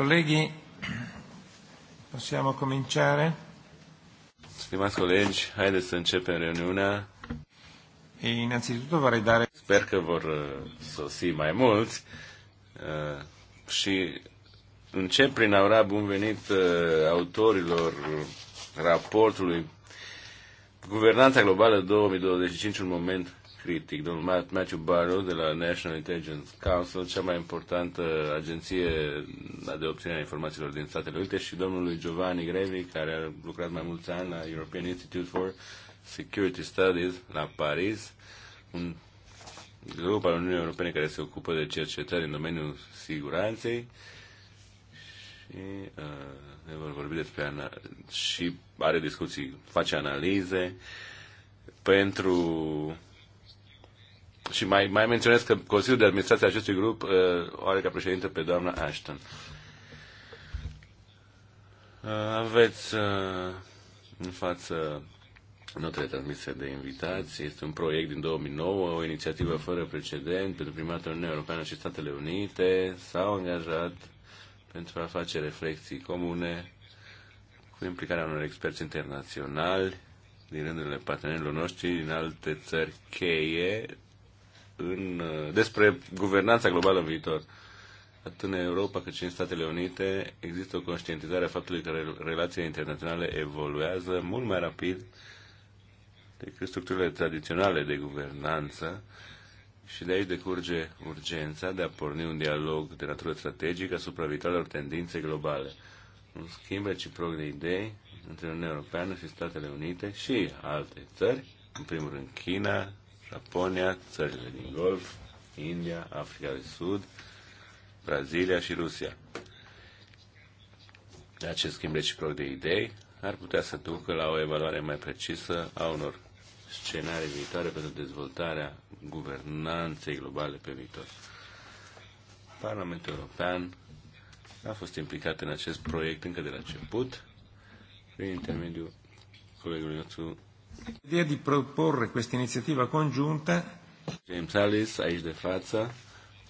Colleghi, possiamo cominciare? Stimați colegi, haideți să începem reuniunea. E innanzitutto vorrei dare... Sper că vor uh, sosi mai mulți uh, și încep prin a ura bun venit uh, autorilor raportului Guvernanța Globală 2025, un moment critic. Domnul Matthew Barrow de la National Intelligence Council, cea mai importantă agenție de obținere a informațiilor din Statele Unite și domnul Giovanni Grevi, care a lucrat mai mulți ani la European Institute for Security Studies la Paris, un grup al Uniunii Europene care se ocupă de cercetări în domeniul siguranței și uh, ne vor vorbi despre și are discuții, face analize pentru și mai, mai menționez că Consiliul de Administrație a acestui grup uh, o are ca președinte pe doamna Ashton. Uh, aveți uh, în față notele transmise de invitații. Este un proiect din 2009, o inițiativă fără precedent pentru prima dată Uniunea Europeană și Statele Unite. S-au angajat pentru a face reflexii comune cu implicarea unor experți internaționali din rândurile partenerilor noștri din alte țări cheie în, uh, despre guvernanța globală în viitor. Atât în Europa cât și în Statele Unite există o conștientizare a faptului că relațiile internaționale evoluează mult mai rapid decât structurile tradiționale de guvernanță și de aici decurge urgența de a porni un dialog de natură strategică asupra viitoarelor tendințe globale. Un schimb reciproc de idei între Uniunea Europeană și Statele Unite și alte țări, în primul rând China, Japonia, țările din Golf, India, Africa de Sud, Brazilia și Rusia. Acest schimb reciproc de idei ar putea să ducă la o evaluare mai precisă a unor scenarii viitoare pentru dezvoltarea guvernanței globale pe viitor. Parlamentul European a fost implicat în acest proiect încă de la început, prin intermediul colegului nostru Ideea de proporre această inițiativă conjuntă. James Ellis, aici de față,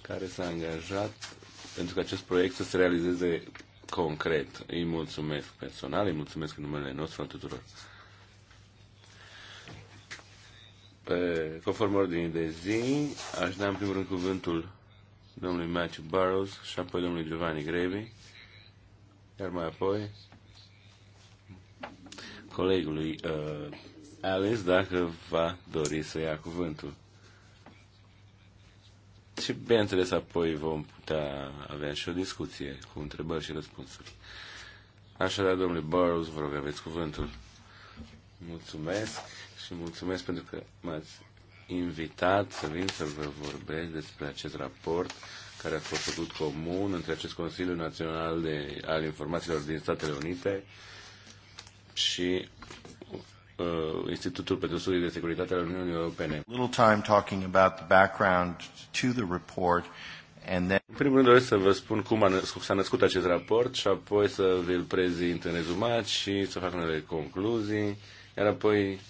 care s-a angajat pentru că acest proiect să se realizeze concret. Îi mulțumesc personal, îi mulțumesc în numele nostru al tuturor. Pe, conform ordinii de zi, aș da în primul rând cuvântul domnului Matthew Burrows și apoi domnului Giovanni Grevi, iar mai apoi colegului uh, ales dacă va dori să ia cuvântul. Și, bineînțeles, apoi vom putea avea și o discuție cu întrebări și răspunsuri. Așadar, domnule Burroughs, vă rog, aveți cuvântul. Mulțumesc și mulțumesc pentru că m-ați invitat să vin să vă vorbesc despre acest raport care a fost făcut comun între acest Consiliu Național de, al Informațiilor din Statele Unite și Uh, Institutul pentru Studii de Securitate al Uniunii Europene. Little time talking about the background to the report and then... În primul rând doresc să vă spun cum, cum s-a născut acest raport și apoi să vi-l prezint în rezumat și să fac unele concluzii, iar apoi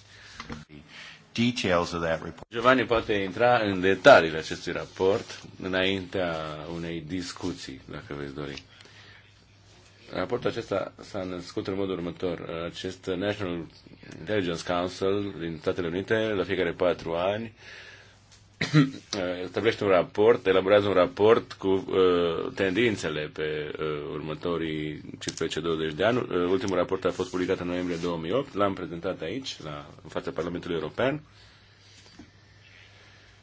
details of that report. Giovanni poate intra în detaliile acestui raport înaintea unei discuții, dacă veți dori. Raportul acesta s-a născut în modul următor. Acest National Intelligence Council din Statele Unite, la fiecare patru ani, stabilește un raport, elaborează un raport cu uh, tendințele pe uh, următorii 15-20 de ani. Uh, ultimul raport a fost publicat în noiembrie 2008, l-am prezentat aici, la, în fața Parlamentului European.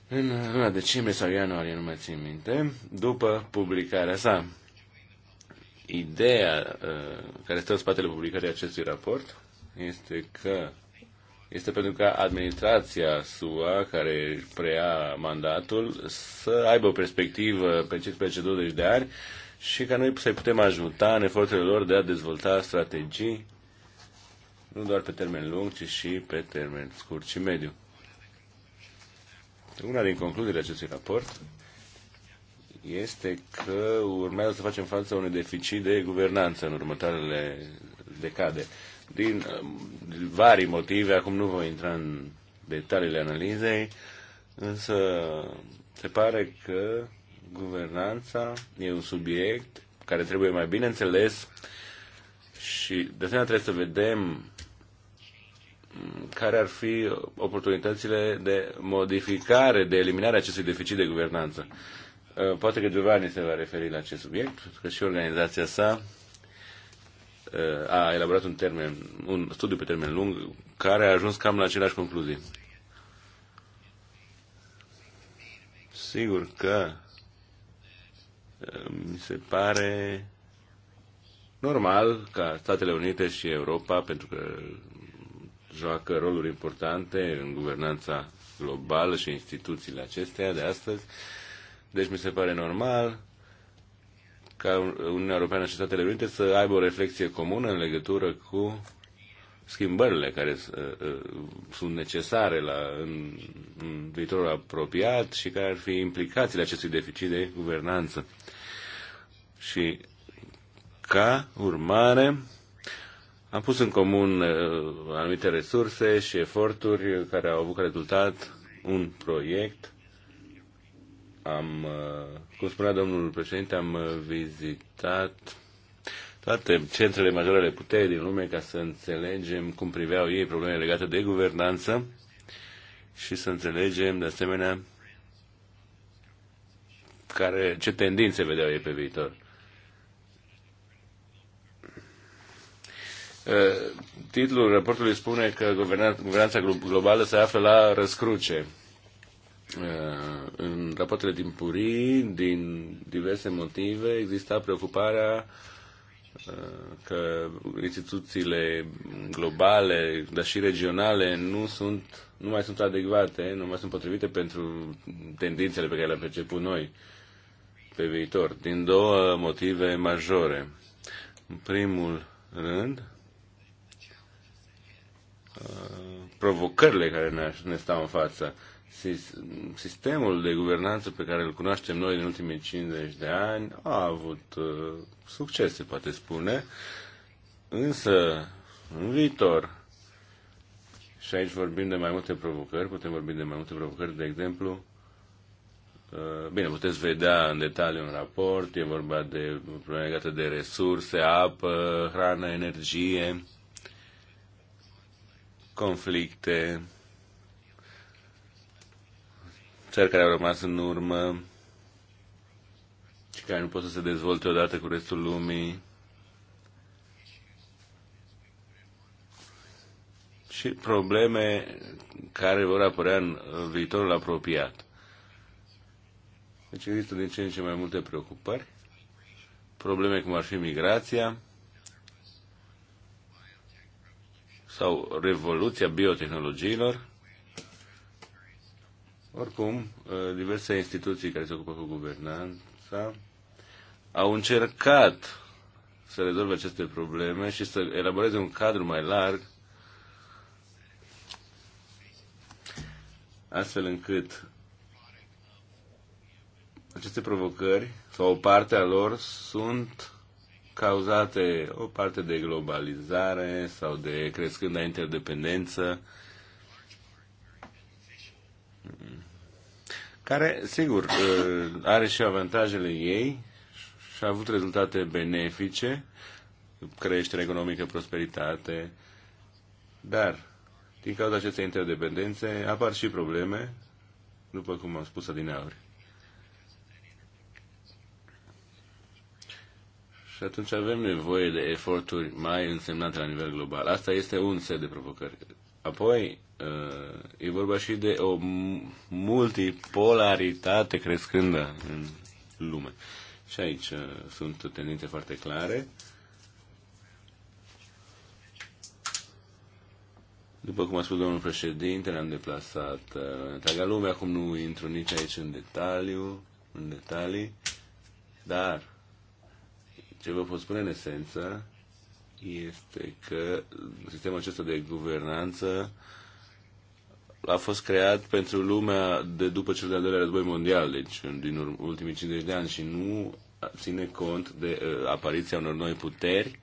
În luna decembrie sau ianuarie, nu mai țin minte, după publicarea sa. Ideea uh, care stă în spatele publicării acestui raport este că este pentru ca administrația SUA, care preia mandatul, să aibă o perspectivă pe 15-20 de ani și ca noi să-i putem ajuta în eforturile lor de a dezvolta strategii, nu doar pe termen lung, ci și pe termen scurt și mediu. Una din concluziile acestui raport este că urmează să facem față unui deficit de guvernanță în următoarele decade. Din um, vari motive, acum nu voi intra în detaliile analizei, însă se pare că guvernanța e un subiect care trebuie mai bine înțeles și de asemenea trebuie să vedem um, care ar fi oportunitățile de modificare, de eliminare acestui deficit de guvernanță. Eh, poate că Giovanni se va referi la acest subiect, că și organizația sa eh, a elaborat un, termen, un studiu pe termen lung care a ajuns cam la aceleași concluzii. Sigur că eh, mi se pare normal ca Statele Unite și Europa, pentru că joacă roluri importante în guvernanța globală și instituțiile acestea de astăzi, deci mi se pare normal ca Uniunea Europeană și Statele Unite să aibă o reflexie comună în legătură cu schimbările care uh, uh, sunt necesare la, în, în viitorul apropiat și care ar fi implicațiile acestui deficit de guvernanță. Și ca urmare, am pus în comun uh, anumite resurse și eforturi care au avut ca rezultat un proiect am, uh, cum spunea domnul președinte, am uh, vizitat toate centrele majore ale puterii din lume ca să înțelegem cum priveau ei problemele legate de guvernanță și să înțelegem, de asemenea, care, ce tendințe vedeau ei pe viitor. Uh, titlul raportului spune că guvernanța globală se află la răscruce Eh, în rapoartele din Purii, din diverse motive, exista preocuparea eh, că instituțiile globale, dar și regionale, nu, sunt, nu mai sunt adecvate, nu mai sunt potrivite pentru tendințele pe care le-am perceput noi pe viitor, din două motive majore. În primul rând, eh, provocările care ne, ne stau în față sistemul de guvernanță pe care îl cunoaștem noi în ultimii 50 de ani a avut uh, succes, se poate spune, însă în viitor, și aici vorbim de mai multe provocări, putem vorbi de mai multe provocări, de exemplu, uh, Bine, puteți vedea în detaliu un raport, e vorba de probleme legate de resurse, apă, hrană, energie, conflicte, țări care au rămas în urmă și care nu pot să se dezvolte odată cu restul lumii. Și probleme care vor apărea în viitorul apropiat. Deci există din ce în ce mai multe preocupări, probleme cum ar fi migrația sau revoluția biotehnologiilor, oricum, uh, diverse instituții care se ocupă cu guvernanța au încercat să rezolve aceste probleme și să elaboreze un cadru mai larg astfel încât aceste provocări sau o parte a lor sunt cauzate o parte de globalizare sau de crescândă interdependență care, sigur, uh, are și avantajele ei și a avut rezultate benefice, creștere economică, prosperitate, dar din cauza acestei interdependențe apar și probleme, după cum am spus adineauri. Și atunci avem nevoie de eforturi mai însemnate la nivel global. Asta este un set de provocări Apoi, uh, e vorba și de o multipolaritate crescândă în lume. Și aici uh, sunt tendințe foarte clare. După cum a spus domnul președinte, ne-am deplasat în uh, întreaga lume, acum nu intru nici aici în detaliu, în detalii, dar ce vă pot spune în esență este că sistemul acesta de guvernanță a fost creat pentru lumea de după cel de-al doilea război mondial, deci din ultimii 50 de ani și nu ține cont de uh, apariția unor noi puteri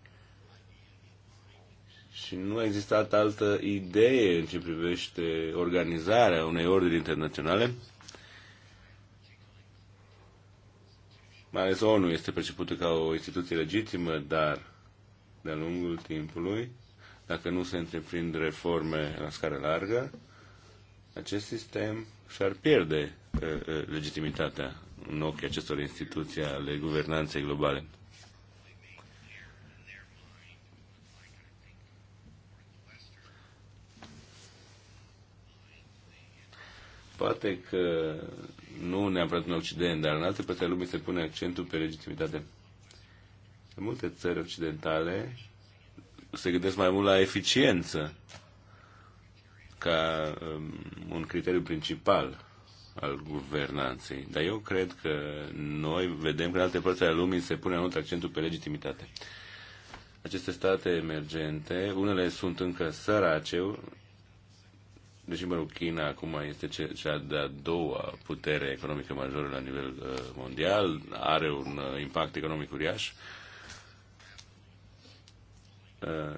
și nu a existat altă idee în ce privește organizarea unei ordini internaționale. Mai ales ONU este percepută ca o instituție legitimă, dar de-a lungul timpului, dacă nu se întreprind reforme la scară largă, acest sistem și-ar pierde uh, uh, legitimitatea în ochii acestor instituții ale guvernanței globale. Poate că nu neapărat în Occident, dar în alte părți ale lumii se pune accentul pe legitimitate. În multe țări occidentale se gândesc mai mult la eficiență ca um, un criteriu principal al guvernanței. Dar eu cred că noi vedem că în alte părți ale lumii se pune mult accentul pe legitimitate. Aceste state emergente, unele sunt încă sărace, deși, mă rog, China acum este cea de-a doua putere economică majoră la nivel uh, mondial, are un uh, impact economic uriaș,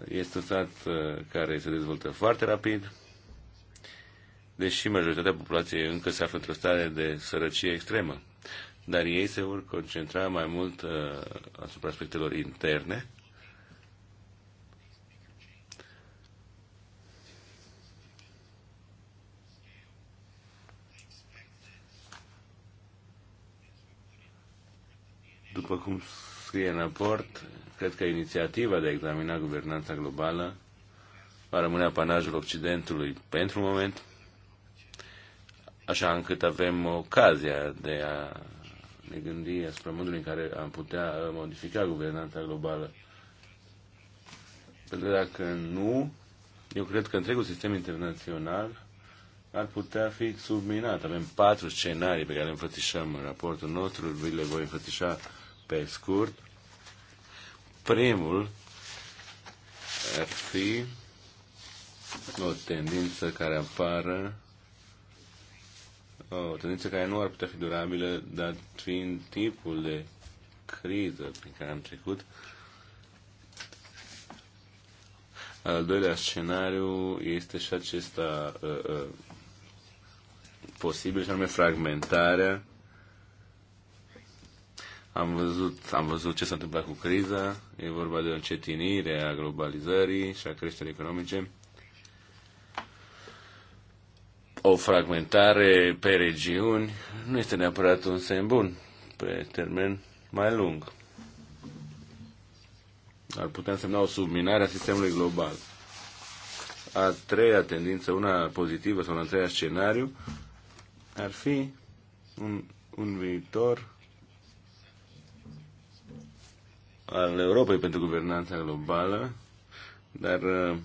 este un stat uh, care se dezvoltă foarte rapid, deși majoritatea populației încă se află într-o stare de sărăcie extremă. Dar ei se vor concentra mai mult uh, asupra aspectelor interne, după cum scrie în raport, Cred că inițiativa de a examina guvernanța globală va rămâne apanajul Occidentului pentru moment, așa încât avem ocazia de a ne gândi asupra modului în care am putea modifica guvernanța globală. Pentru că dacă nu, eu cred că întregul sistem internațional ar putea fi subminat. Avem patru scenarii pe care le înfățișăm în raportul nostru, vi le voi înfățișa pe scurt. Primul ar fi o tendință care apare o tendință care nu ar putea fi durabilă, dar fiind tipul de criză prin care am trecut. Al doilea scenariu este și acesta uh, uh, posibil, și anume fragmentarea am văzut, am văzut ce s-a întâmplat cu criza, e vorba de o încetinire a globalizării și a creșterii economice, o fragmentare pe regiuni, nu este neapărat un semn bun pe termen mai lung. Ar putea însemna o subminare a sistemului global. A treia tendință, una pozitivă sau un al treia scenariu, ar fi un, un viitor al Europei pentru guvernanța globală, dar uh,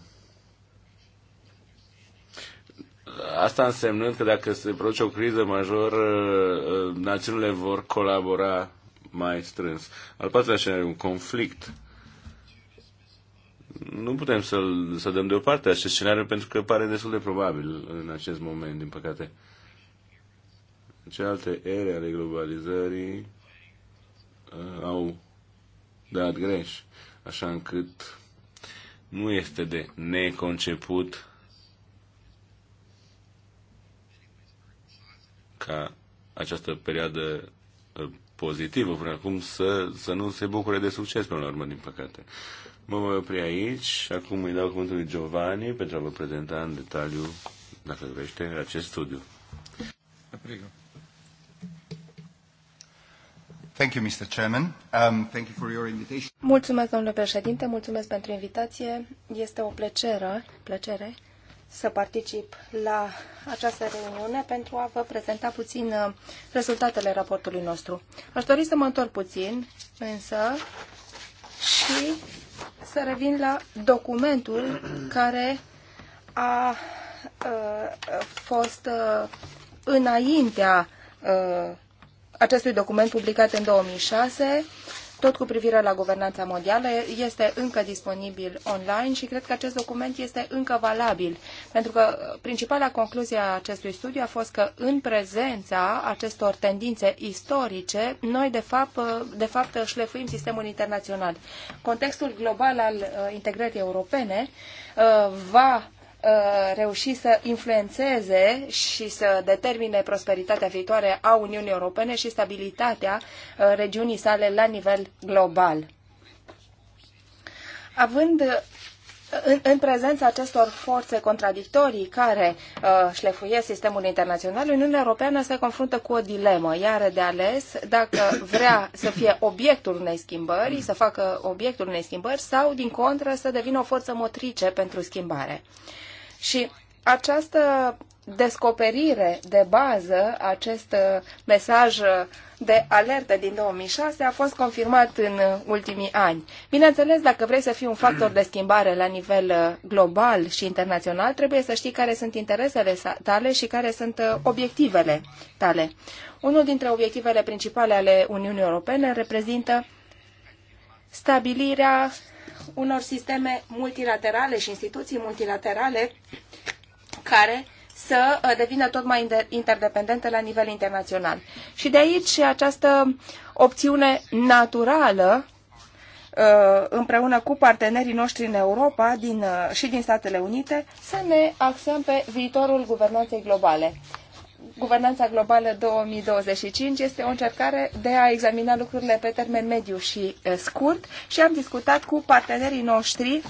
asta însemnând că dacă se produce o criză majoră, uh, națiunile vor colabora mai strâns. Al patrulea scenariu, un conflict. Nu putem să-l, să dăm deoparte acest scenariu pentru că pare destul de probabil în acest moment, din păcate. alte ere ale globalizării uh, au dat greș, așa încât nu este de neconceput ca această perioadă uh, pozitivă până acum să, să nu se bucure de succes până la urmă, din păcate. Mă voi opri aici. Acum îi dau cuvântul lui Giovanni pentru a vă prezenta în detaliu, dacă vrește, acest studiu. Aprigo. Thank you, Mr. Chairman. Um, thank you for your invitation. Mulțumesc, domnule președinte, mulțumesc pentru invitație. Este o plăcere, plăcere să particip la această reuniune pentru a vă prezenta puțin uh, rezultatele raportului nostru. Aș dori să mă întorc puțin, însă, și să revin la documentul care a uh, fost uh, înaintea acestui document publicat în 2006, tot cu privire la guvernanța mondială, este încă disponibil online și cred că acest document este încă valabil, pentru că principala concluzie a acestui studiu a fost că în prezența acestor tendințe istorice, noi de fapt, de fapt șlefuim sistemul internațional. Contextul global al uh, integrării europene uh, va Uh, reuși să influențeze și să determine prosperitatea viitoare a Uniunii Europene și stabilitatea uh, regiunii sale la nivel global. Având uh, în, în prezența acestor forțe contradictorii care uh, sistemul internațional, Uniunea Europeană se confruntă cu o dilemă. Ea are de ales dacă vrea să fie obiectul unei schimbări, să facă obiectul unei schimbări sau, din contră, să devină o forță motrice pentru schimbare. Uh, și această descoperire de bază, acest uh, mesaj uh, de alertă din 2006 a fost confirmat în uh, ultimii ani. Bineînțeles, dacă vrei să fii un factor de schimbare la nivel global și internațional, trebuie să știi care sunt interesele tale și care sunt obiectivele tale. Unul dintre obiectivele principale ale Uniunii Europene reprezintă stabilirea unor sisteme multilaterale și instituții multilaterale care să uh, devină tot mai interdependente la nivel internațional. Și de aici această opțiune naturală uh, împreună cu partenerii noștri în Europa din, uh, și din Statele Unite să ne axăm pe viitorul guvernanței globale. Guvernanța Globală 2025 este o încercare de a examina lucrurile pe termen mediu și eh, scurt și am discutat cu partenerii noștri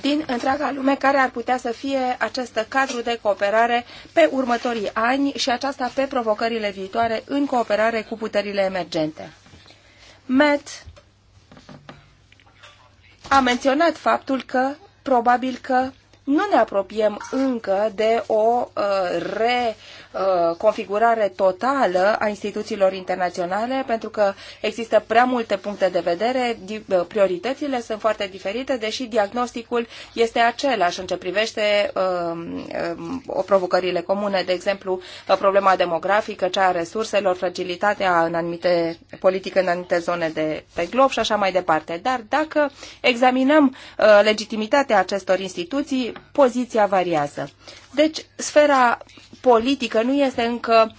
din întreaga lume care ar putea să fie acest cadru de cooperare pe următorii ani și aceasta pe provocările viitoare în cooperare cu puterile emergente. MET a menționat faptul că probabil că nu ne apropiem încă de o uh, re Uh, configurare totală a instituțiilor internaționale, pentru că există prea multe puncte de vedere, uh, prioritățile sunt foarte diferite, deși diagnosticul este același în ce privește o um, um, provocările comune, de exemplu, uh, problema demografică, cea a resurselor, fragilitatea în anumite politică în anumite zone de pe glob și așa mai departe. Dar dacă examinăm legitimitatea acestor instituții, poziția variază. Deci, sfera politică nu este încă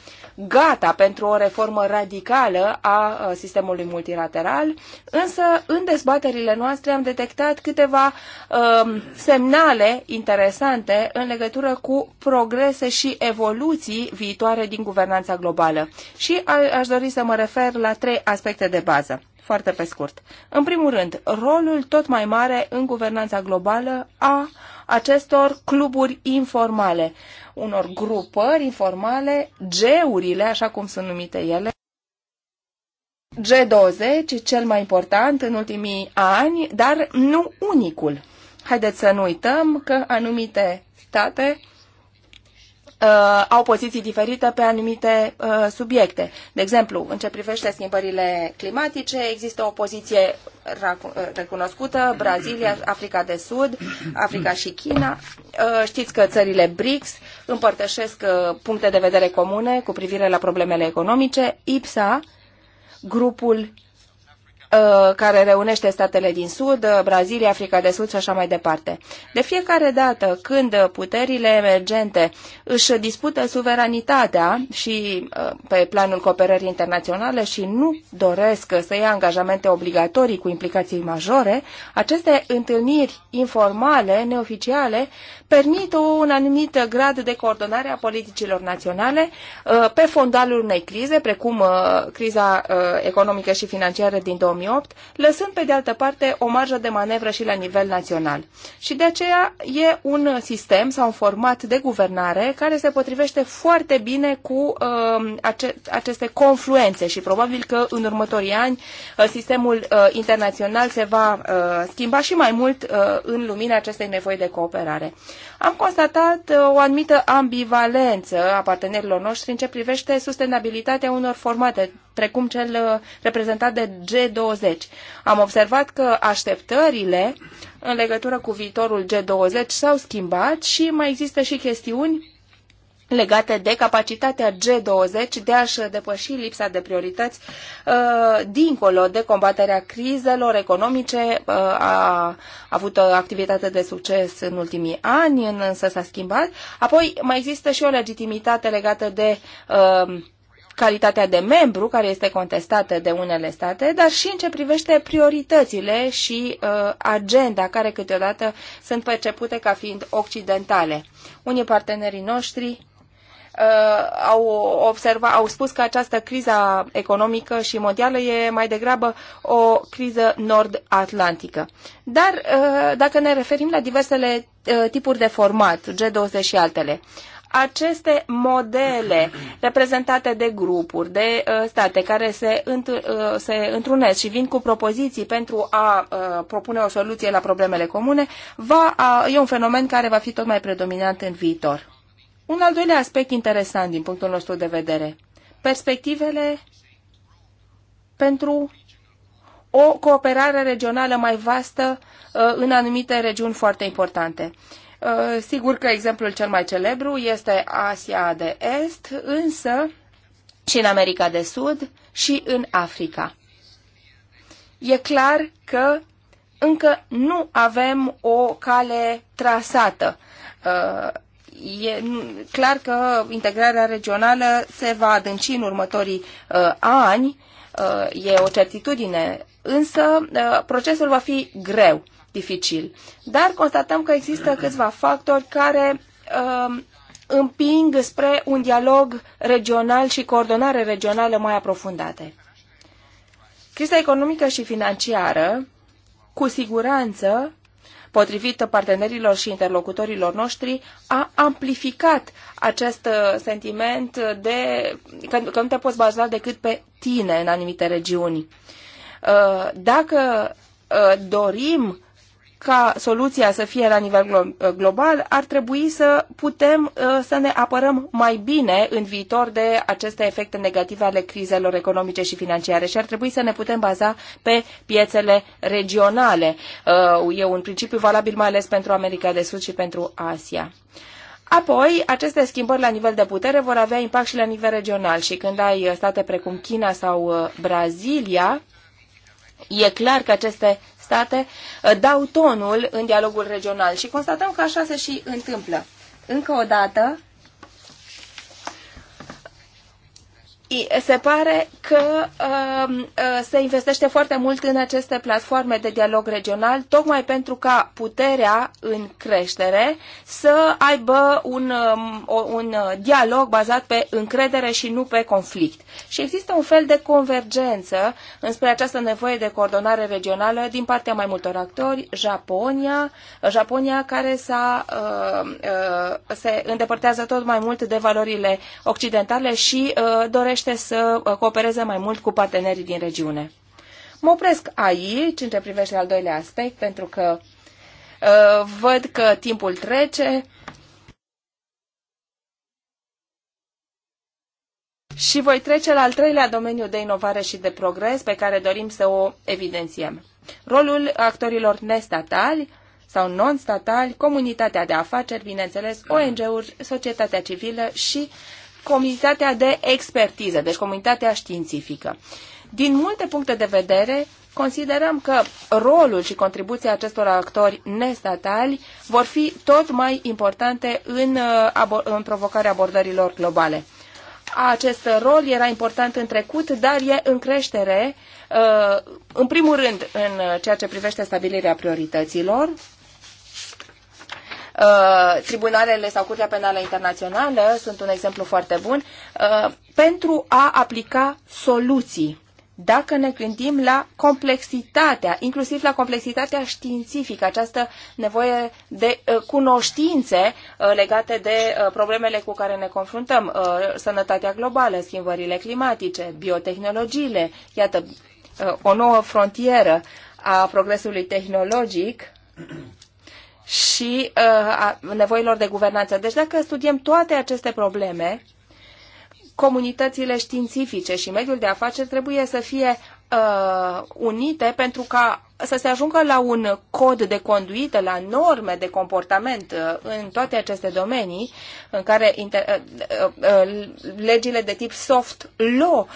gata pentru o reformă radicală a sistemului multilateral, însă în dezbaterile noastre am detectat câteva uh, semnale interesante în legătură cu progrese și evoluții viitoare din guvernanța globală. Și a- aș dori să mă refer la trei aspecte de bază foarte pe scurt. În primul rând, rolul tot mai mare în guvernanța globală a acestor cluburi informale, unor grupări informale, G-urile, așa cum sunt numite ele. G20, cel mai important în ultimii ani, dar nu unicul. Haideți să nu uităm că anumite state uh, au poziții diferite pe anumite uh, subiecte. De exemplu, în ce privește schimbările climatice, există o poziție uh, recunoscută, Brazilia, Africa de Sud, Africa și China. Uh, știți că țările BRICS împărtășesc uh, puncte de vedere comune cu privire la problemele economice. IPSA, grupul uh, Uh, care reunește statele din Sud, uh, Brazilia, Africa de Sud și așa mai departe. De fiecare dată când puterile emergente își dispută suveranitatea și uh, pe planul cooperării internaționale și nu doresc să ia angajamente obligatorii cu implicații majore, aceste întâlniri informale, neoficiale, permit un anumit grad de coordonare a politicilor naționale uh, pe fondalul unei crize, precum uh, criza uh, economică și financiară din 2008, lăsând pe de altă parte o marjă de manevră și la nivel național. Și de aceea e un sistem sau un format de guvernare care se potrivește foarte bine cu um, aceste confluențe și probabil că în următorii ani sistemul internațional se va schimba și mai mult în lumina acestei nevoi de cooperare am constatat uh, o anumită ambivalență a partenerilor noștri în ce privește sustenabilitatea unor formate, precum cel uh, reprezentat de G20. Am observat că așteptările în legătură cu viitorul G20 s-au schimbat și mai există și chestiuni legate de capacitatea G20 de a-și depăși lipsa de priorități uh, dincolo de combaterea crizelor economice. Uh, a avut o activitate de succes în ultimii ani, însă s-a schimbat. Apoi mai există și o legitimitate legată de uh, calitatea de membru care este contestată de unele state, dar și în ce privește prioritățile și uh, agenda care câteodată sunt percepute ca fiind occidentale. Unii partenerii noștri uh, au, observa, au spus că această criza economică și mondială e mai degrabă o criză nord-atlantică. Dar uh, dacă ne referim la diversele uh, tipuri de format, G20 și altele, aceste modele reprezentate de grupuri, de uh, state care se, înt, uh, se întrunesc și vin cu propoziții pentru a uh, propune o soluție la problemele comune, va, uh, e un fenomen care va fi tot mai predominant în viitor. Un al doilea aspect interesant din punctul nostru de vedere, perspectivele pentru o cooperare regională mai vastă uh, în anumite regiuni foarte importante. Uh, sigur că exemplul cel mai celebru este Asia de Est, însă și în America de Sud și în Africa. E clar că încă nu avem o cale trasată uh, e clar că integrarea regională se va adânci în următorii uh, ani, uh, e o certitudine, însă uh, procesul va fi greu, dificil. Dar constatăm că există câțiva factori care uh, împing spre un dialog regional și coordonare regională mai aprofundate. Criza economică și financiară, cu siguranță, potrivit partenerilor și interlocutorilor noștri, a amplificat acest uh, sentiment de că, că nu te poți baza decât pe tine în anumite regiuni. Uh, dacă uh, dorim ca soluția să fie la nivel eh, global, ar trebui să putem eh, să ne apărăm mai bine în viitor de aceste efecte negative ale crizelor economice și financiare și ar trebui să ne putem baza pe piețele regionale. Eh, e un principiu valabil mai ales pentru America de Sud și pentru Asia. Apoi, aceste schimbări la nivel de putere vor avea impact și la nivel regional și când ai state precum China sau Brazilia, e clar că aceste state uh, dau tonul în dialogul regional și constatăm că așa se și întâmplă. Încă o dată, se pare că um, uh, se investește foarte mult în aceste platforme de dialog regional, tocmai pentru ca puterea în creștere să aibă un, um, un dialog bazat pe încredere și nu pe conflict. Și există un fel de convergență înspre această nevoie de coordonare regională din partea mai multor actori, Japonia, Japonia care s-a, uh, uh, se îndepărtează tot mai mult de valorile occidentale și uh, dorește dorește să uh, coopereze mai mult cu partenerii din regiune. Mă opresc aici în ce privește al doilea aspect, pentru că uh, văd că timpul trece și voi trece la al treilea domeniu de inovare și de progres pe care dorim să o evidențiem. Rolul actorilor nestatali sau non-statali, comunitatea de afaceri, bineînțeles, ONG-uri, societatea civilă și comunitatea de expertiză, deci comunitatea științifică. Din multe puncte de vedere, considerăm că rolul și contribuția acestor actori nestatali vor fi tot mai importante în, uh, în provocarea abordărilor globale. Acest rol era important în trecut, dar e în creștere, uh, în primul rând, în ceea ce privește stabilirea priorităților, Uh, tribunalele sau Curtea Penală Internațională sunt un exemplu foarte bun, uh, pentru a aplica soluții. Dacă ne gândim la complexitatea, inclusiv la complexitatea științifică, această nevoie de uh, cunoștințe uh, legate de uh, problemele cu care ne confruntăm, uh, sănătatea globală, schimbările climatice, biotehnologiile, iată, uh, o nouă frontieră a progresului tehnologic, și uh, a nevoilor de guvernanță. Deci dacă studiem toate aceste probleme, comunitățile științifice și mediul de afaceri trebuie să fie uh, unite pentru ca să se ajungă la un cod de conduită, la norme de comportament uh, în toate aceste domenii, în care inter- uh, legile de tip soft law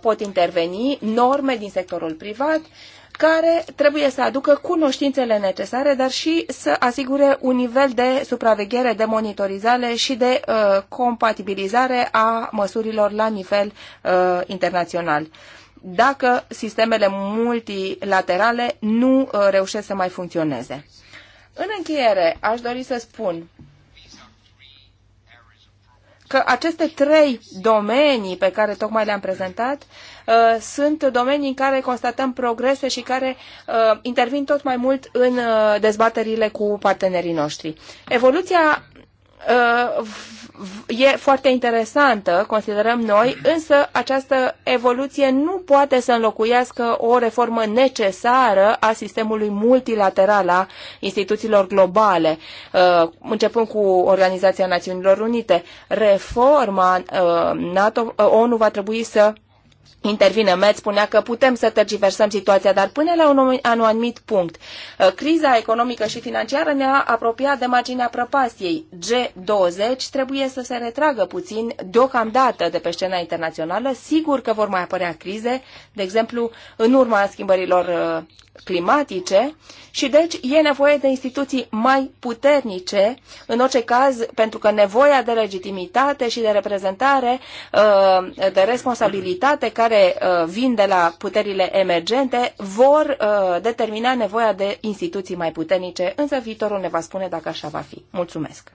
pot interveni, norme din sectorul privat, care trebuie să aducă cunoștințele necesare, dar și să asigure un nivel de supraveghere, de monitorizare și de uh, compatibilizare a măsurilor la nivel uh, internațional dacă sistemele multilaterale nu uh, reușesc să mai funcționeze. În încheiere, aș dori să spun că aceste trei domenii pe care tocmai le-am prezentat uh, sunt domenii în care constatăm progrese și care uh, intervin tot mai mult în uh, dezbaterile cu partenerii noștri. Evoluția Uh, e foarte interesantă, considerăm noi, însă această evoluție nu poate să înlocuiască o reformă necesară a sistemului multilateral a instituțiilor globale, uh, începând cu Organizația Națiunilor Unite. Reforma uh, NATO, ONU va trebui să intervine Met, spunea că putem să tergiversăm situația, dar până la un anumit punct. Uh, criza economică și financiară ne-a apropiat de marginea prăpastiei. G20 trebuie să se retragă puțin deocamdată de pe scena internațională. Sigur că vor mai apărea crize, de exemplu, în urma schimbărilor uh, climatice și deci e nevoie de instituții mai puternice, în orice caz, pentru că nevoia de legitimitate și de reprezentare, uh, de responsabilitate care care uh, vin de la puterile emergente vor uh, determina nevoia de instituții mai puternice, însă viitorul ne va spune dacă așa va fi. Mulțumesc!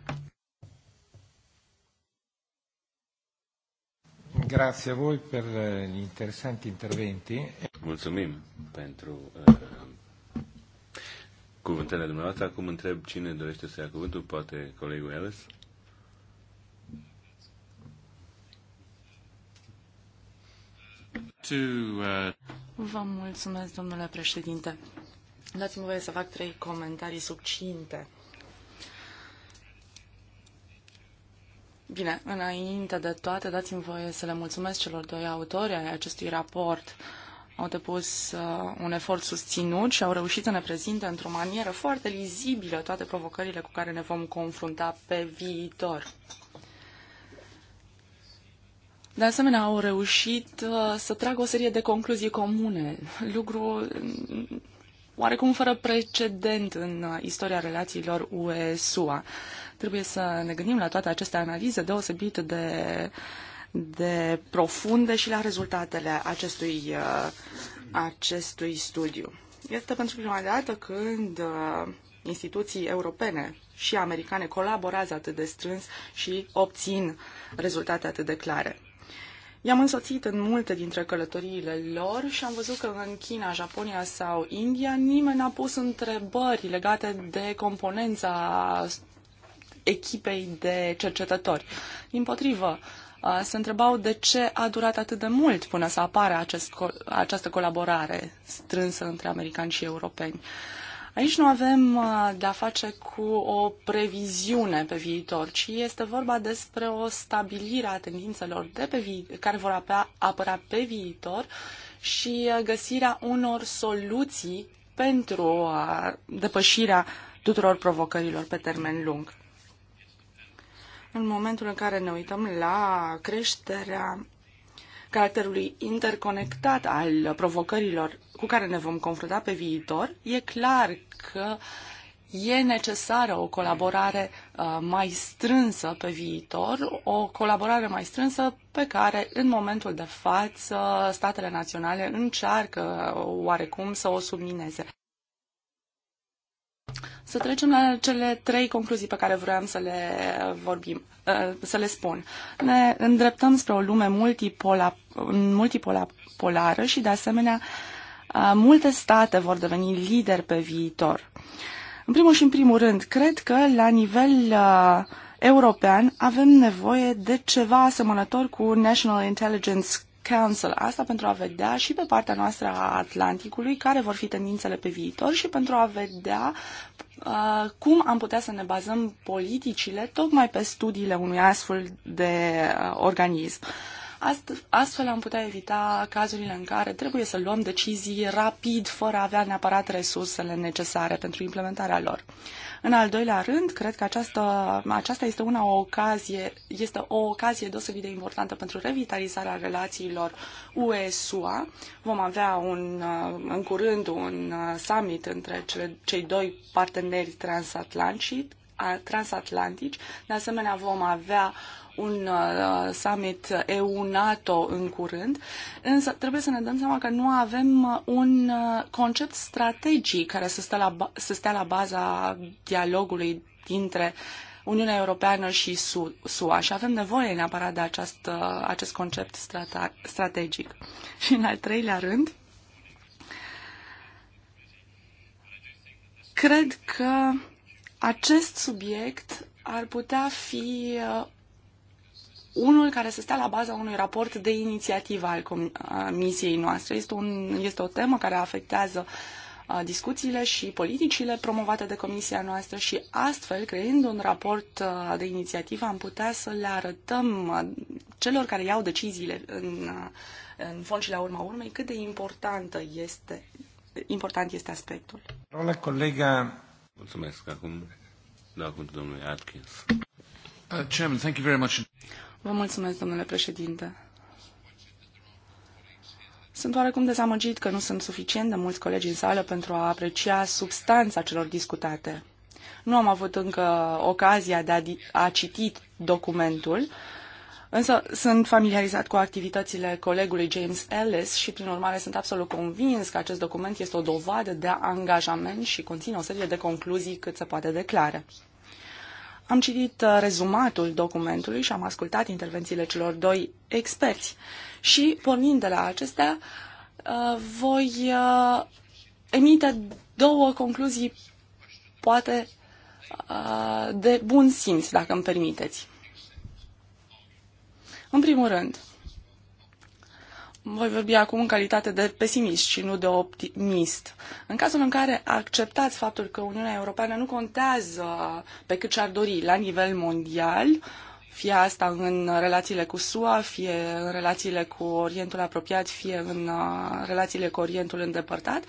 Grazie a voi per eh, gli interessanti interventi. Mulțumim pentru uh, cuvântele dumneavoastră. Acum întreb cine dorește să ia cuvântul, poate colegul Ellis. Uh, Vă mulțumesc, domnule președinte. Dați-mi voie să fac trei comentarii subcinte. Bine, înainte de toate, dați-mi voie să le mulțumesc celor doi autori ai acestui raport. Au depus uh, un efort susținut și au reușit să ne prezinte într-o manieră foarte lizibilă toate provocările cu care ne vom confrunta pe viitor. De asemenea, au reușit uh, să tragă o serie de concluzii comune, lucru mm, oarecum fără precedent în uh, istoria relațiilor UE-SUA. Trebuie să ne gândim la toate aceste analize deosebit de, de profunde și la rezultatele acestui, uh, acestui studiu. Este pentru prima dată când instituții europene și americane colaborează atât de strâns și obțin rezultate atât de clare. I-am însoțit în multe dintre călătoriile lor și am văzut că în China, Japonia sau India nimeni n-a pus întrebări legate de componența echipei de cercetători. Din potrivă, se întrebau de ce a durat atât de mult până să apară acest, această colaborare strânsă între americani și europeni. Uh, Aici nu avem uh, de-a face cu o previziune pe viitor, ci este vorba despre o stabilire a tendințelor de pe vi- care vor apea, apărea pe viitor și uh, găsirea unor soluții pentru uh, depășirea tuturor provocărilor pe termen lung. În momentul în care ne uităm la creșterea caracterului interconectat al provocărilor cu care ne vom confrunta pe viitor, e clar că e necesară o colaborare uh, mai strânsă pe viitor, o colaborare mai strânsă pe care în momentul de față statele naționale încearcă oarecum să o submineze. Să trecem la cele trei concluzii pe care vreau să le vorbim, uh, să le spun. Ne îndreptăm spre o lume multipola, multipolară și, de asemenea, uh, multe state vor deveni lideri pe viitor. În primul și în primul rând, cred că la nivel uh, european avem nevoie de ceva asemănător cu National Intelligence Council. Asta pentru a vedea și pe partea noastră a Atlanticului care vor fi tendințele pe viitor și pentru a vedea uh, cum am putea să ne bazăm politicile tocmai pe studiile unui astfel de uh, organism. Ast- astfel am putea evita cazurile în care trebuie să luăm decizii rapid, fără a avea neapărat resursele necesare pentru implementarea lor. În al doilea rând, cred că această, aceasta este una o ocazie, este o ocazie deosebit de importantă pentru revitalizarea relațiilor UE-SUA. Vom avea un, în curând un summit între cele, cei doi parteneri transatlantici, transatlantici. De asemenea, vom avea un uh, summit EU-NATO în curând, însă trebuie să ne dăm seama că nu avem uh, un uh, concept strategic care să stea la, să stea la baza dialogului dintre Uniunea Europeană și SUA și avem nevoie neapărat de acest, acest concept strata, strategic. Și în al treilea rând, cred că acest subiect ar putea fi unul care să stea la baza unui raport de inițiativă al comisiei noastre. Este, un, este o temă care afectează discuțiile și politicile promovate de comisia noastră și astfel, creând un raport de inițiativă, am putea să le arătăm celor care iau deciziile în, în fond și la urma urmei cât de importantă este, important este aspectul. Rola colega... Mulțumesc. Acum dau cu domnului Atkins. Uh, chairman, thank you very much. Vă mulțumesc, domnule președinte. Sunt oarecum dezamăgit că nu sunt suficient de mulți colegi în sală pentru a aprecia substanța celor discutate. Nu am avut încă ocazia de a, a citi documentul, însă sunt familiarizat cu activitățile colegului James Ellis și, prin urmare, sunt absolut convins că acest document este o dovadă de angajament și conține o serie de concluzii cât se poate declare. Am citit uh, rezumatul documentului și am ascultat intervențiile celor doi experți și, pornind de la acestea, uh, voi uh, emite două concluzii, poate, de bun simț, dacă îmi permiteți. În primul rând, voi vorbi acum în calitate de pesimist și nu de optimist. În cazul în care acceptați faptul că Uniunea Europeană nu contează pe cât și-ar dori la nivel mondial, fie asta în relațiile cu SUA, fie în relațiile cu Orientul apropiat, fie în uh, relațiile cu Orientul îndepărtat.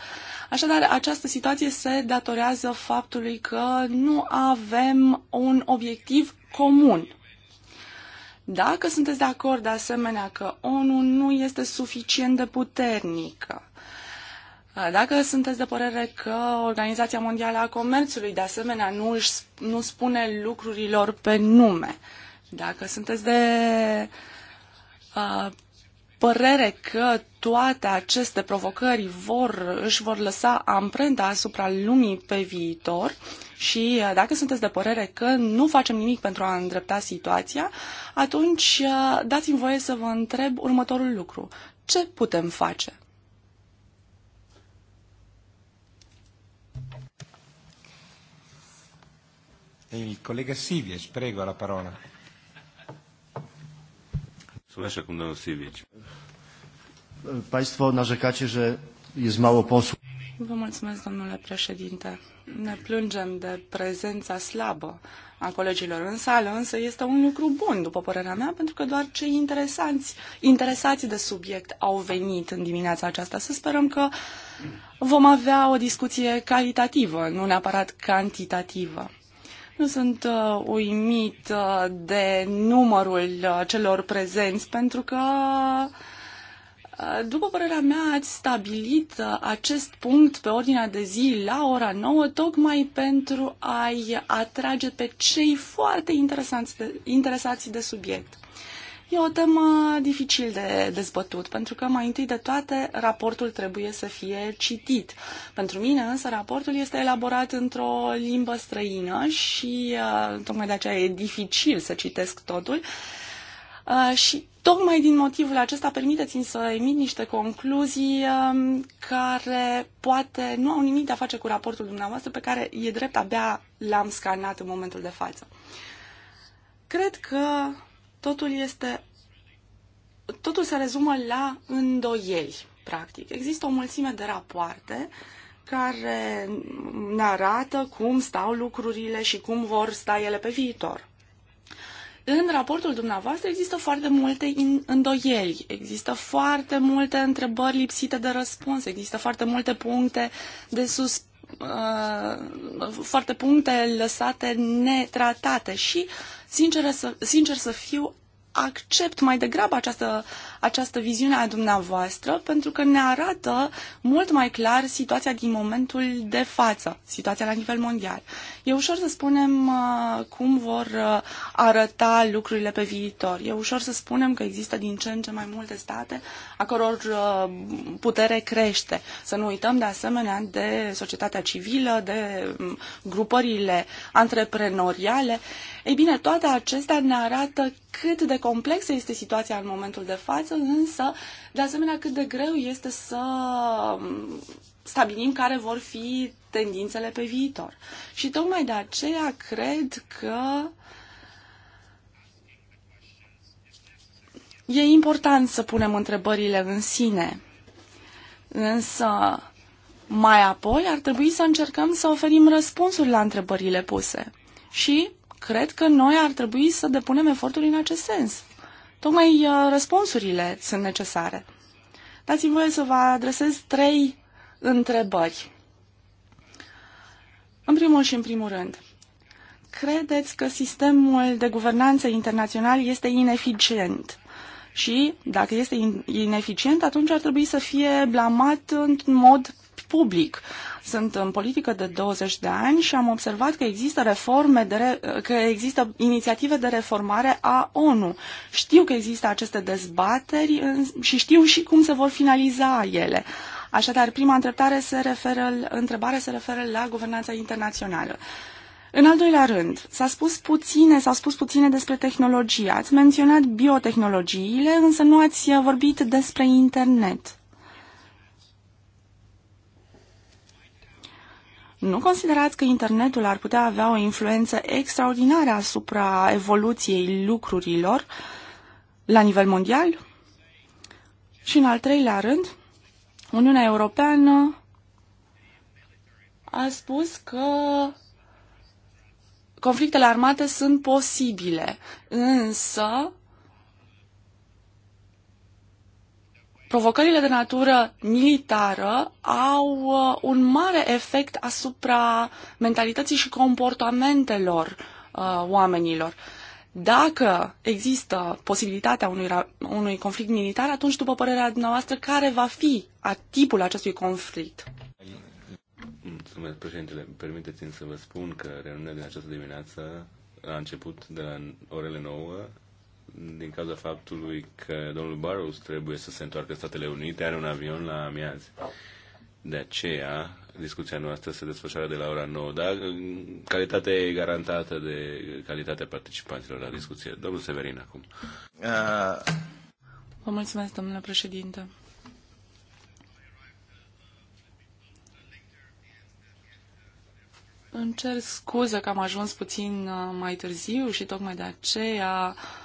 Așadar, această situație se datorează faptului că nu avem un obiectiv comun dacă sunteți de acord de asemenea că ONU nu este suficient de puternică, dacă sunteți de părere că Organizația Mondială a Comerțului de asemenea nu, își, nu spune lucrurilor pe nume, dacă sunteți de uh, părere că toate aceste provocări vor, își vor lăsa amprenta asupra lumii pe viitor, și uh, dacă sunteți de părere că nu facem nimic pentru a îndrepta situația, atunci uh, dați-mi voie să vă întreb următorul lucru. Ce putem face? Il collega Sivic, prego la parola. Słuchaj, acum domnul Sivies. Państwo narzekacie, że jest mało posłów. Vă mulțumesc, domnule președinte. Ne plângem de prezența slabă a colegilor în sală, însă este un lucru bun, după părerea mea, pentru că doar cei interesanți, interesați de subiect au venit în dimineața aceasta. Să sperăm că vom avea o discuție calitativă, nu neapărat cantitativă. Nu sunt uh, uimit uh, de numărul uh, celor prezenți, pentru că uh, Uh, după părerea mea, ați stabilit uh, acest punct pe ordinea de zi la ora 9, tocmai pentru a-i atrage pe cei foarte interesanți de, interesați de subiect. E o temă dificil de dezbătut, pentru că mai întâi de toate raportul trebuie să fie citit. Pentru mine însă raportul este elaborat într-o limbă străină și uh, tocmai de aceea e dificil să citesc totul. Și Tocmai din motivul acesta, permiteți-mi să emit niște concluzii um, care poate nu au nimic de a face cu raportul dumneavoastră, pe care e drept abia l-am scanat în momentul de față. Cred că totul este. Totul se rezumă la îndoieli, practic. Există o mulțime de rapoarte care ne arată cum stau lucrurile și cum vor sta ele pe viitor. În raportul dumneavoastră există foarte multe îndoieli, există foarte multe întrebări lipsite de răspuns, există foarte multe puncte de sus uh, foarte puncte lăsate netratate și, sincer să, sincer să fiu, accept mai degrabă această, această viziune a dumneavoastră pentru că ne arată mult mai clar situația din momentul de față, situația la nivel mondial. E ușor să spunem uh, cum vor uh, arăta lucrurile pe viitor. E ușor să spunem că există din ce în ce mai multe state a căror uh, putere crește. Să nu uităm de asemenea de societatea civilă, de mm, grupările antreprenoriale. Ei bine, toate acestea ne arată cât de complexă este situația în momentul de față, însă, de asemenea, cât de greu este să mm, stabilim care vor fi tendințele pe viitor. Și tocmai de aceea cred că e important să punem întrebările în sine. Însă, mai apoi ar trebui să încercăm să oferim răspunsuri la întrebările puse. Și cred că noi ar trebui să depunem eforturi în acest sens. Tocmai uh, răspunsurile sunt necesare. Dați-mi voie să vă adresez trei întrebări. În primul și în primul rând, credeți că sistemul de guvernanță internațional este ineficient? Și dacă este ineficient, atunci ar trebui să fie blamat în mod public. Sunt în politică de 20 de ani și am observat că există reforme, de re... că există inițiative de reformare a ONU. Știu că există aceste dezbateri și știu și cum se vor finaliza ele. Uh, Așadar, prima întrebare se referă, întrebare se referă la guvernanța internațională. În al doilea rând, s-a spus puține, s-au spus puține despre tehnologie. Ați menționat biotehnologiile, însă nu ați vorbit despre internet. Nu considerați că internetul ar putea avea o influență extraordinară asupra evoluției lucrurilor la nivel mondial? Și în al treilea rând, Uniunea Europeană a spus că conflictele armate sunt posibile, însă provocările de natură militară au uh, un mare efect asupra mentalității și comportamentelor uh, oamenilor. Uh, dacă există posibilitatea unui, unui conflict militar, atunci, după părerea dumneavoastră, care va fi a tipul acestui conflict? Mulțumesc, președintele. Permiteți-mi să vă spun că reuniunea din această dimineață a început de la orele 9 din cauza faptului că domnul Barrows trebuie să se întoarcă în Statele Unite, are un avion la amiază. De aceea discuția noastră se desfășoară de la ora 9, dar uh, calitatea e garantată de calitatea participanților la discuție. Domnul Severin, acum. Uh. Vă mulțumesc, domnule președinte. Îmi cer scuze că am ajuns puțin uh, mai târziu și tocmai de aceea uh,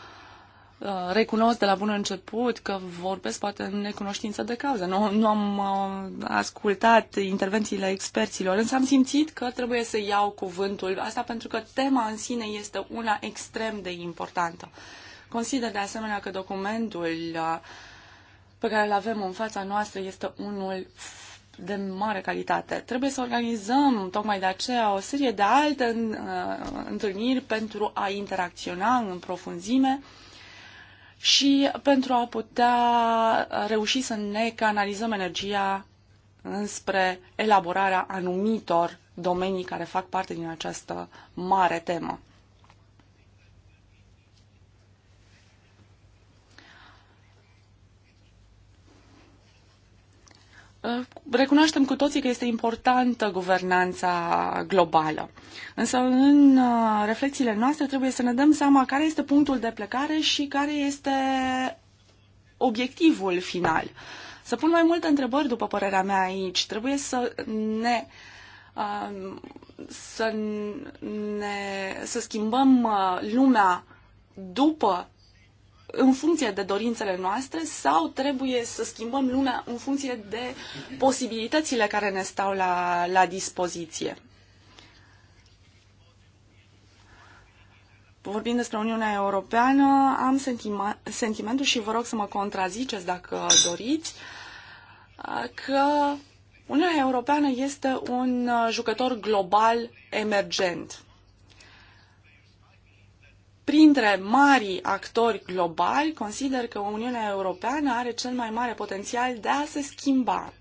Uh, recunosc de la bun început că vorbesc poate în necunoștință de cauză. Nu, nu am uh, ascultat intervențiile experților, însă am simțit că trebuie să iau cuvântul. Asta pentru că tema în sine este una extrem de importantă. Consider de asemenea că documentul uh, pe care îl avem în fața noastră este unul de mare calitate. Trebuie să organizăm tocmai de aceea o serie de alte întâlniri pentru a interacționa în profunzime și pentru a putea reuși să ne canalizăm energia înspre elaborarea anumitor domenii care fac parte din această mare temă. Uh, recunoaștem cu toții că este importantă guvernanța globală, însă în uh, reflexiile noastre trebuie să ne dăm seama care este punctul de plecare și care este obiectivul final. Să pun mai multe întrebări, după părerea mea, aici. Trebuie să ne uh, să ne să schimbăm lumea după în funcție de dorințele noastre sau trebuie să schimbăm lumea în funcție de posibilitățile care ne stau la, la dispoziție. Vorbind despre Uniunea Europeană, am sentima, sentimentul și vă rog să mă contraziceți dacă doriți, că Uniunea Europeană este un jucător global emergent printre mari actori globali, consider că Uniunea Europeană are cel mai mare potențial de a se schimba.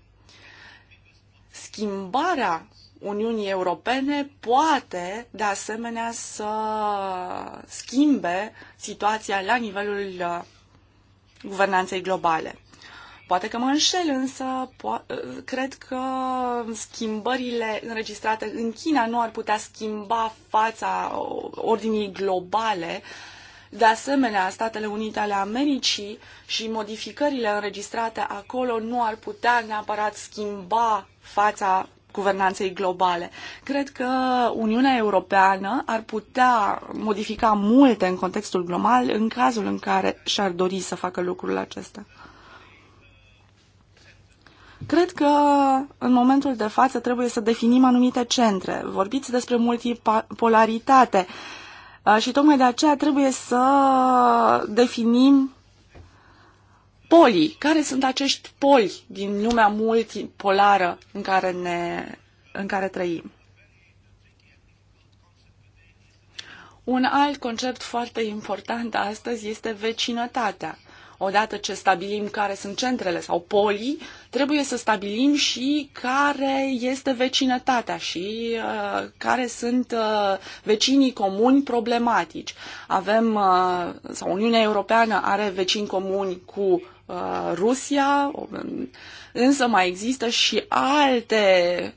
Schimbarea Uniunii Europene poate, de asemenea, să schimbe situația la nivelul uh, guvernanței globale. Poate că mă înșel, însă cred că schimbările înregistrate în China nu ar putea schimba fața ordinii globale. De asemenea, Statele Unite ale Americii și modificările înregistrate acolo nu ar putea neapărat schimba fața guvernanței globale. Cred că Uniunea Europeană ar putea modifica multe în contextul global în cazul în care și-ar dori să facă lucrul acesta. Cred că în momentul de față trebuie să definim anumite centre. Vorbiți despre multipolaritate și tocmai de aceea trebuie să definim polii. Care sunt acești poli din lumea multipolară în care, ne, în care trăim? Un alt concept foarte important astăzi este vecinătatea. Odată ce stabilim care sunt centrele sau polii, trebuie să stabilim și care este vecinătatea și uh, care sunt uh, vecinii comuni problematici. Avem, uh, sau Uniunea Europeană are vecini comuni cu uh, Rusia, însă mai există și alte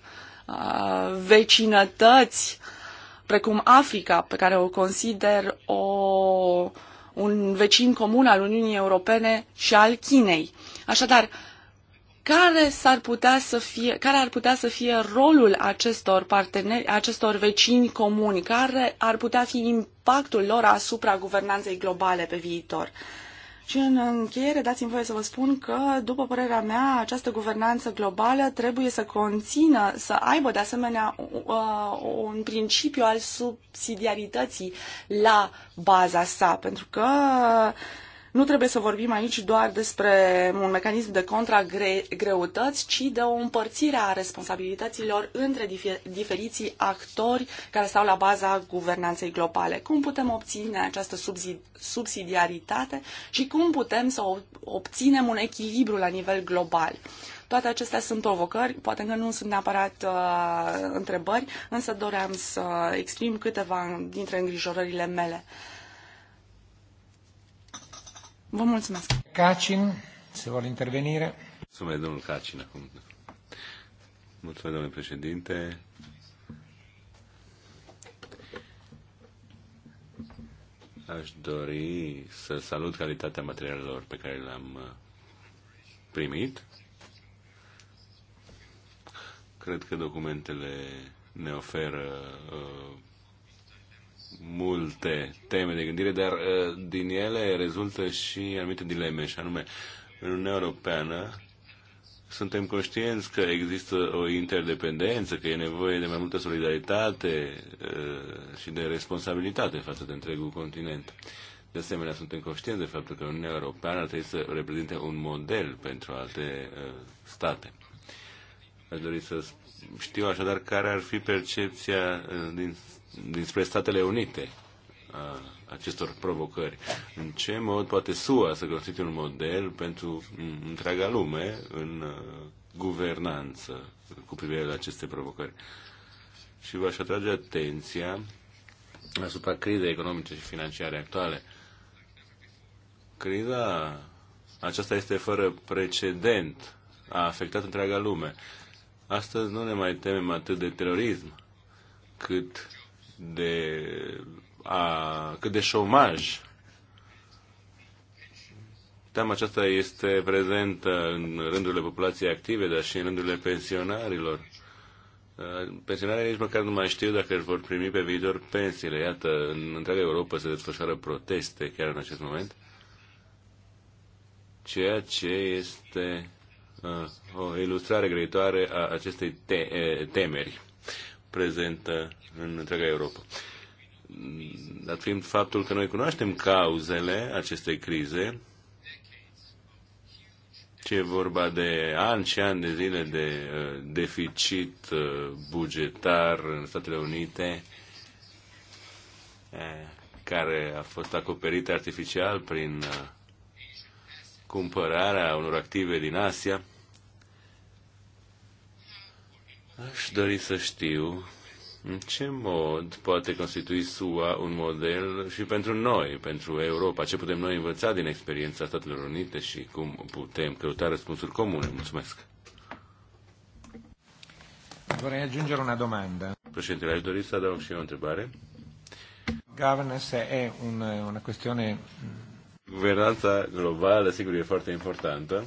uh, vecinătăți precum Africa, pe care o consider o uh, un vecin comun al Uniunii Europene și al Chinei. Așadar, care, s-ar putea să fie, care ar putea să fie rolul acestor parteneri, acestor vecini comuni? Care ar putea fi impactul lor asupra guvernanței globale pe viitor? Uh, și în încheiere, dați-mi voie să vă spun că, după părerea mea, această guvernanță globală trebuie să conțină, să aibă de asemenea uh, un principiu al subsidiarității la baza sa, pentru că nu trebuie să vorbim aici doar despre un mecanism de contragreutăți, ci de o împărțire a responsabilităților între diferiții actori care stau la baza guvernanței globale. Cum putem obține această subsidiaritate și cum putem să obținem un echilibru la nivel global? Toate acestea sunt provocări, poate că nu sunt neapărat uh, întrebări, însă doream să exprim câteva dintre îngrijorările mele. Uh, Vă mulțumesc. Cacin, se vor intervenire. Mulțumesc, domnul Cacin, acum. Mulțumesc, domnule președinte. Aș dori să salut calitatea materialelor pe care le-am uh, primit. Cred că documentele ne oferă uh, multe teme de gândire, dar uh, din ele rezultă și anumite dileme, și anume, în Uniunea Europeană suntem conștienți că există o interdependență, că e nevoie de mai multă solidaritate uh, și de responsabilitate față de întregul continent. De asemenea, suntem conștienți de faptul că Uniunea Europeană ar trebui să reprezinte un model pentru alte uh, state. Aș dori să știu așadar care ar fi percepția din dinspre Statele Unite a acestor provocări. În ce mod poate SUA să constituie un model pentru întreaga lume în uh, guvernanță cu privire la aceste provocări? Și v-aș atrage atenția asupra crizei economice și financiare actuale. Criza aceasta este fără precedent. A afectat întreaga lume. Astăzi nu ne mai temem atât de terorism, cât de, a, cât de șomaj Teama aceasta este prezentă în rândurile populației active, dar și în rândurile pensionarilor. Pensionarii nici măcar nu mai știu dacă își vor primi pe viitor pensiile. Iată, în întreaga Europa se desfășoară proteste chiar în acest moment, ceea ce este uh, o ilustrare greitoare a acestei te temeri prezentă în întreaga Europa. Dar fiind faptul că noi cunoaștem cauzele acestei crize, ce e vorba de ani și ani de zile de uh, deficit uh, bugetar în Statele Unite, eh, care a fost acoperit artificial prin uh, cumpărarea unor active din Asia, Aș dori să știu în ce mod poate constitui SUA un model și pentru noi, pentru Europa? Ce putem noi învăța din experiența Statelor Unite și cum putem căuta răspunsuri comune? Mulțumesc! Vorrei aggiungere una domanda. Președintele, aș dori să adaug și eu o întrebare. Governance e un, una questione... Guvernanța globală, sigur, e foarte importantă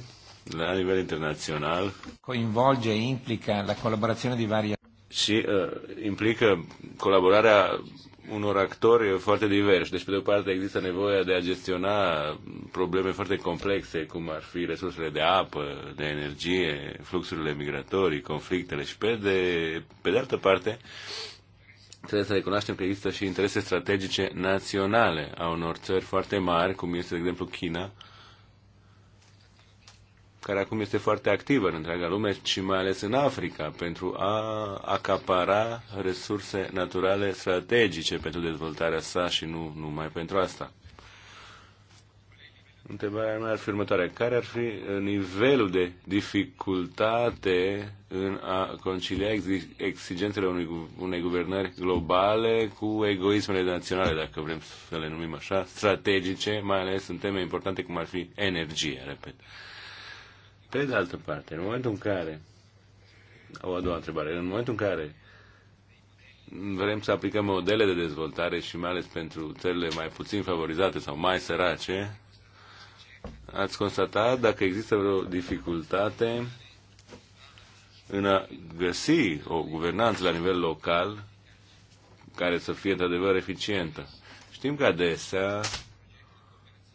la nivel internațional. Coinvolge, implică la colaborazione di varie... Și uh, implică colaborarea unor actori foarte diversi. Deci, pe de o parte, există nevoia de a gestiona probleme foarte complexe, cum ar fi resursele de apă, de energie, fluxurile migratorii, conflictele și, pe de, pe de altă parte, trebuie să recunoaștem că există și interese strategice naționale a unor țări foarte mari, cum este, de exemplu, China, care acum este foarte activă în întreaga lume și mai ales în Africa, pentru a acapara resurse naturale strategice pentru dezvoltarea sa și nu numai pentru asta. Întrebarea mea ar fi următoarea. Care ar fi nivelul de dificultate în a concilia exigențele unei, unei guvernări globale cu egoismele naționale, dacă vrem să le numim așa, strategice, mai ales în teme importante cum ar fi energie, repet. Uh, pe de altă parte, în momentul în care, o a doua întrebare, în momentul în care vrem să aplicăm modele de dezvoltare și mai ales pentru țările mai puțin favorizate sau mai sărace, ați constatat dacă există vreo dificultate în a găsi o guvernanță la nivel local care să fie într-adevăr eficientă. Știm că adesea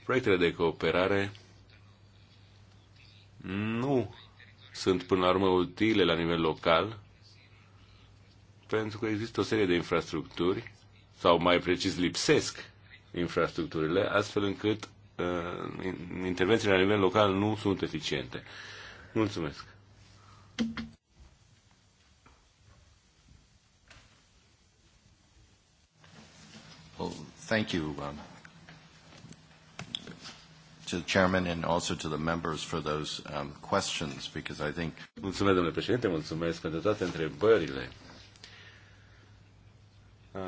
proiectele de cooperare nu sunt până la urmă utile la nivel local, pentru că există o serie de infrastructuri, sau mai precis lipsesc infrastructurile, astfel încât uh, intervențiile la nivel local nu sunt eficiente. Mulțumesc! Well, oh, thank you. Um to the chairman and also to the members for those um, questions, because I think... Mulțumesc, domnule președinte, mulțumesc pentru toate întrebările. Uh,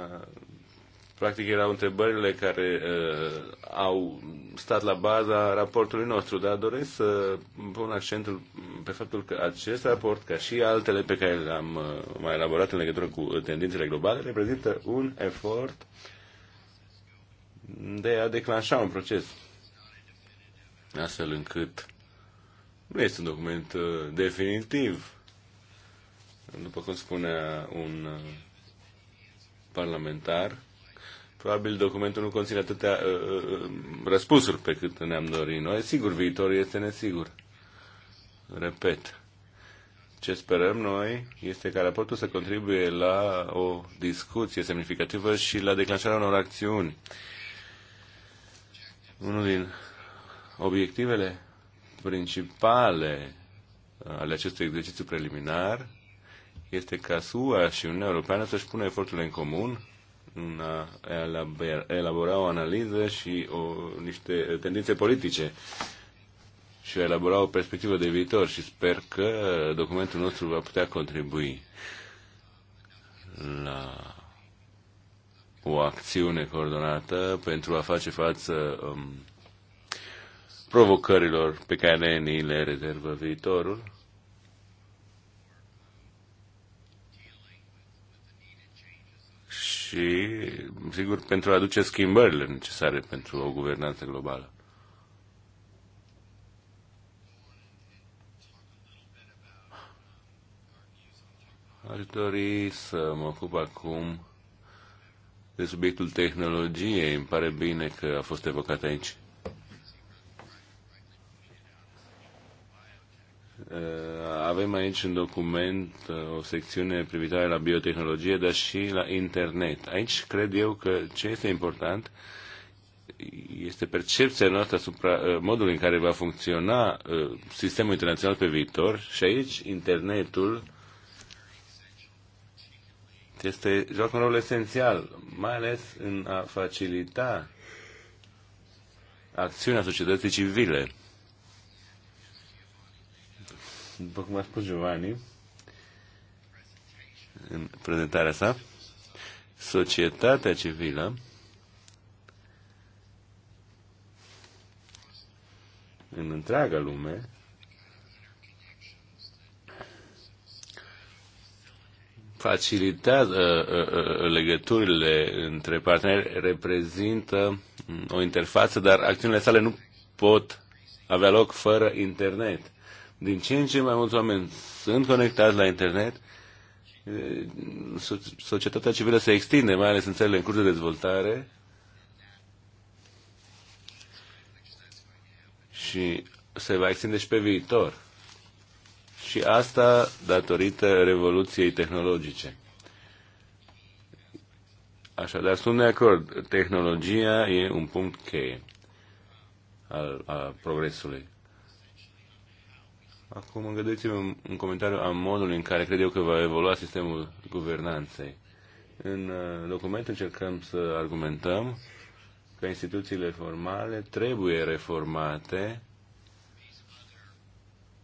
practic erau întrebările care uh, au stat la baza raportului nostru, dar doresc să pun accentul pe faptul că acest raport, ca și altele pe care le-am uh, mai elaborat în legătură cu tendințele globale, reprezintă un efort de a declanșa un proces astfel încât nu este un document uh, definitiv. După cum spunea un uh, parlamentar, probabil documentul nu conține atâtea uh, uh, răspunsuri pe cât ne-am dorit noi. Sigur, viitorul este nesigur. Repet, ce sperăm noi este ca raportul să contribuie la o discuție semnificativă și la declanșarea unor acțiuni. Unul din obiectivele principale uh, ale acestui exercițiu preliminar este ca SUA și Uniunea Europeană să-și pună eforturile în comun în a elabora o analiză și o, niște tendințe politice și a elabora o perspectivă de viitor și sper că documentul nostru va putea contribui la o acțiune coordonată pentru a face față um, provocărilor pe care ni le rezervă viitorul. Și, sigur, pentru a aduce schimbările necesare pentru o guvernanță globală. Aș dori să mă ocup acum de subiectul tehnologiei. Îmi pare bine că a fost evocat aici. Eh, avem aici în document eh, o secțiune privitoare la biotehnologie, dar și la internet. Aici cred eu că ce este important este percepția noastră asupra eh, modului în care va funcționa sistemul internațional pe viitor și aici internetul este, joacă un rol esențial, mai ales în a facilita acțiunea societății civile după cum a spus Giovanni în prezentarea sa, societatea civilă în întreaga lume facilitează uh, uh, uh, legăturile între parteneri, reprezintă mm, o interfață, dar acțiunile sale nu pot avea loc fără internet din ce în ce mai mulți oameni sunt conectați la internet, societatea civilă se extinde, mai ales în țările în curs de dezvoltare, și se va extinde și pe viitor. Și asta datorită revoluției tehnologice. Așadar, sunt de acord. Tehnologia e un punct cheie al, al progresului. Acum îngăduiți-mi un, un comentariu a modului în care cred eu că va evolua sistemul guvernanței. În uh, document încercăm să argumentăm că instituțiile formale trebuie reformate,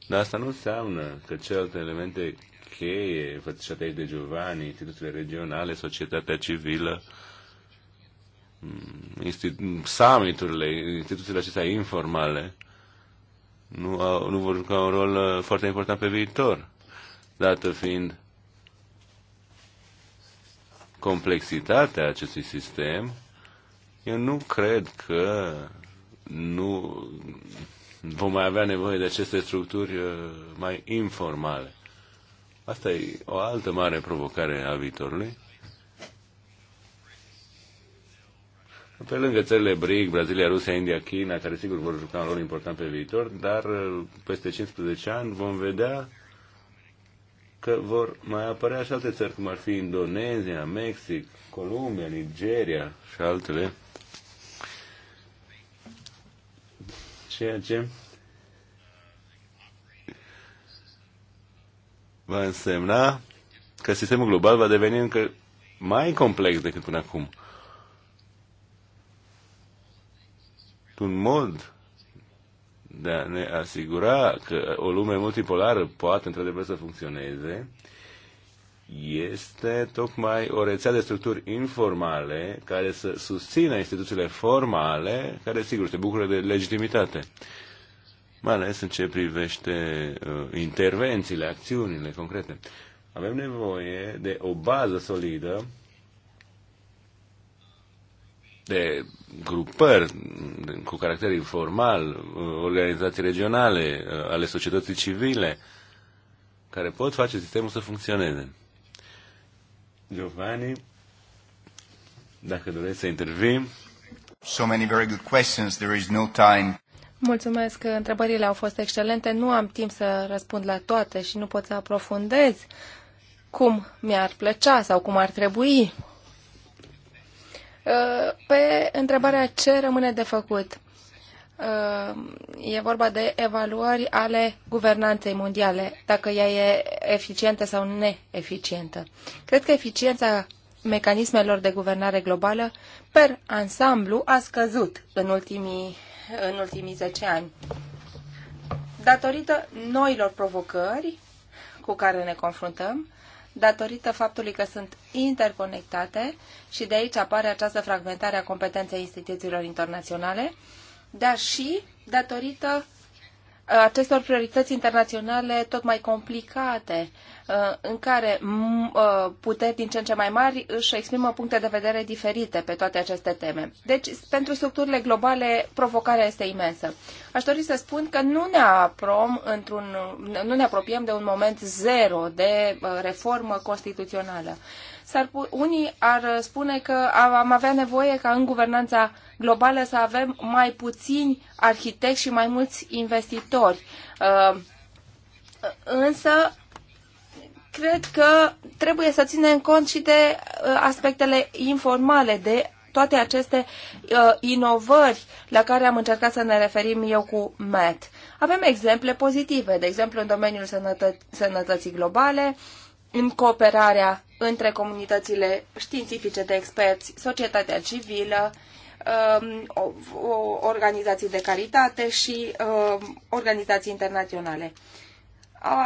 dar asta nu înseamnă că celelalte elemente cheie, fățișate de Giovanni, instituțiile regionale, societatea civilă, mm, summiturile, instituțiile acestea informale, nu, au, nu vor juca un rol uh, foarte important pe viitor, dată fiind complexitatea acestui sistem, eu nu cred că nu vom mai avea nevoie de aceste structuri uh, mai informale. Asta e o altă mare provocare a viitorului Pe lângă țările BRIC, Brazilia, Rusia, India, China, care sigur vor juca un rol important pe viitor, dar uh, peste 15 ani vom vedea că vor mai apărea și alte țări, cum ar fi Indonezia, Mexic, Columbia, Nigeria și altele. Ceea ce va însemna că sistemul global va deveni încă mai complex decât până acum. un mod de a ne asigura că o lume multipolară poate într-adevăr să funcționeze este tocmai o rețea de structuri informale care să susțină instituțiile formale, care sigur se bucură de legitimitate, mai ales în ce privește uh, intervențiile, acțiunile concrete. Avem nevoie de o bază solidă de grupări cu caracter informal, organizații regionale, ale societății civile, care pot face sistemul să funcționeze. Giovanni, dacă doresc să intervim. So many very good questions, there is no time. Mulțumesc, întrebările au fost excelente. Nu am timp să răspund la toate și nu pot să aprofundez cum mi-ar plăcea sau cum ar trebui Uh, pe întrebarea ce rămâne de făcut. Uh, e vorba de evaluări ale guvernanței mondiale, dacă ea e eficientă sau neeficientă. Cred că eficiența mecanismelor de guvernare globală per ansamblu a scăzut în ultimii, în ultimii 10 ani. Datorită noilor provocări cu care ne confruntăm, datorită faptului că sunt interconectate și de aici apare această fragmentare a competenței instituțiilor internaționale, dar și datorită acestor priorități internaționale tot mai complicate, uh, în care uh, puteri din ce în ce mai mari își exprimă puncte de vedere diferite pe toate aceste teme. Deci, pentru structurile globale, provocarea este imensă. Aș dori să spun că nu ne, aprom într-un, nu ne apropiem de un moment zero de uh, reformă constituțională s-ar unii ar spune că am avea nevoie ca în guvernanța globală să avem mai puțini arhitecți și mai mulți investitori. Uh, însă, cred că trebuie să ținem cont și de uh, aspectele informale, de toate aceste uh, inovări la care am încercat să ne referim eu cu MET. Avem exemple pozitive, de exemplu în domeniul sănătă- sănătății globale, în cooperarea între comunitățile științifice de experți, societatea civilă, um, organizații de caritate și um, organizații internaționale.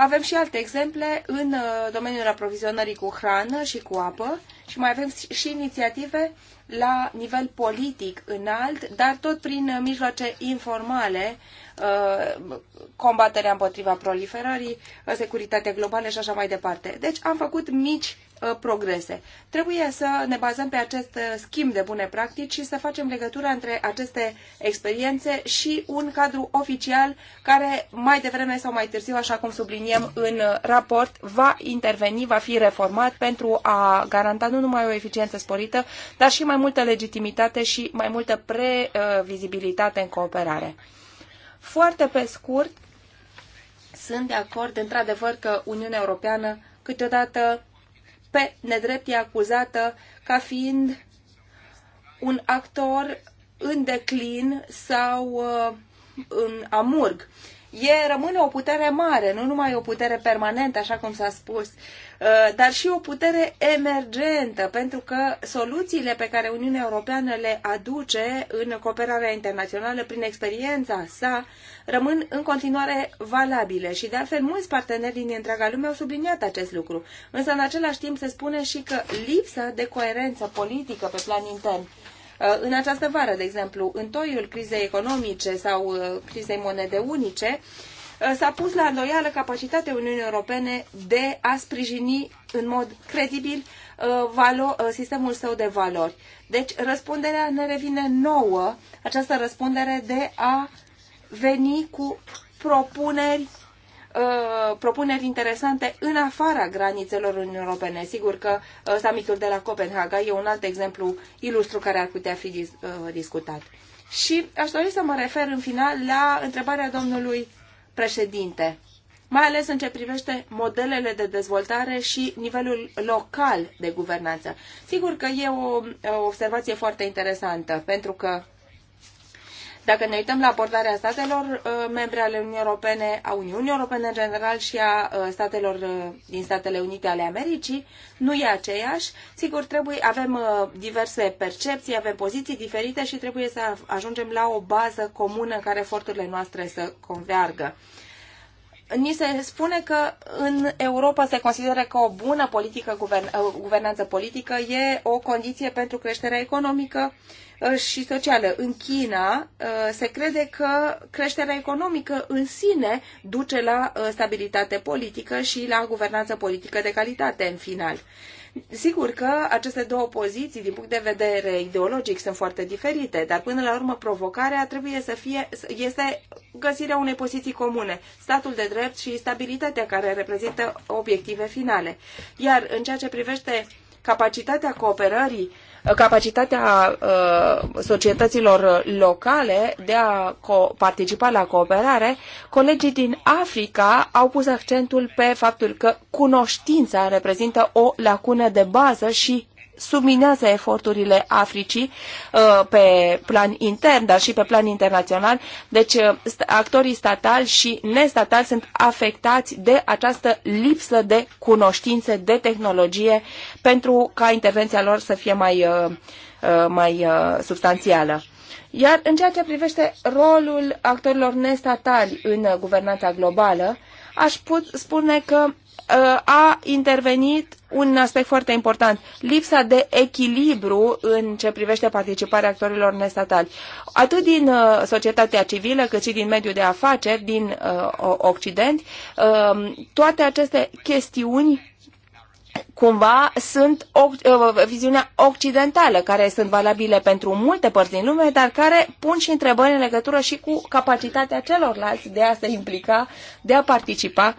Avem și alte exemple în uh, domeniul aprovizionării cu hrană și cu apă și mai avem și inițiative la nivel politic înalt, dar tot prin mijloace informale Uh, combaterea împotriva proliferării, uh, securitatea globală și așa mai departe. Deci am făcut mici uh, progrese. Trebuie să ne bazăm pe acest schimb de bune practici și să facem legătura între aceste experiențe și un cadru oficial care mai devreme sau mai târziu, așa cum subliniem în raport, va interveni, va fi reformat pentru a garanta nu numai o eficiență sporită, dar și mai multă legitimitate și mai multă previzibilitate în cooperare. Foarte pe scurt, sunt de acord într-adevăr că Uniunea Europeană câteodată pe nedrept e acuzată ca fiind un actor în declin sau uh, în amurg. E, rămâne o putere mare, nu numai o putere permanentă, așa cum s-a spus. Uh, Uh, dar și o putere emergentă, pentru că soluțiile pe care Uniunea Europeană le aduce în cooperarea internațională prin experiența sa rămân în continuare valabile și de altfel mulți parteneri din întreaga lume au subliniat acest lucru. Însă în același timp se spune și că lipsa de coerență politică pe plan intern uh, în această vară, de exemplu, în toiul crizei economice sau uh, crizei monede unice, Uh, s-a pus la îndoială capacitatea Uniunii Europene de a sprijini în mod credibil uh, uh, sistemul său de valori. Deci răspunderea ne revine nouă, această răspundere de a veni cu propuneri propuneri interesante în afara granițelor Uniunii Europene. Sigur că summitul de la Copenhaga e un alt exemplu ilustru care ar putea fi discutat. Și aș dori să mă refer în final la întrebarea domnului președinte, mai ales în ce privește modelele de dezvoltare și nivelul local de guvernanță. Sigur că e o observație foarte interesantă, pentru că dacă ne uităm la abordarea statelor uh, membre ale Uniunii Europene, a Uniunii Europene în general și a uh, statelor uh, din Statele Unite ale Americii, nu e aceeași. Sigur, trebuie, avem diverse percepții, avem poziții diferite și trebuie să ajungem la o bază comună în care eforturile noastre să convergă. Ni se spune că în Europa se consideră că o bună politică, uh, guvernanță politică e o condiție pentru creșterea economică uh, și socială. În China uh, se crede că creșterea economică în sine duce la stabilitate politică și la guvernanță politică de calitate în final. Sigur că aceste două poziții, din punct de vedere ideologic, sunt foarte diferite, dar până la urmă provocarea trebuie să fie, este găsirea unei poziții comune, statul de drept și stabilitatea care reprezintă obiective finale. Iar în ceea ce privește capacitatea cooperării capacitatea uh, societăților locale de a participa la cooperare, colegii din Africa au pus accentul pe faptul că cunoștința reprezintă o lacună de bază și subminează eforturile Africii uh, pe plan intern, dar și pe plan internațional. Deci uh, actorii statali și nestatali sunt afectați de această lipsă de cunoștințe, de tehnologie, pentru ca intervenția lor să fie mai, uh, mai substanțială. Iar în ceea ce privește rolul actorilor nestatali în guvernanța globală, aș put spune că Uh, a intervenit un aspect foarte important, lipsa de echilibru în ce privește participarea actorilor nestatali, atât din uh, societatea civilă, cât și din mediul de afaceri, din uh, Occident. Toate aceste chestiuni cumva sunt oc- viziunea occidentală, care sunt valabile pentru multe părți din lume, dar care pun și întrebări în legătură și cu capacitatea celorlalți de a se implica, de a participa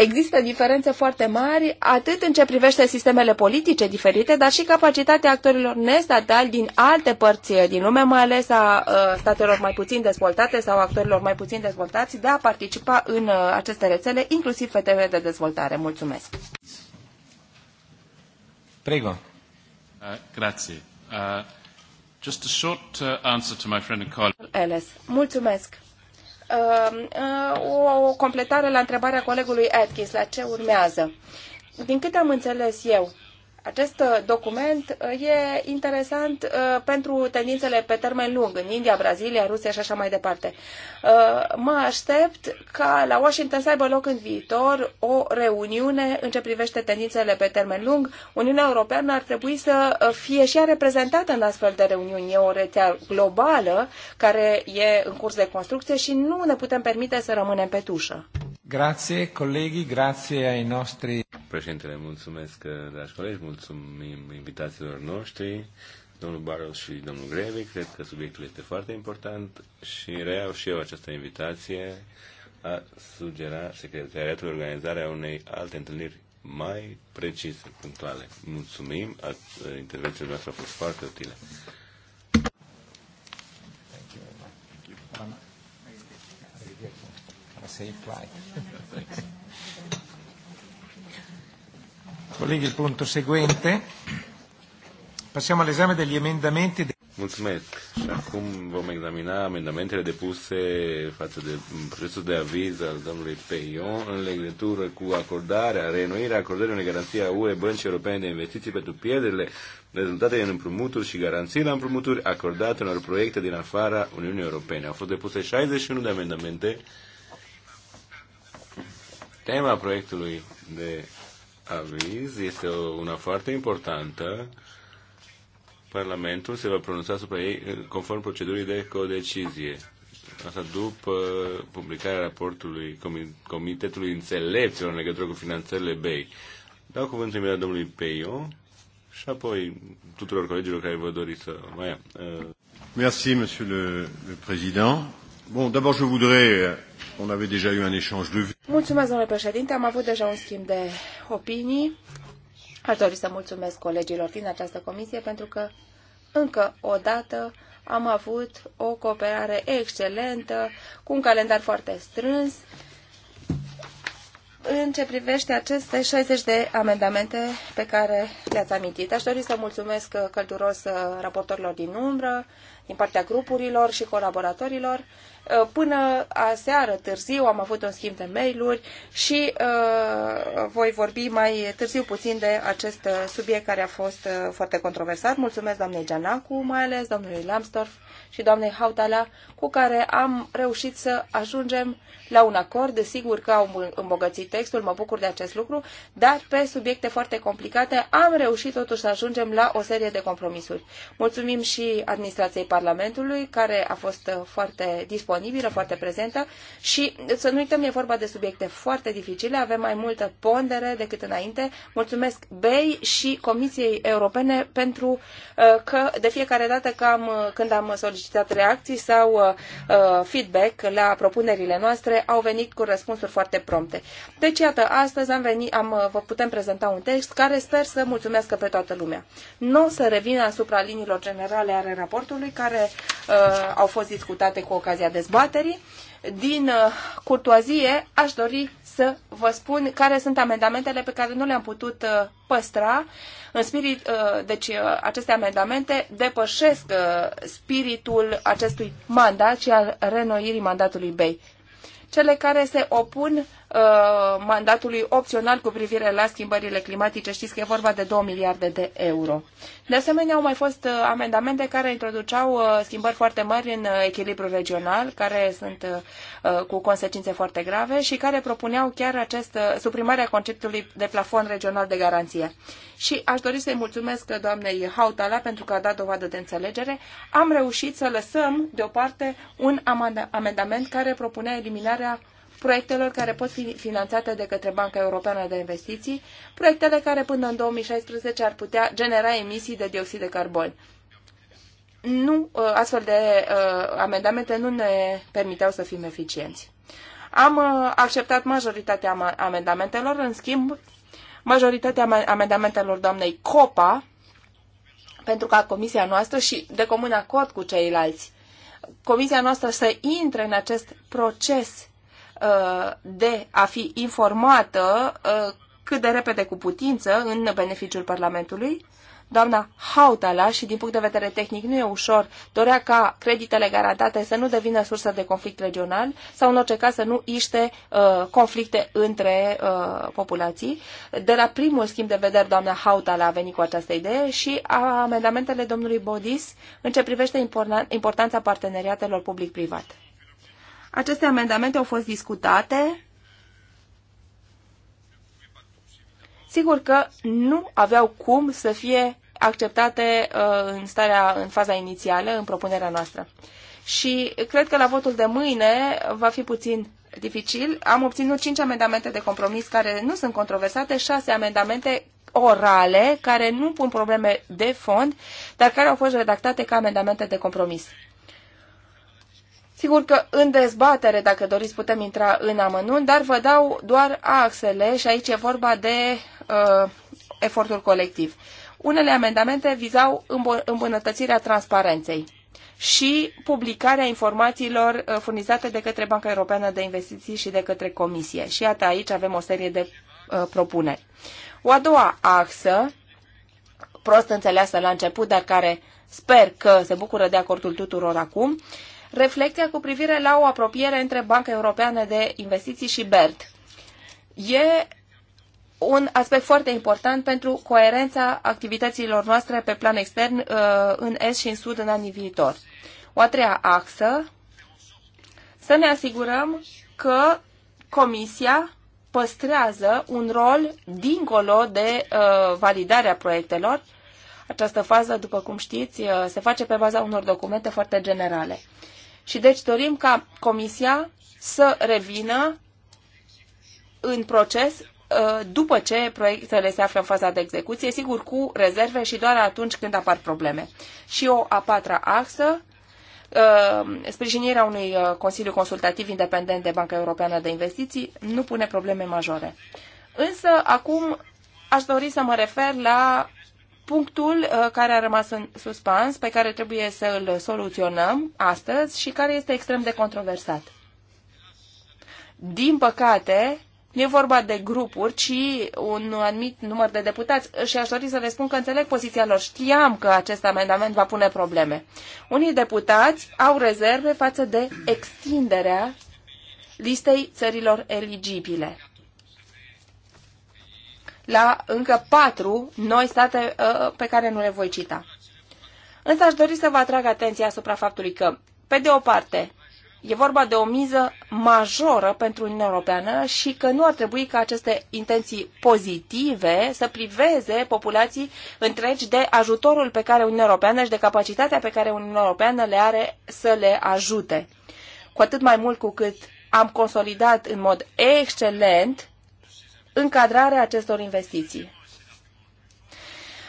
Există diferențe foarte mari atât în ce privește sistemele politice diferite, dar și capacitatea actorilor nestatali din alte părți din lume, mai ales a ă, statelor mai puțin dezvoltate sau actorilor mai puțin dezvoltați, de a participa în ă, aceste rețele, inclusiv FTV de dezvoltare. Mulțumesc! Prego. Uh, grazie. Uh, just a short uh, answer to my friend and colleague. Ellis. Mulțumesc. Ehm, o completare la întrebarea colegului Atkins, la ce urmează. Din câte am înțeles eu, acest document uh, e interesant uh, pentru tendințele pe termen lung în India, Brazilia, Rusia și așa mai departe. Uh, mă aștept ca la Washington să aibă loc în viitor o reuniune în ce privește tendințele pe termen lung. Uniunea Europeană ar trebui să fie și ea reprezentată în astfel de reuniuni. E o rețea globală care e în curs de construcție și nu ne putem permite să rămânem pe tușă. Grazie, colegii, grazie ai noștri. Președintele, mulțumesc, dragi colegi mulțumim invitațiilor noștri, domnul Barros și domnul Greve. Cred că subiectul este foarte important și reiau și eu această invitație a sugera secretariatului organizarea unei alte întâlniri mai precise, punctuale. Mulțumim, intervențiile noastre a fost foarte utile. Thank you. Thank you. Colleghi, il punto seguente. Passiamo all'esame degli emendamenti. De... Mulțumesc. Și acum vom examina amendamentele depuse față de procesul de aviz al domnului Peion în legătură cu acordarea, reînnoirea acordării unei garanții a UE Băncii Europene de Investiții pentru pierderile rezultate în împrumuturi și garanții la împrumuturi acordate unor proiecte din afara Uniunii Europene. Au fost depuse 61 de amendamente. Tema proiectului de aviz este una foarte importantă. Parlamentul se va pronunța asupra ei conform procedurii de codecizie. Asta după publicarea raportului Comitetului Înțelepților în legătură cu finanțările BEI. Dau cuvântul imediat domnului Peio și apoi tuturor colegilor care vă doriți să mai am. Merci, monsieur le, le président. Bon, d'abord, je voudrais On avait déjà eu un échange de vues. Mulțumesc, domnule președinte. Am avut deja un schimb de opinii. Aș dori să mulțumesc colegilor din această comisie pentru că încă o dată am avut o cooperare excelentă, cu un calendar foarte strâns, în ce privește aceste 60 de amendamente pe care le-ați amintit. Aș dori să mulțumesc călduros uh, raportorilor din umbră, din partea grupurilor și colaboratorilor. Uh, până aseară târziu am avut un schimb de mail-uri și uh, voi vorbi mai târziu puțin de acest uh, subiect care a fost uh, foarte controversat. Mulțumesc doamnei Gianacu, mai ales domnului Lambsdorff și doamnei Hautala, cu care am reușit să ajungem la un acord. Desigur că au îmbogățit textul, mă bucur de acest lucru, dar pe subiecte foarte complicate am reușit totuși să ajungem la o serie de compromisuri. Mulțumim și administrației Parlamentului, care a fost uh, foarte disponibilă, foarte prezentă și să nu uităm, e vorba de subiecte foarte dificile, avem mai multă pondere decât înainte. Mulțumesc BEI și Comisiei Europene pentru uh, că de fiecare dată că am, uh, când am solicitat reacții sau feedback la propunerile noastre, care au venit cu răspunsuri foarte prompte. Deci, iată, astăzi am venit, am, uh, vă putem prezenta un text care sper să mulțumească pe toată lumea. Nu o să revin asupra liniilor generale ale raportului care uh, au fost discutate cu ocazia dezbaterii. Din uh, curtoazie aș dori să vă spun care sunt amendamentele pe care nu le-am putut uh, păstra. În spirit, uh, deci uh, aceste amendamente depășesc uh, spiritul acestui mandat și al renoirii mandatului BEI cele care se opun Uh, mandatului opțional cu privire la schimbările climatice. Știți că e vorba de 2 miliarde de euro. De asemenea, au mai fost uh, amendamente care introduceau uh, schimbări foarte mari în echilibru regional, care sunt cu consecințe foarte grave și care propuneau chiar acest, suprimarea conceptului de plafon regional de garanție. Și aș dori să-i mulțumesc doamnei Hautala pentru că a dat dovadă de înțelegere. Am reușit să lăsăm deoparte un amendament care propunea eliminarea proiectelor care pot fi finanțate de către Banca Europeană de Investiții, proiectele care până în 2016 ar putea genera emisii de dioxid de carbon. Nu, ă, astfel de ă, amendamente nu ne permiteau să fim eficienți. Am ă, acceptat majoritatea amendamentelor, în schimb, majoritatea amendamentelor doamnei Copa, pentru ca comisia noastră și de comun acord cu ceilalți, comisia noastră să intre în acest proces Uh, de a fi informată uh, cât de repede cu putință în beneficiul Parlamentului. Doamna Hautala, și din punct de vedere tehnic nu e ușor, dorea ca creditele garantate să nu devină sursă de conflict regional sau în orice caz să nu iște uh, conflicte între uh, populații. De la primul schimb de vedere doamna Hautala a venit cu această idee și a amendamentele domnului Bodis în ce privește importanța parteneriatelor public-privat. Aceste amendamente au fost discutate. Sigur că nu aveau cum să fie acceptate uh, în starea, în faza inițială, în propunerea noastră. Și cred că la votul de mâine va fi puțin dificil. Am obținut 5 amendamente de compromis care nu sunt controversate, 6 amendamente orale care nu pun probleme de fond, dar care au fost redactate ca amendamente de compromis. Sigur că în dezbatere, dacă doriți, putem intra în amănunt, dar vă dau doar axele și aici e vorba de uh, efortul colectiv. Unele amendamente vizau îmbunătățirea transparenței și publicarea informațiilor uh, furnizate de către Banca Europeană de Investiții și de către Comisie. Și iată, aici avem o serie de uh, propuneri. O a doua axă, prost înțeleasă la început, dar care sper că se bucură de acordul tuturor acum, uh, reflecția cu privire la o apropiere între Banca Europeană de Investiții și BERT. E un aspect foarte important pentru coerența activităților noastre pe plan extern uh, în Est și în Sud în anii viitor. O a treia axă, să ne asigurăm că Comisia păstrează un rol dincolo de uh, validarea proiectelor. Această fază, după cum știți, uh, se face pe baza unor documente foarte generale. Și deci dorim ca Comisia să revină în proces uh, după ce proiectele se află în faza de execuție, sigur cu rezerve și doar atunci când apar probleme. Și o a patra axă, uh, sprijinirea unui uh, Consiliu Consultativ Independent de Banca Europeană de Investiții nu pune probleme majore. Însă, acum aș dori să mă refer la punctul uh, care a rămas în suspans, pe care trebuie să îl soluționăm astăzi și care este extrem de controversat. Din păcate, nu e vorba de grupuri, ci un anumit număr de deputați și aș dori să le spun că înțeleg poziția lor. Știam că acest amendament va pune probleme. Unii deputați au rezerve față de extinderea listei țărilor eligibile la încă patru noi state uh, pe care nu le voi cita. Însă aș dori să vă atrag atenția asupra faptului că, pe de o parte, e vorba de o miză majoră pentru Uniunea Europeană și că nu ar trebui ca aceste intenții pozitive să priveze populații întregi de ajutorul pe care Uniunea Europeană și de capacitatea pe care Uniunea Europeană le are să le ajute. Cu atât mai mult cu cât am consolidat în mod excelent încadrarea acestor investiții.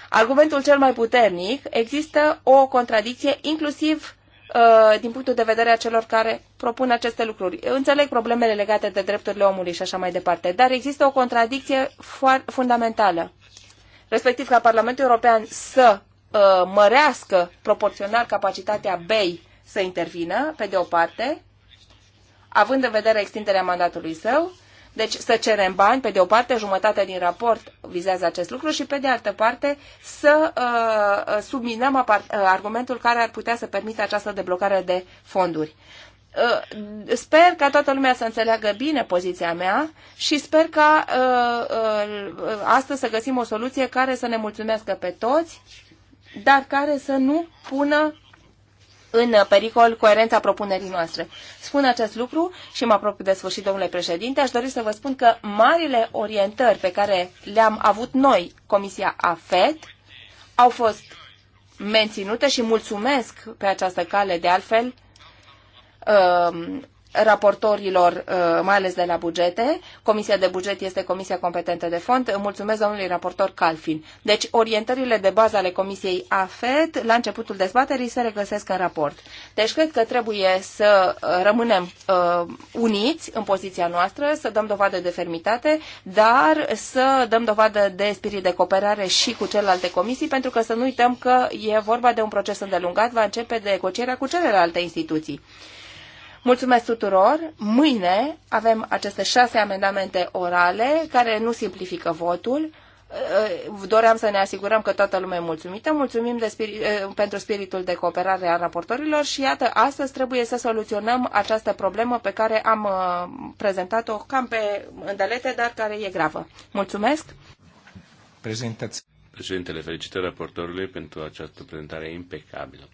Argumentul cel mai puternic există o contradicție inclusiv uh, din punctul de vedere a celor care propun aceste lucruri. Eu înțeleg problemele legate de drepturile omului și așa mai departe, dar există o contradicție fundamentală. Respectiv ca Parlamentul European să uh, mărească proporțional capacitatea BEI să intervină, pe de o parte, având în vedere extinderea mandatului său, deci să cerem bani, pe de o parte, jumătate din raport vizează acest lucru și pe de altă parte să uh, subminăm uh, argumentul care ar putea să permită această deblocare de fonduri. Uh, sper ca toată lumea să înțeleagă bine poziția mea și sper ca uh, uh, astăzi să găsim o soluție care să ne mulțumească pe toți, dar care să nu pună în pericol coerența propunerii noastre. Spun acest lucru și mă apropiu de sfârșit, domnule președinte, aș dori să vă spun că marile orientări pe care le-am avut noi, Comisia AFET, au fost menținute și mulțumesc pe această cale, de altfel, um, raportorilor, uh, mai ales de la bugete. Comisia de buget este comisia competentă de fond. Mulțumesc domnului raportor Calfin. Deci, orientările de bază ale Comisiei AFET la începutul dezbaterii se regăsesc în raport. Deci, cred că trebuie să uh, rămânem uh, uniți în poziția noastră, să dăm dovadă de fermitate, dar să dăm dovadă de spirit de cooperare și cu celelalte comisii, pentru că să nu uităm că e vorba de un proces îndelungat, va începe de negocierea cu celelalte instituții. Mulțumesc tuturor! Mâine avem aceste șase amendamente orale care nu simplifică votul. Uh, doream să ne asigurăm că toată lumea e mulțumită. Mulțumim de spiri, uh, pentru spiritul de cooperare a raportorilor și iată, astăzi trebuie să soluționăm această problemă pe care am uh, prezentat-o cam pe îndelete, dar care e gravă. Mulțumesc! Prezentați. Președintele, Felicită raportorului pentru această prezentare impecabilă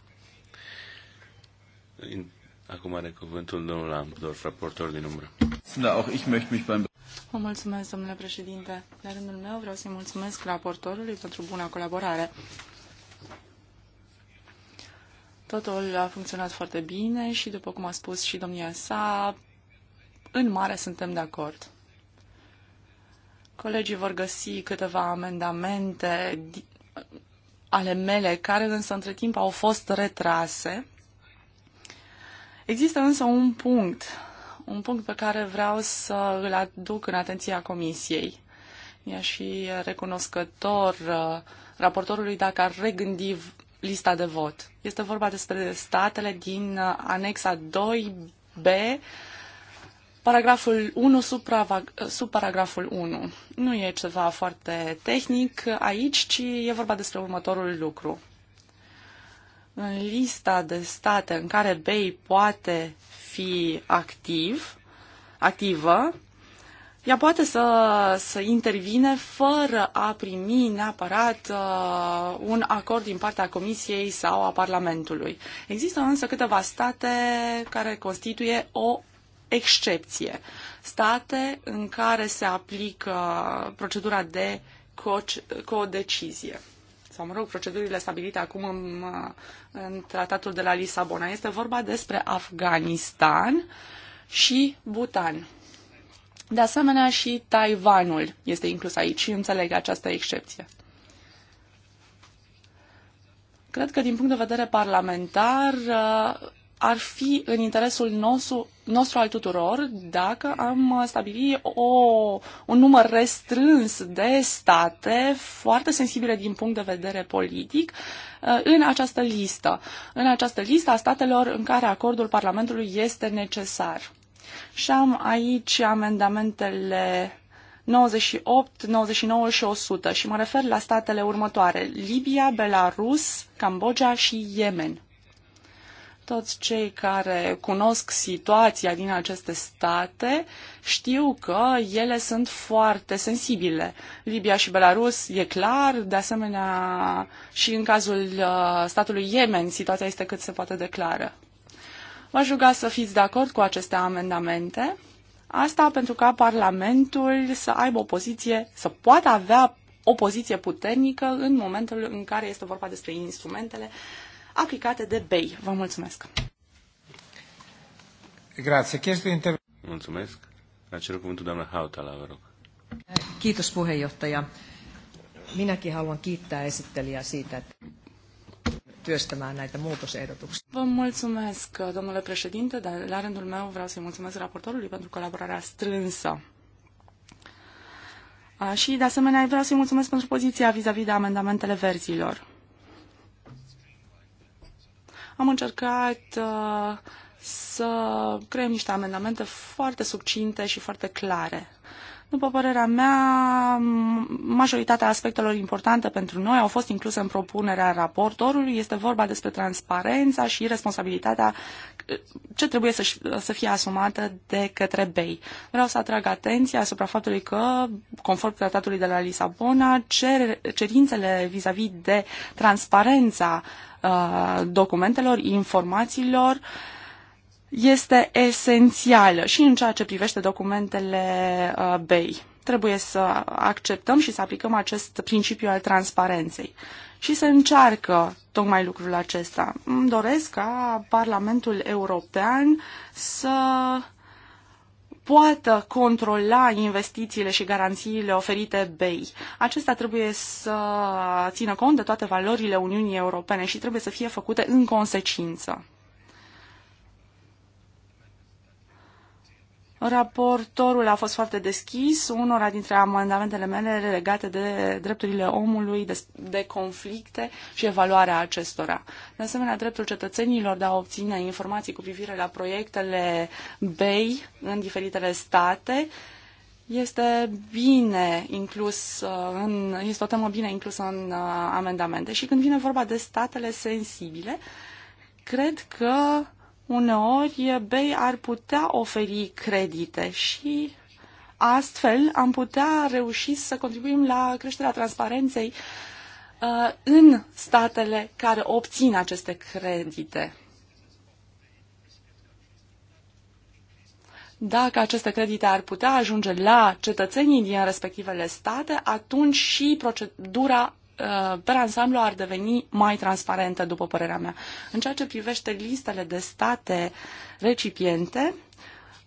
Acum are cuvântul domnul Lambdorf, raportor din umbră. Da, auch ich möchte mich beim... Vă mulțumesc, domnule președinte. La rândul meu vreau să-i mulțumesc raportorului pentru buna colaborare. Totul a funcționat foarte bine și, după cum a spus și domnia sa, în mare suntem de acord. Colegii vor găsi câteva amendamente ale mele, care însă între timp au fost retrase, Există însă un punct, un punct pe care vreau să îl aduc în atenția Comisiei. Ea și recunoscător uh, raportorului dacă ar regândi lista de vot. Este vorba despre statele din uh, anexa 2B, paragraful 1 sub, uh, sub paragraful 1. Nu e ceva foarte tehnic aici, ci e vorba despre următorul lucru în lista de state în care BEI poate fi activ, activă, ea poate să, să intervine fără a primi neapărat uh, un acord din partea Comisiei sau a Parlamentului. Există însă câteva state care constituie o excepție. State în care se aplică procedura de codecizie. Co sau, mă rog, procedurile stabilite acum în, în tratatul de la Lisabona. Este vorba despre Afganistan și Bhutan. De asemenea, și Taiwanul este inclus aici și înțeleg această excepție. Cred că, din punct de vedere parlamentar, ar fi în interesul nostru, nostru al tuturor dacă am stabili o, un număr restrâns de state foarte sensibile din punct de vedere politic uh, în această listă, în această listă a statelor în care acordul Parlamentului este necesar. Și am aici amendamentele 98, 99 și 100 și mă refer la statele următoare, Libia, Belarus, Cambodgia și Yemen. Toți cei care cunosc situația din aceste state știu că ele sunt foarte sensibile. Libia și Belarus e clar, de asemenea și în cazul uh, statului Yemen situația este cât se poate declară. V-aș ruga să fiți de acord cu aceste amendamente. Asta pentru ca Parlamentul să aibă o poziție, să poată avea o poziție puternică în momentul în care este vorba despre instrumentele aplicate de BEI. Vă mulțumesc! Grazie. Chiesto inter... Mulțumesc. La cerut cuvântul doamna Hautala, vă rog. Kiitos puheenjohtaja. Minäkin haluan kiittää esittelijää siitä, että työstämään näitä muutosehdotuksia. Vă mulțumesc, domnule președinte, dar la rândul meu vreau să-i mulțumesc raportorului pentru colaborarea strânsă. și, de asemenea, vreau să-i mulțumesc pentru poziția vis a -vis de amendamentele verzilor am încercat uh, să creăm niște amendamente foarte succinte și foarte clare. După părerea mea, majoritatea aspectelor importante pentru noi au fost incluse în propunerea raportorului. Este vorba despre transparența și responsabilitatea eh, ce trebuie să, să fie asumată de către BEI. Vreau să atrag atenția asupra faptului că, conform tratatului de la Lisabona, cer, cerințele vis-a-vis -vis de transparența uh, documentelor, informațiilor, uh, este esențială și în ceea ce privește documentele uh, BEI. Trebuie să acceptăm și să aplicăm acest principiu al transparenței. Și se încearcă tocmai lucrul acesta. Îmi doresc ca Parlamentul European să poată controla investițiile și garanțiile oferite BEI. Acesta trebuie să țină cont de toate valorile Uniunii Europene și trebuie să fie făcute în consecință. Raportorul a fost foarte deschis. Unora dintre amendamentele mele legate de drepturile omului, de, de conflicte și evaluarea acestora. De asemenea, dreptul cetățenilor de a obține informații cu privire la proiectele BEI în diferitele state este bine inclus uh, în, este o temă bine inclusă în uh, amendamente. Și când vine vorba de statele sensibile, cred că uh, uneori BEI ar putea oferi credite și astfel am putea reuși să contribuim la creșterea transparenței uh, în statele care obțin aceste credite. Dacă aceste credite ar putea ajunge la cetățenii din respectivele state, atunci și procedura Uh, per ansamblu ar deveni mai transparentă, după părerea mea. În ceea ce privește listele de state recipiente,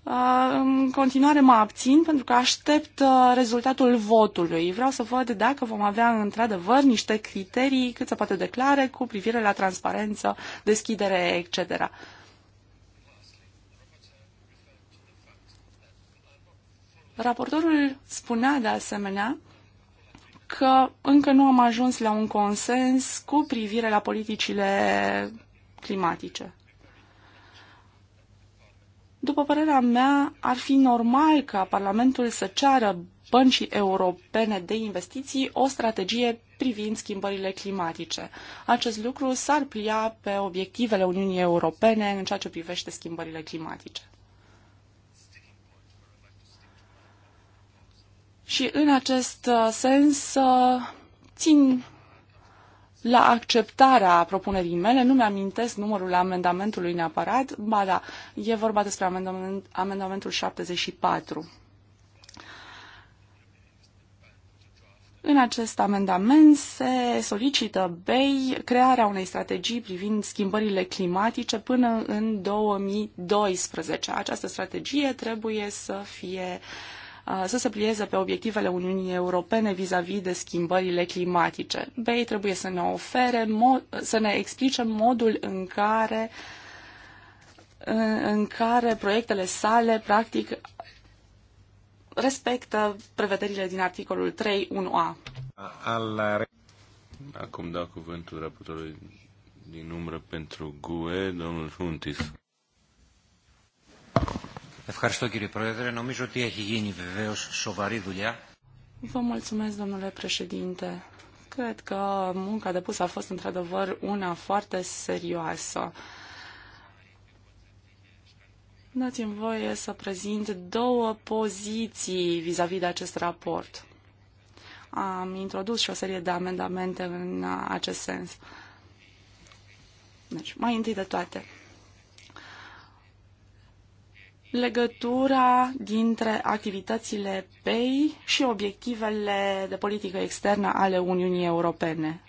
uh, în continuare mă abțin pentru că aștept uh, rezultatul votului. Vreau să văd dacă vom avea într-adevăr niște criterii cât se poate declare cu privire la transparență, deschidere, etc. Raportorul spunea de asemenea că încă nu am ajuns la un consens cu privire la politicile climatice. După părerea mea, ar fi normal ca Parlamentul să ceară băncii europene de investiții o strategie privind schimbările climatice. Acest lucru s-ar plia pe obiectivele Uniunii Europene în ceea ce privește schimbările climatice. Și în acest uh, sens uh, țin la acceptarea propunerii mele, nu mi-amintesc numărul amendamentului neapărat, ba da, e vorba despre amendament, amendamentul 74. În acest amendament se solicită BEI crearea unei strategii privind schimbările climatice până în 2012. Această strategie trebuie să fie uh, să se plieze pe obiectivele Uniunii Europene vis-a-vis de schimbările climatice. BEI trebuie să ne ofere, să ne explice modul în care, în care proiectele sale, practic, respectă prevederile din articolul 3.1a. Acum dau cuvântul raportorului din umbră pentru GUE, domnul Huntis. Ευχαριστώ κύριε Πρόεδρε. Νομίζω ότι έχει γίνει βεβαίω σοβαρή δουλειά. Vă mulțumesc, domnule președinte. Cred că munca depusă a fost într-adevăr una foarte serioasă. Dați-mi voie să prezint două poziții vis-a-vis -vis de acest raport. Am introdus și o serie de amendamente în acest sens. Deci, mai întâi de toate, legătura dintre activitățile PEI și obiectivele de politică externă ale Uniunii Europene.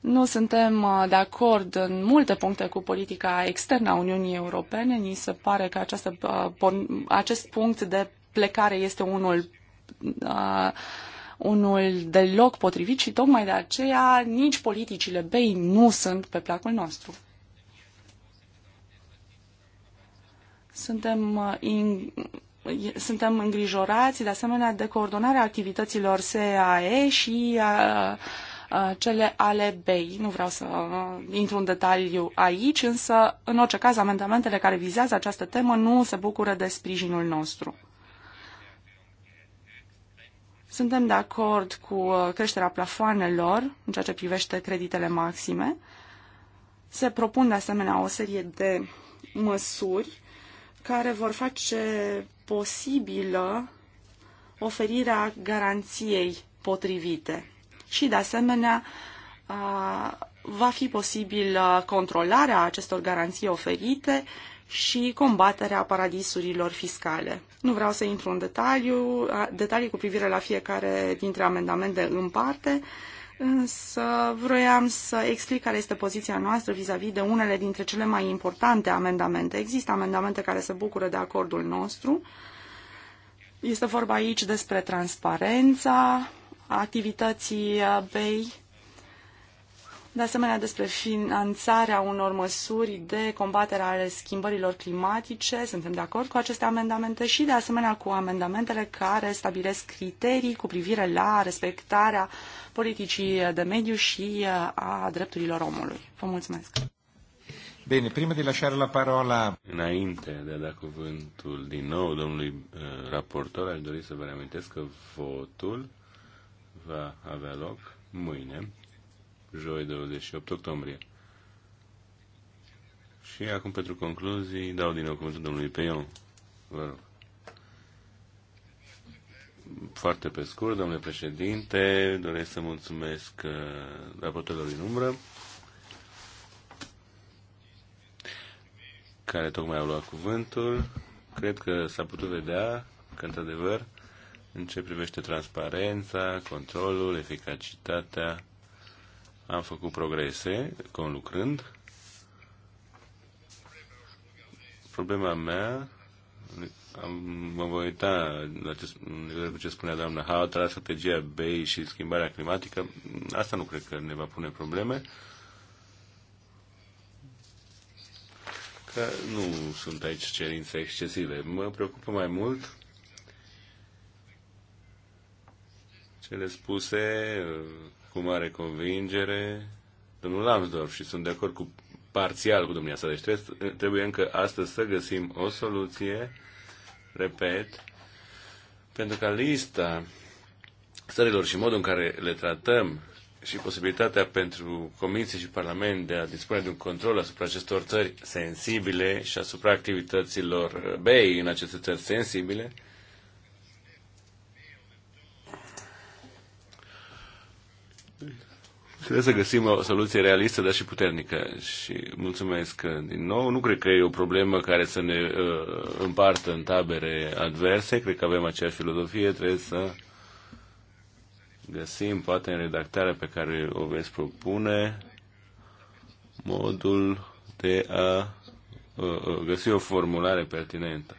Nu suntem uh, de acord în multe puncte cu politica externă a Uniunii Europene. Ni se pare că această, uh, acest punct de plecare este unul, uh, unul deloc potrivit și tocmai de aceea nici politicile BEI nu sunt pe placul nostru. Suntem, uh, in, suntem îngrijorați, de asemenea, de coordonarea activităților SAE și a, uh, a, uh, cele ale BEI. Nu vreau să intru în detaliu aici, însă, în orice caz, amendamentele care vizează această temă nu se bucură de sprijinul nostru. Suntem de acord cu creșterea plafoanelor în ceea ce privește creditele maxime. Se propun de asemenea o serie de măsuri care vor face posibilă oferirea garanției potrivite. Și, de asemenea, va fi posibil controlarea acestor garanții oferite și combaterea paradisurilor fiscale. Nu vreau să intru în detaliu, detalii cu privire la fiecare dintre amendamente în parte, Însă vroiam să explic care este poziția noastră vis-a-vis de unele dintre cele mai importante amendamente. Există amendamente care se bucură de acordul nostru. Este vorba aici despre transparența activității uh, BEI de asemenea despre finanțarea unor măsuri de combatere ale schimbărilor climatice. Suntem de acord cu aceste amendamente și de asemenea cu amendamentele care stabilesc criterii cu privire la respectarea politicii de mediu și uh, a drepturilor omului. Vă mulțumesc! Bine, prima de lasciare la parola... Înainte de a da cuvântul din nou domnului uh, raportor, aș dori să vă reamintesc că votul va avea loc mâine joi 28 octombrie. Și acum, pentru concluzii, dau din nou cuvântul domnului Peion. Vă rog. Foarte pe scurt, domnule președinte, doresc să mulțumesc uh, raportorilor din umbră, care tocmai au luat cuvântul. Cred că s-a putut vedea că, într-adevăr, în ce privește transparența, controlul, eficacitatea, am făcut progrese conlucrând. Problema mea, am, mă voi uita la ce, la ce spunea doamna Hout, la strategia BEI și schimbarea climatică, asta nu cred că ne va pune probleme. că nu sunt aici cerințe excesive. Mă preocupă mai mult cele spuse cu mare convingere domnul Lambsdorff și sunt de acord cu parțial cu domnia sa. Deci trebuie, încă astăzi să găsim o soluție, repet, pentru ca lista stărilor și modul în care le tratăm și posibilitatea pentru Comisie și Parlament de a dispune de un control asupra acestor țări sensibile și asupra activităților uh, BEI în aceste țări sensibile, Trebuie să găsim o soluție realistă, dar și puternică. Și mulțumesc din nou. Nu cred că e o problemă care să ne uh, împartă în tabere adverse. Cred că avem aceeași filozofie. Trebuie să găsim, poate în redactarea pe care o veți propune, modul de a uh, uh găsi o formulare pertinentă.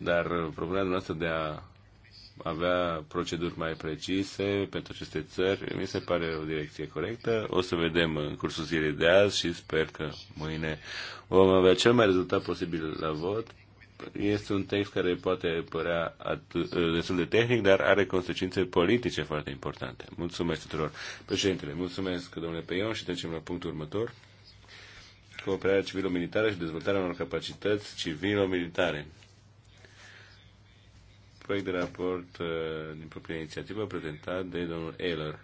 Dar uh, problema noastră de a avea proceduri mai precise pentru aceste țări. Mi se pare o direcție corectă. O să vedem în cursul zilei de azi și sper că mâine vom avea cel mai rezultat posibil la vot. Este un text care poate părea atât, uh, destul de tehnic, dar are consecințe politice foarte importante. Mulțumesc tuturor. Președintele, mulțumesc domnule Peion și trecem la punctul următor. Cooperarea civilo-militară și dezvoltarea unor capacități civilo-militare proiect de raport uh, din propria inițiativă prezentat de domnul Eller,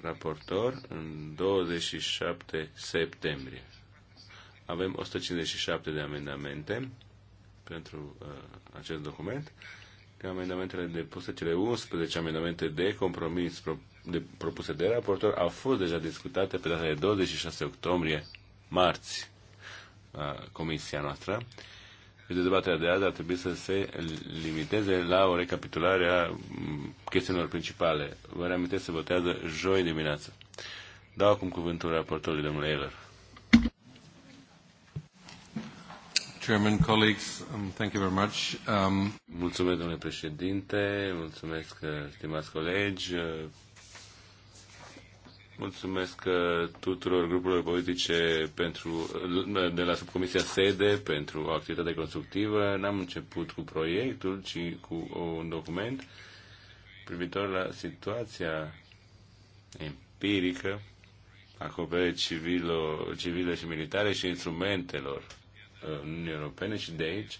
raportor, în 27 septembrie. Avem 157 de amendamente pentru uh, acest document. De amendamentele depuse, cele 11 amendamente de compromis pro, de, propuse de raportor, au fost deja discutate pe data de 26 octombrie, marți, la comisia noastră. Uh, deci dezbaterea de azi ar trebui să se limiteze la o recapitulare a chestiunilor principale. Vă reamintesc, se votează joi dimineață. Dau acum cuvântul raportorului domnului Eller. Chairman, colleagues, um, thank you very much. Um... Mulțumesc, domnule președinte, mulțumesc, uh, stimați colegi, uh, Mulțumesc uh, tuturor grupurilor politice pentru, uh, de la subcomisia sede pentru o activitate constructivă. N-am început cu proiectul, ci cu un document privitor la situația empirică a cooperării civile și militare și instrumentelor uh, Uniunii Europene și de aici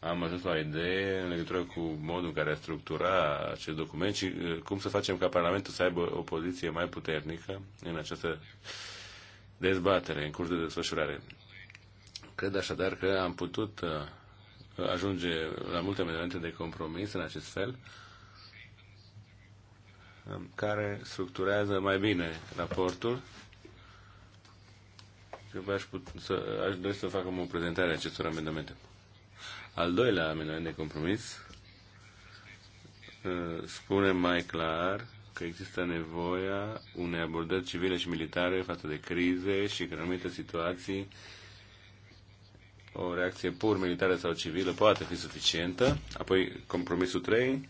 am ajuns la o idee în legătură cu modul în care a structura acest document și uh, cum să facem ca Parlamentul să aibă o poziție mai puternică în această dezbatere, în curs de desfășurare. Cred așadar că am putut uh, ajunge la multe amendamente de compromis în acest fel, um, care structurează mai bine raportul. Eu aș, put, să, aș dori să facem o prezentare a acestor amendamente. Al doilea amendament de compromis uh, spune mai clar că există nevoia unei abordări civile și militare față de crize și că în anumite situații o reacție pur militară sau civilă poate fi suficientă. Apoi, compromisul 3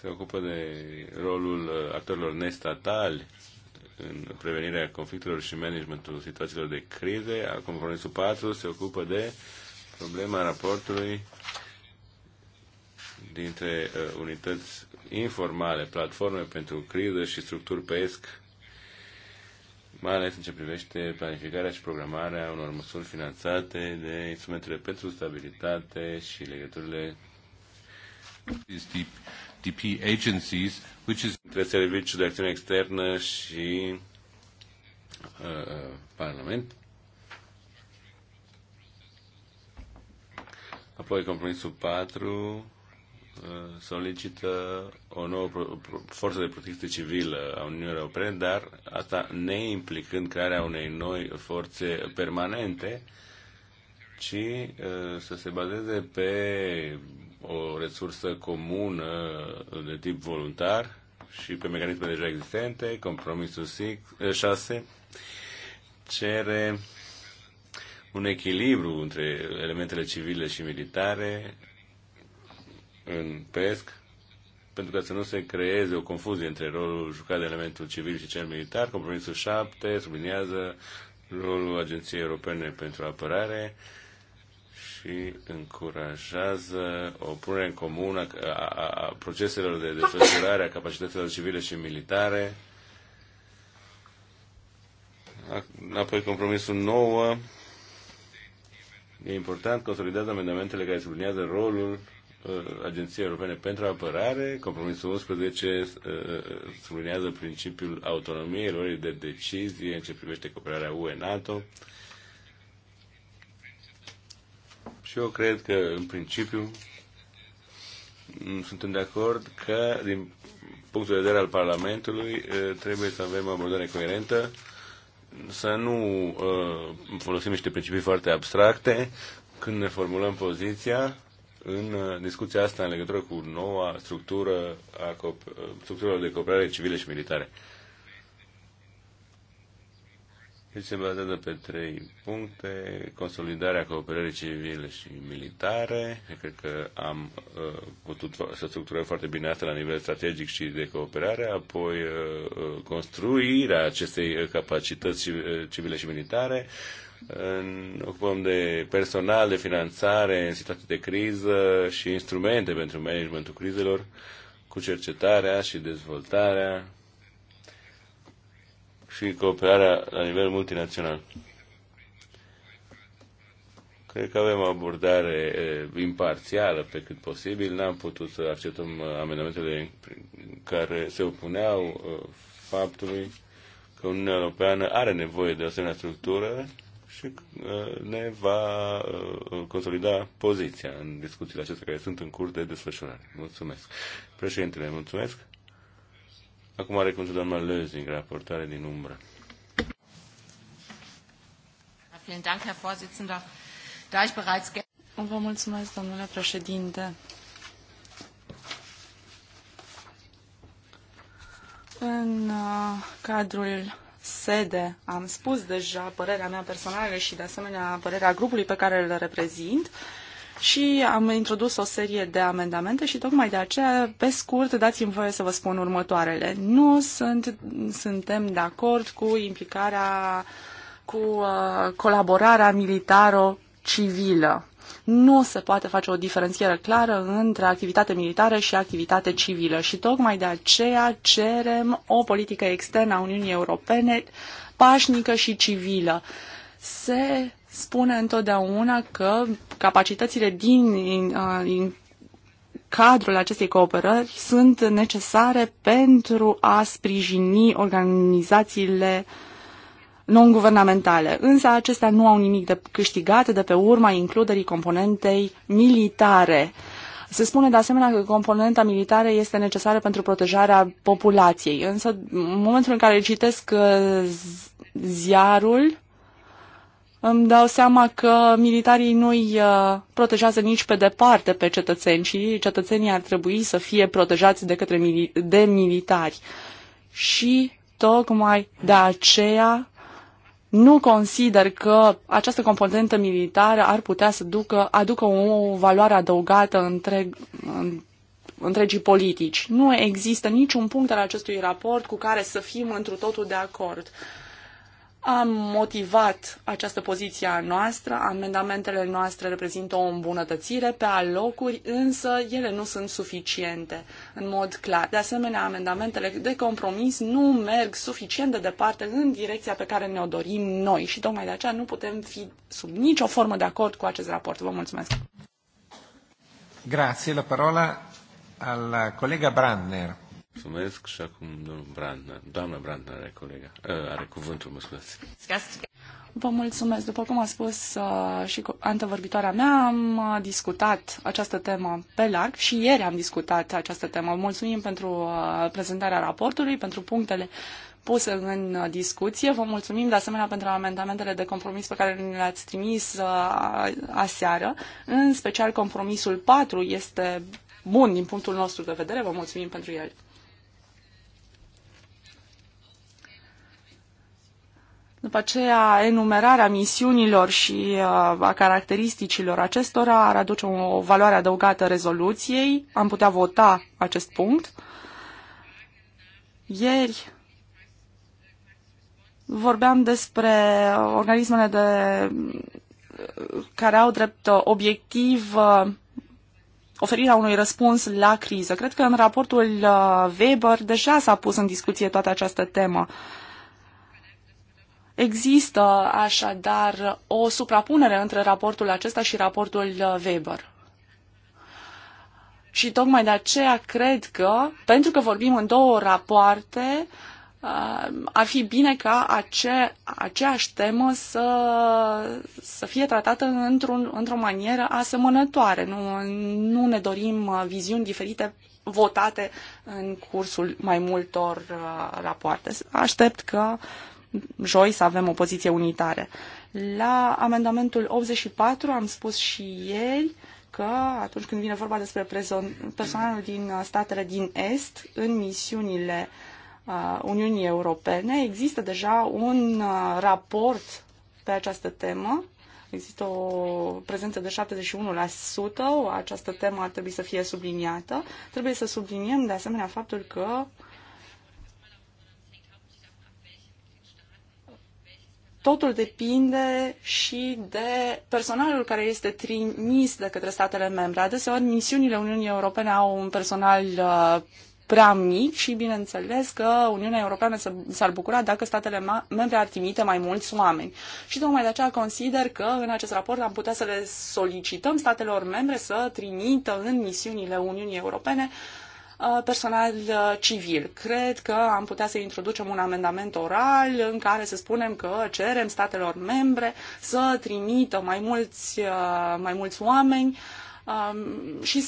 se ocupă de rolul uh, actorilor nestatali în prevenirea conflictelor și managementul situațiilor de crize. Compromisul 4 se ocupă de uh, problema raportului dintre uh, unități informale, platforme pentru criză și structuri PESC, mai ales în ce privește planificarea și programarea unor măsuri finanțate de instrumentele pentru stabilitate și legăturile DP agencies, which is între Serviciul de Acțiune Externă și uh, uh Parlament. Apoi compromisul 4 uh, solicită o nouă forță de protecție civilă a Uniunii Europene, dar asta neimplicând crearea unei noi forțe permanente, ci uh, să se bazeze pe o resursă comună de tip voluntar și pe mecanisme deja existente. Compromisul 6 uh, cere un echilibru între elementele civile și militare în PESC, pentru ca să nu se creeze o confuzie între rolul jucat de elementul civil și cel militar. Compromisul 7 subliniază rolul Agenției Europene pentru Apărare și încurajează o punere în comun a, a, a proceselor de desfășurare a capacităților civile și militare. Apoi compromisul 9 E important, consolidează amendamentele care sublinează rolul uh, Agenției Europene pentru Apărare. Compromisul 11 uh, uh, sublinează principiul autonomiei, lor de decizie în ce privește cooperarea UE-NATO. Și eu cred că, în principiu, mm, suntem de acord că, din punctul de vedere al Parlamentului, trebuie să avem o abordare coerentă să nu uh, folosim niște principii foarte abstracte când ne formulăm poziția în uh, discuția asta în legătură cu noua structură a structurilor de cooperare civile și militare. El deci se bazează pe trei puncte, consolidarea cooperării civile și militare. Eu cred că am uh, putut să structurăm foarte bine asta la nivel strategic și de cooperare, apoi uh, uh construirea acestei uh, capacități uh, civile și militare. Uh, ocupăm de personal, de finanțare în situații de criză și instrumente pentru managementul crizelor, cu cercetarea și dezvoltarea și cooperarea la nivel multinațional. Cred că avem o abordare imparțială pe cât posibil. N-am putut să acceptăm uh, amendamentele care se opuneau uh, faptului că Uniunea Europeană are nevoie de o asemenea structură și uh, ne va consolida poziția în discuțiile acestea care sunt în curs de desfășurare. Mulțumesc. Președintele, mulțumesc. Acum are cuvântul doamna Lözing, raportare din umbră. Da, Vă mulțumesc, domnule președinte. În uh, cadrul sede am spus deja părerea mea personală și de asemenea părerea grupului pe care îl reprezint. Uh, și am introdus o serie de amendamente și tocmai de aceea, pe scurt, dați-mi voie să vă spun următoarele. Nu sunt, suntem de acord cu implicarea, cu uh, colaborarea militaro-civilă. Nu se poate face o diferențiere clară între activitate militară și activitate civilă și tocmai de aceea cerem o politică externă a Uniunii Europene pașnică și civilă. Se spune întotdeauna că capacitățile din, din cadrul acestei cooperări sunt necesare pentru a sprijini organizațiile non-guvernamentale. Însă acestea nu au nimic de câștigat de pe urma includerii componentei militare. Se spune de asemenea că componenta militară este necesară pentru protejarea populației, însă în momentul în care citesc uh, ziarul, îmi dau seama că militarii nu îi uh, protejează nici pe departe pe cetățeni și cetățenii ar trebui să fie protejați de, către mili- de militari. Și tocmai de aceea nu consider că această componentă militară ar putea să ducă, aducă o valoare adăugată întreg, în, întregii politici. Nu există niciun punct al acestui raport cu care să fim întru totul de acord. Uh, am motivat această poziție a noastră, amendamentele noastre reprezintă o îmbunătățire pe alocuri, însă ele nu sunt suficiente în mod clar. De asemenea, amendamentele de compromis nu merg suficient de departe în direcția pe care ne-o dorim noi și tocmai de aceea nu putem fi sub nicio formă de acord cu acest raport. Vă mulțumesc! Grazie, la parola al collega Brandner. Mulțumesc și acum domnul Brandner, doamna Brandner are, colega, uh, are cuvântul, mă scuzați. Vă mulțumesc. După cum a spus uh, și antevorbitoarea mea, am uh, discutat această temă pe larg și ieri am discutat această temă. Mulțumim pentru uh, prezentarea raportului, pentru punctele puse în uh, discuție. Vă mulțumim de asemenea pentru amendamentele de compromis pe care ne le-ați trimis uh, aseară. În special compromisul 4 este bun din punctul nostru de vedere. Vă mulțumim pentru el. După aceea, enumerarea misiunilor și uh, a caracteristicilor acestora ar aduce o valoare adăugată rezoluției. Am putea vota acest punct. Ieri vorbeam despre organismele de, care au drept obiectiv uh, oferirea unui răspuns la criză. Cred că în raportul uh, Weber deja s-a pus în discuție toată această temă. Uh, Există așadar o suprapunere între raportul acesta și raportul uh, Weber. Și tocmai de aceea cred că, pentru că vorbim în două rapoarte, uh, ar fi bine ca ace, aceeași temă să, să fie tratată într-un, într-o manieră asemănătoare. Nu, nu ne dorim uh, viziuni diferite votate în cursul mai multor rapoarte. Aștept că uh, joi să avem o poziție unitară. La amendamentul 84 am spus și ieri că atunci când vine vorba despre personalul din uh, statele din Est, în misiunile uh, Uniunii Europene, există deja un uh, raport pe această temă. Există o prezență de 71%, această temă ar trebui să fie subliniată. Trebuie să subliniem de asemenea faptul că Totul depinde și de personalul care este trimis de către statele membre. Adeseori, misiunile Uniunii Europene au un personal uh, prea mic și bineînțeles că Uniunea Europeană s-ar bucura dacă statele membre ar trimite mai mulți oameni. Și tocmai de aceea consider că în acest raport am putea să le solicităm statelor membre să trimită în misiunile Uniunii Europene uh, Uh, personal uh, civil. Cred că am putea să introducem un amendament oral în care să spunem că cerem statelor membre să trimită mai mulți, uh, mai mulți oameni um, și,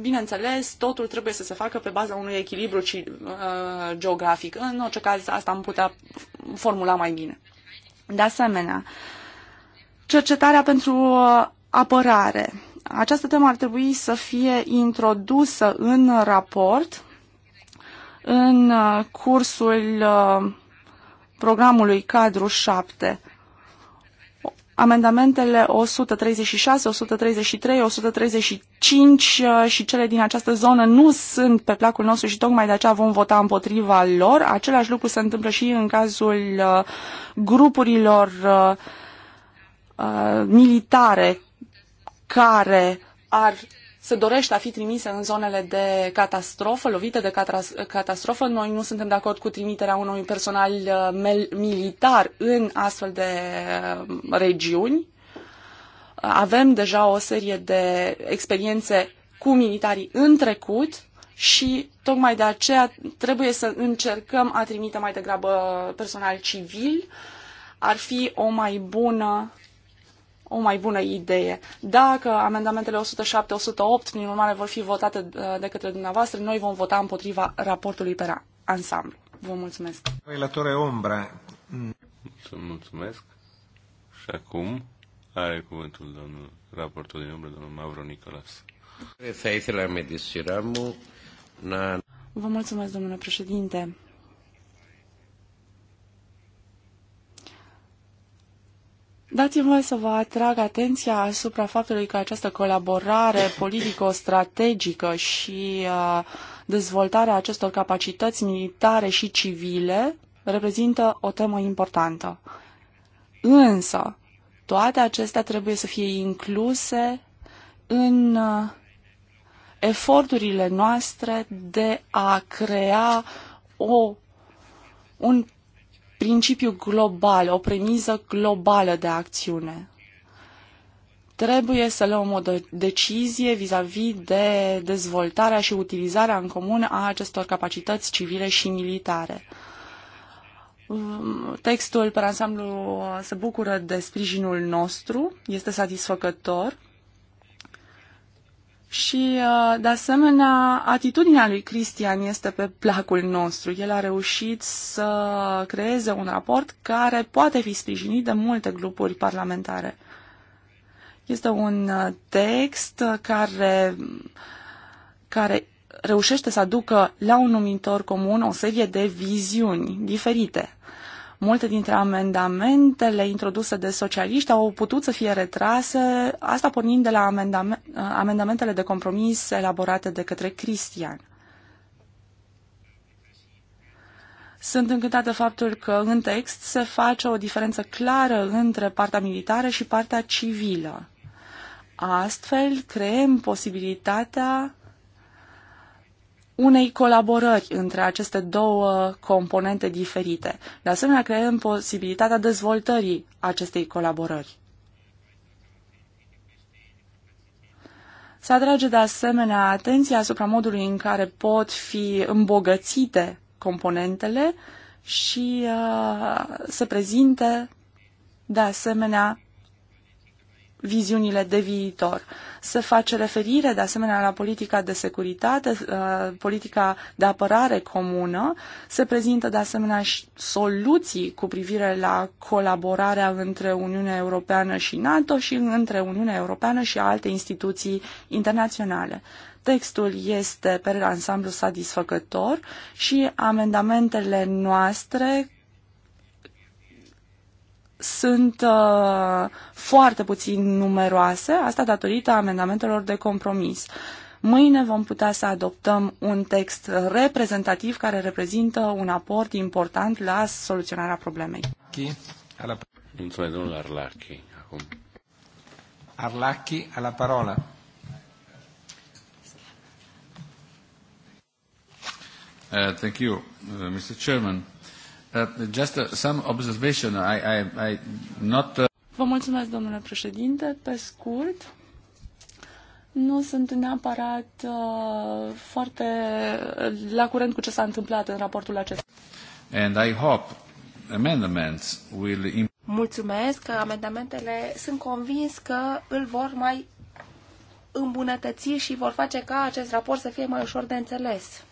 bineînțeles, totul trebuie să se facă pe baza unui echilibru geografic. În orice caz, asta am putea formula mai bine. De asemenea, cercetarea pentru apărare această temă ar trebui să fie introdusă în raport în uh, cursul uh, programului cadru 7. Amendamentele 136, 133, 135 și cele din această zonă nu sunt pe placul nostru și tocmai de aceea vom vota împotriva lor. Același lucru se întâmplă și în cazul uh, grupurilor militare care ar se dorește a fi trimise în zonele de catastrofă, lovite de catastrofă. Noi nu suntem de acord cu trimiterea unui personal uh, militar în astfel de uh, regiuni. Avem deja o serie de experiențe cu militarii în trecut și tocmai de aceea trebuie să încercăm a trimite mai degrabă personal civil. Ar fi o mai bună o mai bună idee. Dacă amendamentele 107-108, prin urmare, vor fi votate uh, de către dumneavoastră, noi vom vota împotriva raportului pe ansamblu. Vă mulțumesc. Relatore Ombra. Mulțumesc. Și acum are cuvântul domnul raportul din Ombra, domnul Mavro Nicolas. Vă mulțumesc, domnule președinte. Dați-mi să vă atrag atenția asupra faptului că această colaborare politico-strategică și uh, dezvoltarea acestor capacități militare și civile reprezintă o temă importantă. Însă, toate acestea trebuie să fie incluse în uh, eforturile noastre de a crea o, un principiu global, o premiză globală de acțiune. Trebuie să luăm o decizie vis-a-vis -vis de dezvoltarea și utilizarea în comun a acestor capacități civile și militare. Mm, textul, pe ansamblu, se bucură de sprijinul nostru, este satisfăcător și, uh, de asemenea, atitudinea lui Cristian este pe placul nostru. El a reușit să creeze un raport care poate fi sprijinit de multe grupuri parlamentare. Este un uh, text care, care reușește să aducă la un numitor comun o serie de viziuni diferite. Multe dintre amendamentele introduse de socialiști au putut să fie retrase, asta pornind de la amendamentele de compromis elaborate de către Cristian. Sunt încântată faptul că în text se face o diferență clară între partea militară și partea civilă. Astfel creăm posibilitatea unei colaborări între aceste două componente diferite. De asemenea, creăm posibilitatea dezvoltării acestei colaborări. Se atrage de asemenea atenția asupra modului în care pot fi îmbogățite componentele și uh, se prezinte de asemenea viziunile de viitor. Se face referire, de asemenea, la politica de securitate, uh, politica de apărare comună. Se prezintă, de asemenea, și soluții cu privire la colaborarea între Uniunea Europeană și NATO și între Uniunea Europeană și alte instituții internaționale. Textul este, pe ansamblu, satisfăcător și amendamentele noastre sunt uh, foarte puțin numeroase, asta datorită amendamentelor de compromis. Mâine vom putea să adoptăm un text reprezentativ care reprezintă un aport important la soluționarea problemei. Mulțumesc, domnul Arlachi. Acum. Arlachi, la parola. Uh, thank you, uh, Mr. Chairman. Uh, just uh, some observation. I, I, I not. Uh... Vă mulțumesc, domnule președinte. Pe scurt, nu sunt neapărat uh, foarte la curent cu ce s-a întâmplat în raportul acesta. And I hope amendments will Mulțumesc că amendamentele sunt convins că îl vor mai îmbunătăți și vor face ca acest raport să fie mai ușor de înțeles.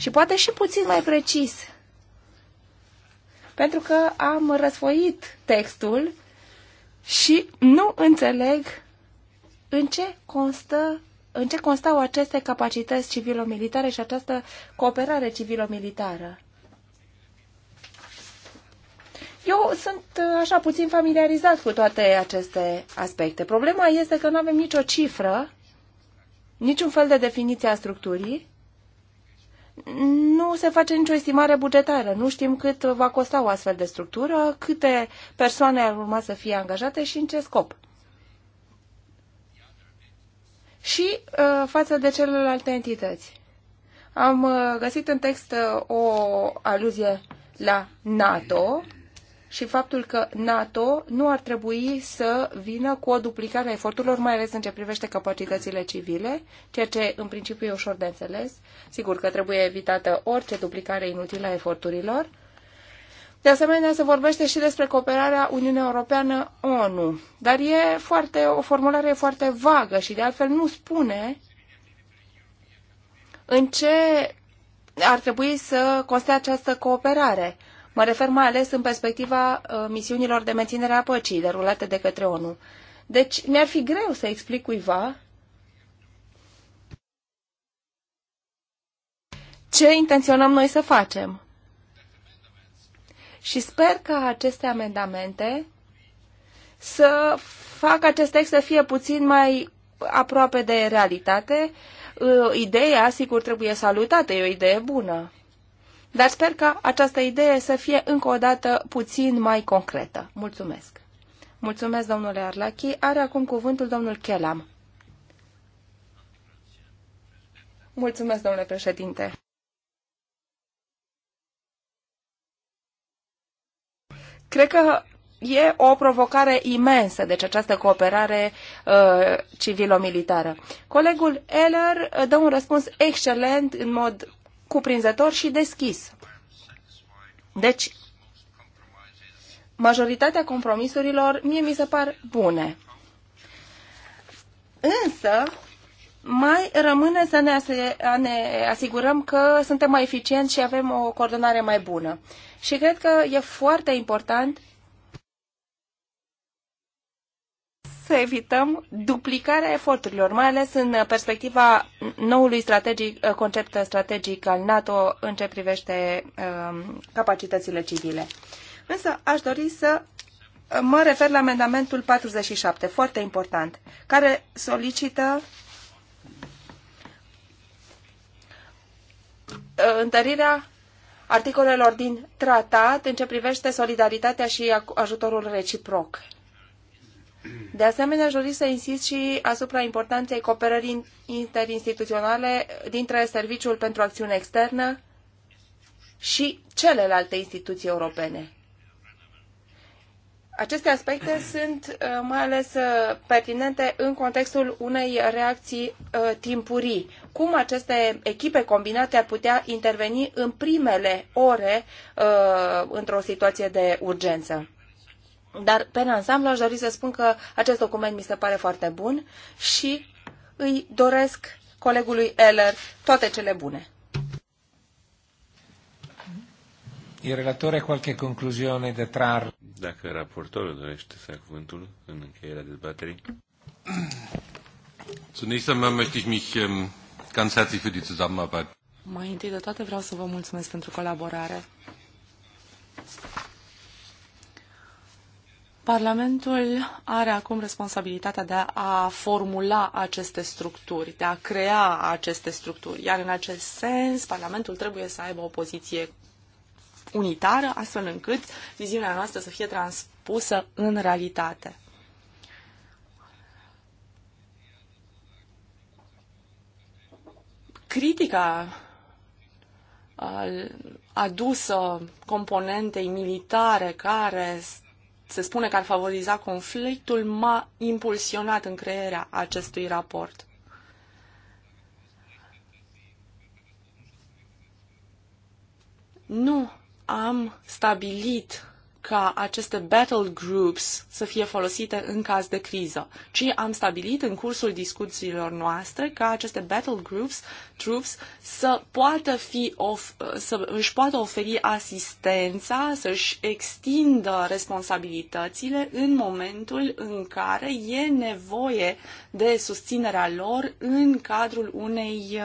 Și poate și puțin mai precis. Pentru că am răsfoit textul și nu înțeleg în ce constă în ce constau aceste capacități civilo-militare și această cooperare civilo-militară. Eu sunt așa puțin familiarizat cu toate aceste aspecte. Problema este că nu avem nicio cifră, niciun fel de definiție a structurii nu se face nicio estimare bugetară. Nu știm cât va costa o astfel de structură, câte persoane ar urma să fie angajate și în ce scop. Și uh, față de celelalte entități. Am uh, găsit în text uh, o aluzie la NATO, și faptul că NATO nu ar trebui să vină cu o duplicare a eforturilor, mai ales în ce privește capacitățile civile, ceea ce în principiu e ușor de înțeles. Sigur că trebuie evitată orice duplicare inutilă a eforturilor. De asemenea, se vorbește și despre cooperarea Uniunea Europeană-ONU, dar e foarte, o formulare foarte vagă și de altfel nu spune în ce ar trebui să conste această cooperare. Mă refer mai ales în perspectiva uh, misiunilor de menținere a păcii derulate de către ONU. Deci mi-ar fi greu să explic cuiva ce intenționăm noi să facem. Și sper că aceste amendamente să facă acest text să fie puțin mai aproape de realitate. Uh, ideea, sigur, trebuie salutată, e o idee bună dar sper ca această idee să fie încă o dată puțin mai concretă. Mulțumesc! Mulțumesc, domnule Arlachi. Are acum cuvântul domnul Chelam. Mulțumesc, domnule președinte. Cred că e o provocare imensă, deci această cooperare uh, civilo-militară. Colegul Eller uh, dă un răspuns excelent în mod cuprinzător și deschis. Deci, majoritatea compromisurilor mie mi se par bune. Însă, mai rămâne să ne, ne asigurăm că suntem mai eficienți și avem o coordonare mai bună. Și cred că e foarte important să evităm duplicarea eforturilor, mai ales în perspectiva noului strategic, concept strategic al NATO în ce privește um, capacitățile civile. Însă aș dori să mă refer la amendamentul 47, foarte important, care solicită uh, întărirea articolelor din tratat în ce privește solidaritatea și ajutorul reciproc. De asemenea, aș dori să insist și asupra importanței cooperării interinstituționale dintre Serviciul pentru Acțiune Externă și celelalte instituții europene. Aceste aspecte sunt uh, mai ales uh, pertinente în contextul unei reacții uh, timpurii. Cum aceste echipe combinate ar putea interveni în primele ore într-o situație de urgență? Dar, pe ansamblu, aș dori să spun că acest document mi se pare foarte bun și îi doresc colegului Eller toate cele bune. Il relatore qualche conclusione de trar. Dacă raportorul dorește să ia cuvântul în încheierea dezbaterii. Zunächst einmal möchte ich mich ähm, ganz herzlich für die Zusammenarbeit. Mai întâi de toate vreau să vă mulțumesc pentru colaborare. Parlamentul are acum responsabilitatea de a formula aceste structuri, de a crea aceste structuri, iar în acest sens Parlamentul trebuie să aibă o poziție unitară, astfel încât viziunea noastră să fie transpusă în realitate. Critica uh, adusă componentei militare care se spune că ar favoriza conflictul, m-a impulsionat în crearea acestui raport. Nu am stabilit ca aceste battle groups să fie folosite în caz de criză, ci am stabilit în cursul discuțiilor noastre ca aceste battle groups, troops, să poată fi of- să își poată oferi asistența, să-și extindă responsabilitățile în momentul în care e nevoie de susținerea lor în cadrul unei uh,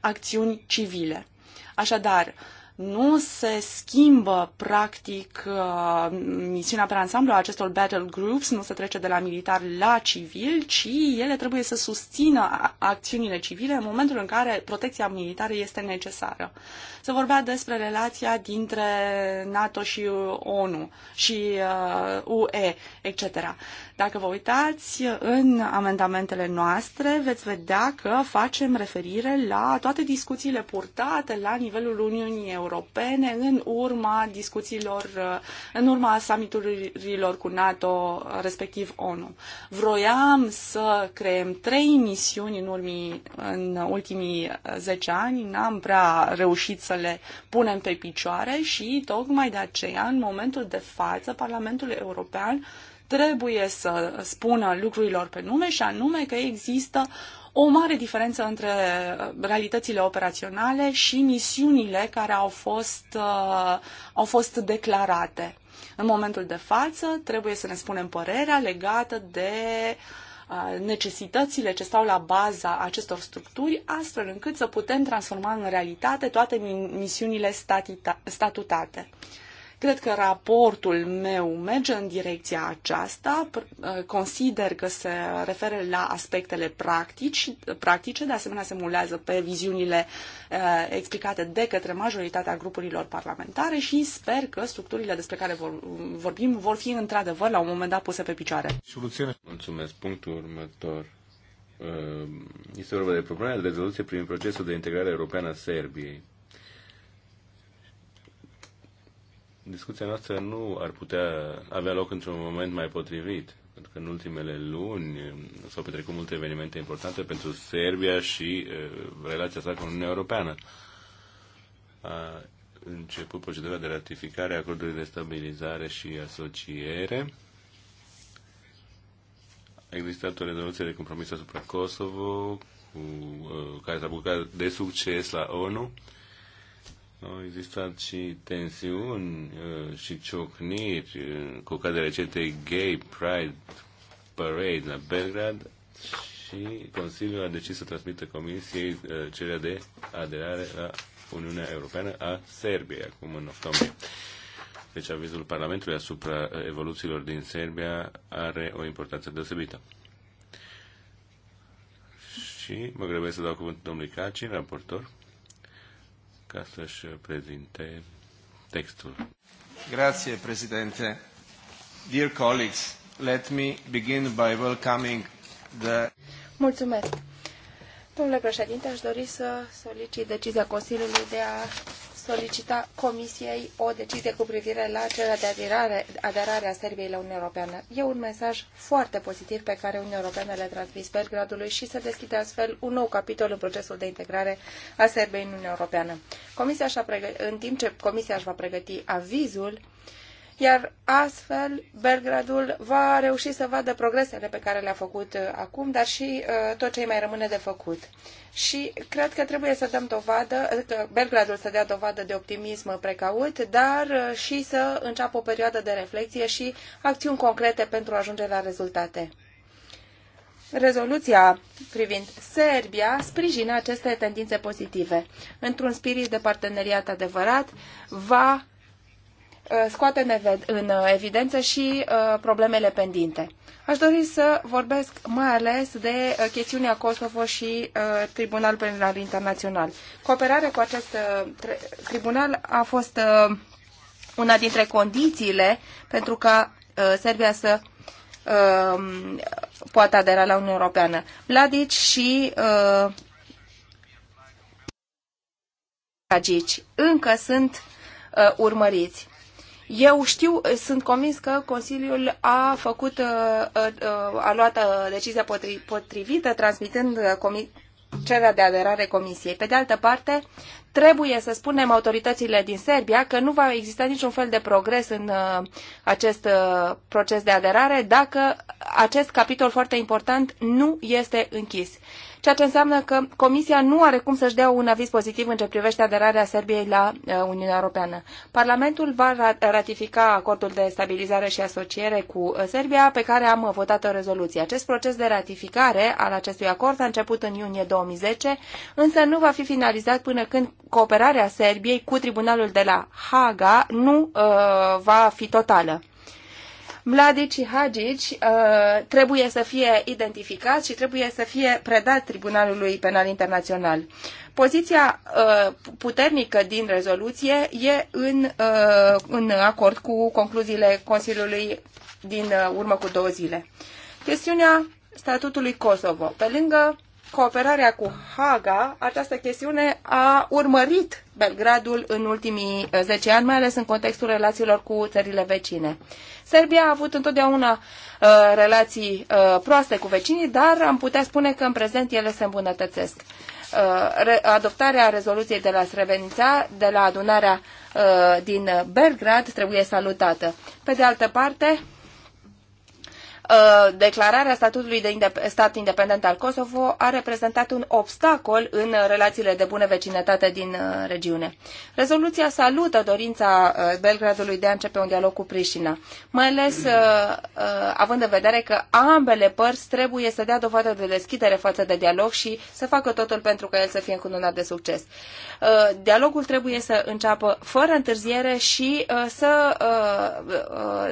acțiuni civile. Așadar, uh, nu se schimbă practic uh, misiunea pe ansamblu a acestor battle groups, nu se trece de la militar la civil, ci ele trebuie să susțină acțiunile civile în momentul în care protecția militară este necesară. Se vorbea despre relația dintre NATO și uh, ONU și uh, UE, etc. Dacă vă uitați în amendamentele noastre, veți vedea că facem referire la toate discuțiile purtate la nivelul Uniunii Europene în urma discuțiilor, în urma summiturilor cu NATO, respectiv ONU. Vroiam să creăm trei misiuni în, urmii, în ultimii 10 ani, n-am prea reușit să le punem pe picioare și tocmai de aceea, în momentul de față, Parlamentul European trebuie să spună lucrurilor pe nume și anume că există o mare diferență între realitățile operaționale și misiunile care au fost, uh, au fost declarate. În momentul de față trebuie să ne spunem părerea legată de uh, necesitățile ce stau la baza acestor structuri, astfel încât să putem transforma în realitate toate misiunile statutate. Cred că raportul meu merge în direcția aceasta, uh, consider că se referă la aspectele practici, practice, de asemenea se mulează pe viziunile uh, explicate de către majoritatea grupurilor parlamentare și sper că structurile despre care vorbim vor fi într-adevăr la un moment dat puse pe picioare. Soluțiune. Mulțumesc. Punctul următor. Uh, este vorba de probleme de rezoluție prin procesul de integrare europeană a Serbiei. discuția noastră nu ar putea avea loc într-un moment mai potrivit, pentru că în ultimele luni s-au petrecut multe evenimente importante pentru Serbia și relația sa cu Uniunea Europeană. A început procedura de ratificare a acordului de stabilizare și asociere. A existat o rezoluție de compromis asupra Kosovo, cu, care s-a bucurat de succes la ONU. Uh, au existat și tensiuni uh, și ciocniri uh, cu cazele acestei Gay Pride Parade la Belgrad și Consiliul a decis să transmită Comisiei uh, cererea de aderare la Uniunea Europeană a Serbiei acum în octombrie. Deci avizul Parlamentului asupra evoluțiilor din Serbia are o importanță deosebită. Și mă grăbesc să dau cuvântul domnului Caci, raportor, ca să-și prezinte textul. Grazie, președinte. Dear colleagues, let me begin by welcoming the... Mulțumesc. Domnule președinte, aș dori să solicit decizia Consiliului de a solicita Comisiei o decizie cu privire la cererea de aderare, aderare a Serbiei la Uniunea Europeană. E un mesaj foarte pozitiv pe care Uniunea Europeană le-a transmis Belgradului și se deschide astfel un nou capitol în procesul de integrare a Serbiei în Uniunea Europeană. Comisia în timp ce Comisia își va pregăti avizul, iar astfel Belgradul va reuși să vadă progresele pe care le-a făcut uh, acum, dar și uh, tot ce îi mai rămâne de făcut. Și cred că trebuie să dăm dovadă, uh, că Belgradul să dea dovadă de optimism precaut, dar și să înceapă o perioadă de reflexie și acțiuni concrete pentru a ajunge la rezultate. Rezoluția privind Serbia sprijină aceste tendințe pozitive. Într-un spirit de parteneriat adevărat, va Uh, scoate în, uh, evidență și uh, problemele pendinte. Aș dori să vorbesc mai ales de chestiunea Kosovo și Tribunal Penal Internațional. Cooperarea cu acest tribunal a fost una dintre condițiile pentru ca Serbia să um, poată adera la Uniunea Europeană. Vladic și Dragici încă sunt urmăriți eu știu, sunt convins că Consiliul a făcut, uh, uh, a luat uh, decizia potrivită, transmitând cererea de aderare Comisiei. Pe de altă parte, trebuie să spunem autoritățile din Serbia că nu va exista niciun fel de progres în acest proces de aderare dacă acest capitol foarte important nu este închis ceea ce înseamnă că Comisia nu are cum să-și dea un aviz pozitiv în ce privește aderarea Serbiei la uh, Uniunea Europeană. Parlamentul va ratifica acordul de stabilizare și asociere cu uh, Serbia, pe care am votat o rezoluție. Acest proces de ratificare al acestui acord a început în iunie 2010, însă nu va fi finalizat până când cooperarea Serbiei cu Tribunalul de la Haga nu uh, va fi totală. Mladic și Hagic uh, trebuie să fie identificați și trebuie să fie predat Tribunalului Penal Internațional. Poziția uh, puternică din rezoluție e în, uh, în acord cu concluziile Consiliului din uh, urmă cu două zile. Chestiunea statutului Kosovo. Pe lângă cooperarea cu Haga, această chestiune a urmărit Belgradul în ultimii 10 uh, ani, mai ales în contextul relațiilor cu țările vecine. Serbia a avut întotdeauna uh, relații uh, proaste cu vecinii, dar am putea spune că în prezent ele se îmbunătățesc. Uh, adoptarea rezoluției de la Srebrenica, de la adunarea uh, din Belgrad, trebuie salutată. Pe de altă parte, Uh, declararea statutului de stat independent al Kosovo a reprezentat un obstacol în uh, relațiile de bună vecinătate din uh, regiune. Rezoluția salută dorința Belgradului de a începe un dialog cu Prișina, mai ales având în vedere că ambele părți trebuie să dea dovadă de deschidere față de dialog și să facă totul pentru ca el să fie încununat de succes. Dialogul trebuie să înceapă fără întârziere și să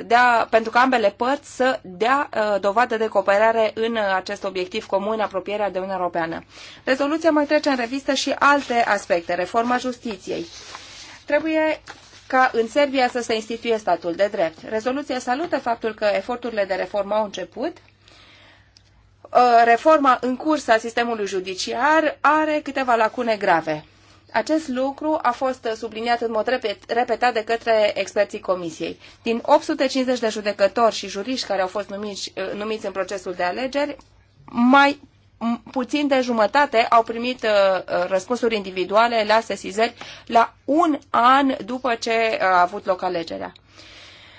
dea, pentru că ambele părți să dea Uh, dovadă de cooperare în acest obiectiv comun, apropierea de Uniunea Europeană. Rezoluția mai trece în revistă și alte aspecte, reforma justiției. Trebuie ca în Serbia să se instituie statul de drept. Rezoluția salută faptul că eforturile de reformă au început, uh, reforma în curs a sistemului judiciar are câteva lacune grave. Acest lucru a fost subliniat în mod repetat de către experții comisiei. Din 850 de judecători și juriști care au fost numiți, uh, numiți în procesul de alegeri, mai puțin de jumătate au primit uh, uh, răspunsuri individuale la sesizări la un an după ce a avut loc alegerea.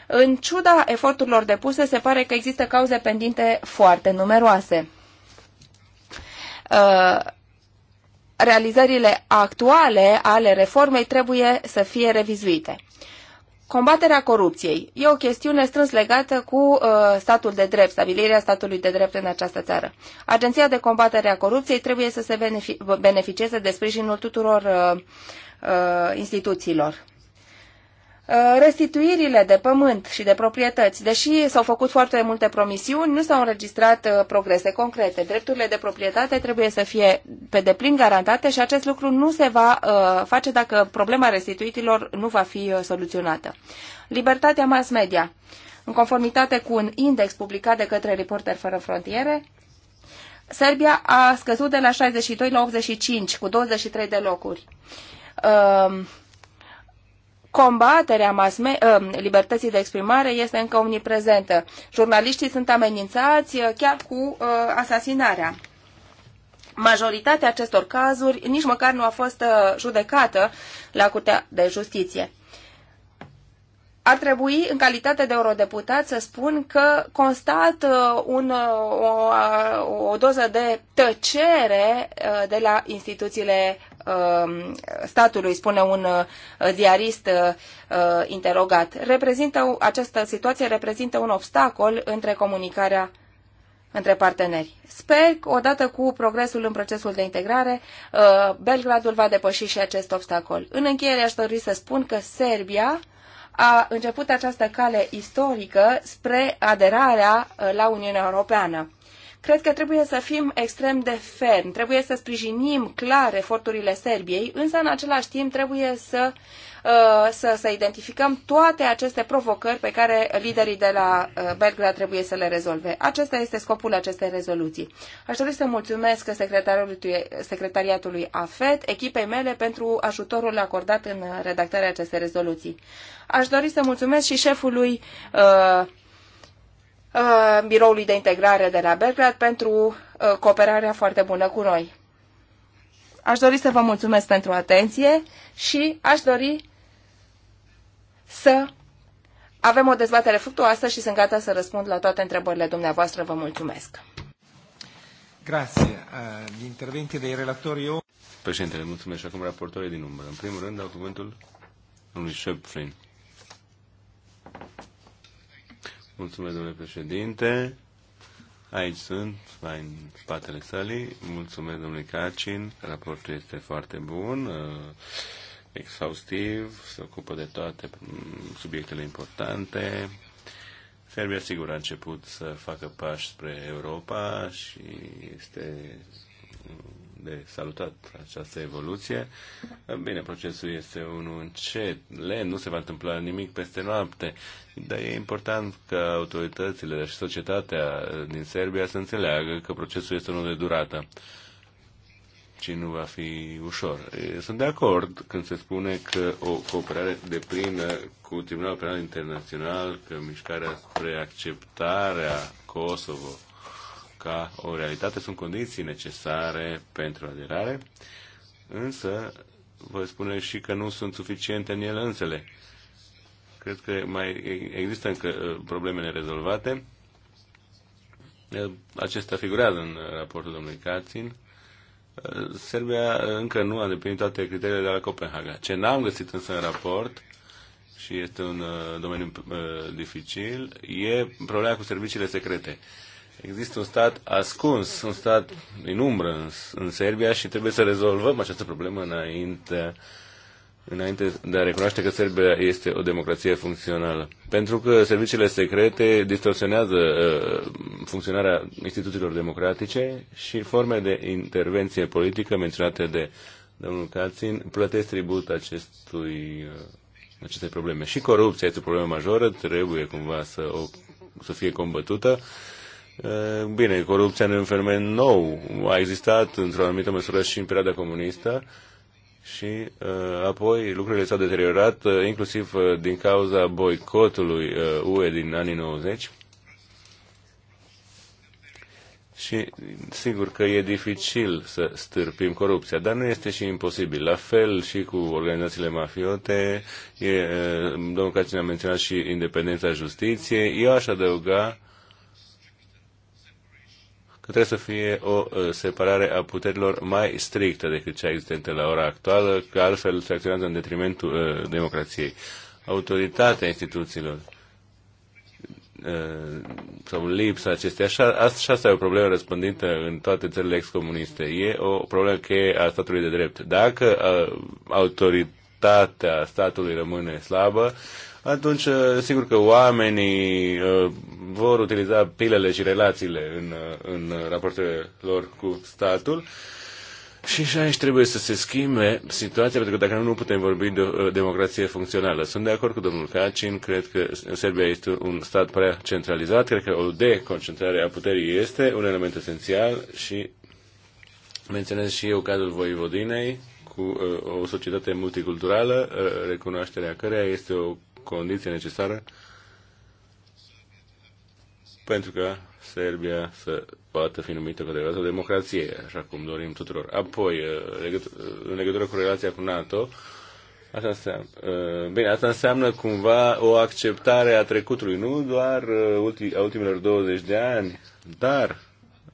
În ciuda eforturilor depuse, se pare că există cauze pendinte foarte numeroase. Uh, realizările actuale ale reformei trebuie să fie revizuite. Combaterea corupției e o chestiune strâns legată cu uh, statul de drept, stabilirea statului de drept în această țară. Agenția de combatere a corupției trebuie să se beneficieze de sprijinul tuturor uh, uh, instituțiilor. Uh, restituirile de pământ și de proprietăți. Deși s-au făcut foarte multe promisiuni, nu s-au înregistrat uh, progrese concrete. Drepturile de proprietate trebuie să fie pe deplin garantate și acest lucru nu se va uh, face dacă problema restituitilor nu va fi soluționată. Libertatea mass media. În conformitate cu un index publicat de către Reporter Fără Frontiere, Serbia a scăzut de la 62 la 85, cu 23 de locuri. Uh, combaterea mass ă, libertății de exprimare este încă omniprezentă. Jurnaliștii sunt amenințați ă, chiar cu ă, asasinarea. Majoritatea acestor cazuri nici măcar nu a fost judecată la Curtea de Justiție. Ar trebui, în calitate de eurodeputat, să spun că constat un, o, o doză de tăcere de la instituțiile Um, statului, spune un uh, ziarist uh, uh, interogat. Reprezintă, această situație reprezintă un obstacol între comunicarea între parteneri. Sper că odată cu progresul în procesul de integrare, Belgradul va depăși și acest obstacol. În încheiere aș dori să spun că Serbia a început această cale istorică spre aderarea la Uniunea Europeană. Cred că trebuie să fim extrem de fermi, trebuie să sprijinim clar eforturile Serbiei, însă în același timp trebuie să, uh, să, să identificăm toate aceste provocări pe care liderii de la uh, Belgrad trebuie să le rezolve. Acesta este scopul acestei rezoluții. Aș dori să mulțumesc secretariatului AFET, echipei mele, pentru ajutorul acordat în redactarea acestei rezoluții. Aș dori să mulțumesc și șefului uh, Uh, biroului de integrare de la Belgrad pentru uh, cooperarea foarte bună cu noi. Aș dori să vă mulțumesc pentru atenție și aș dori să avem o dezbatere fructuoasă și sunt gata să răspund la toate întrebările dumneavoastră. Vă mulțumesc. Grazie. Uh, interventi dei relatori eu. Președintele, mulțumesc și acum raportorii din umbră. În primul rând au cuvântul domnului Șepflin. Mulțumesc, domnule președinte. Aici sunt, mai în spatele sălii. Mulțumesc, domnule Cacin. Raportul este foarte bun, uh, exhaustiv, se ocupă de toate mm, subiectele importante. Serbia, sigur, a început să facă pași spre Europa și este de salutat această evoluție. Bine, procesul este unul încet, lent, nu se va întâmpla nimic peste noapte, dar e important ca autoritățile și societatea din Serbia să înțeleagă că procesul este unul de durată și nu va fi ușor. Sunt de acord când se spune că o cooperare de plină cu Tribunalul Penal Internațional, că mișcarea spre acceptarea Kosovo ca o realitate, sunt condiții necesare pentru aderare, însă vă spune și că nu sunt suficiente în ele însele. Cred că mai există încă uh, probleme nerezolvate. Uh, Acesta figurează în uh, raportul domnului Cațin. Serbia încă nu a deplinit toate criteriile de la Copenhaga. Ce n-am găsit însă în raport, și este un domeniu dificil, e problema cu serviciile secrete. Există un stat ascuns, un stat în umbră în, în Serbia și trebuie să rezolvăm această problemă înainte, înainte de a recunoaște că Serbia este o democrație funcțională. Pentru că serviciile secrete distorsionează uh, funcționarea instituțiilor democratice și forme de intervenție politică menționate de domnul Cațin plătesc tribut acestui, uh, acestei probleme. Și corupția este o problemă majoră, trebuie cumva să, o, să fie combătută. Bine, corupția nu e un fenomen nou. A existat într-o anumită măsură și în perioada comunistă și apoi lucrurile s-au deteriorat, inclusiv din cauza boicotului UE din anii 90. Și sigur că e dificil să stârpim corupția, dar nu este și imposibil. La fel și cu organizațiile mafiote, e, domnul Cacin a menționat și independența justiției. Eu aș adăuga că trebuie să fie o uh, separare a puterilor mai strictă decât cea existentă la ora actuală, că altfel se acționează în detrimentul uh, democrației. Autoritatea instituțiilor uh, sau lipsa acestei. așa, asta e o problemă răspândită în toate țările excomuniste. E o problemă cheie a statului de drept. Dacă uh, autoritatea statului rămâne slabă, atunci uh, sigur că oamenii uh, vor utiliza pilele și relațiile în, uh, în raportele lor cu statul. Și și aici trebuie să se schimbe situația, pentru că dacă nu, nu putem vorbi de o democrație funcțională. Sunt de acord cu domnul Cacin, cred că Serbia este un stat prea centralizat, cred că o deconcentrare a puterii este un element esențial și menționez și eu cazul Voivodinei, cu o societate multiculturală, recunoașterea căreia este o condiție necesară pentru că Serbia să poată fi numită cu adevărat o democrație, așa cum dorim tuturor. Apoi, uh, uh, în legătură cu relația cu NATO, asta înseamnă, uh, bine, asta înseamnă cumva o acceptare a trecutului, nu doar a ultimelor 20 de ani, dar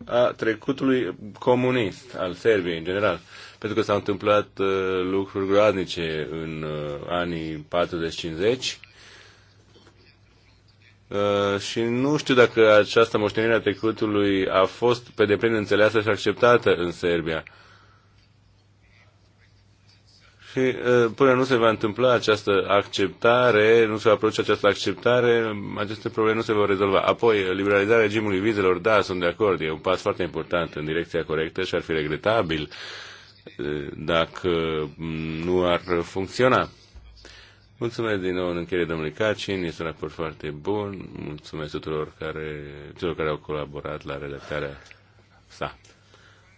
a trecutului comunist al Serbiei în general pentru că s-au întâmplat uh, lucruri groaznice în uh, anii 40-50. Uh, și nu știu dacă această moștenire a trecutului a fost pe deplin înțeleasă și acceptată în Serbia. Și uh, până nu se va întâmpla această acceptare, nu se va produce această acceptare, aceste probleme nu se vor rezolva. Apoi, liberalizarea regimului vizelor, da, sunt de acord, e un pas foarte important în direcția corectă și ar fi regretabil uh, dacă nu ar funcționa. Mulțumesc din nou în încheiere domnului Cacin, este un raport foarte bun. Mulțumesc tuturor care, celor care au colaborat la redactarea sa.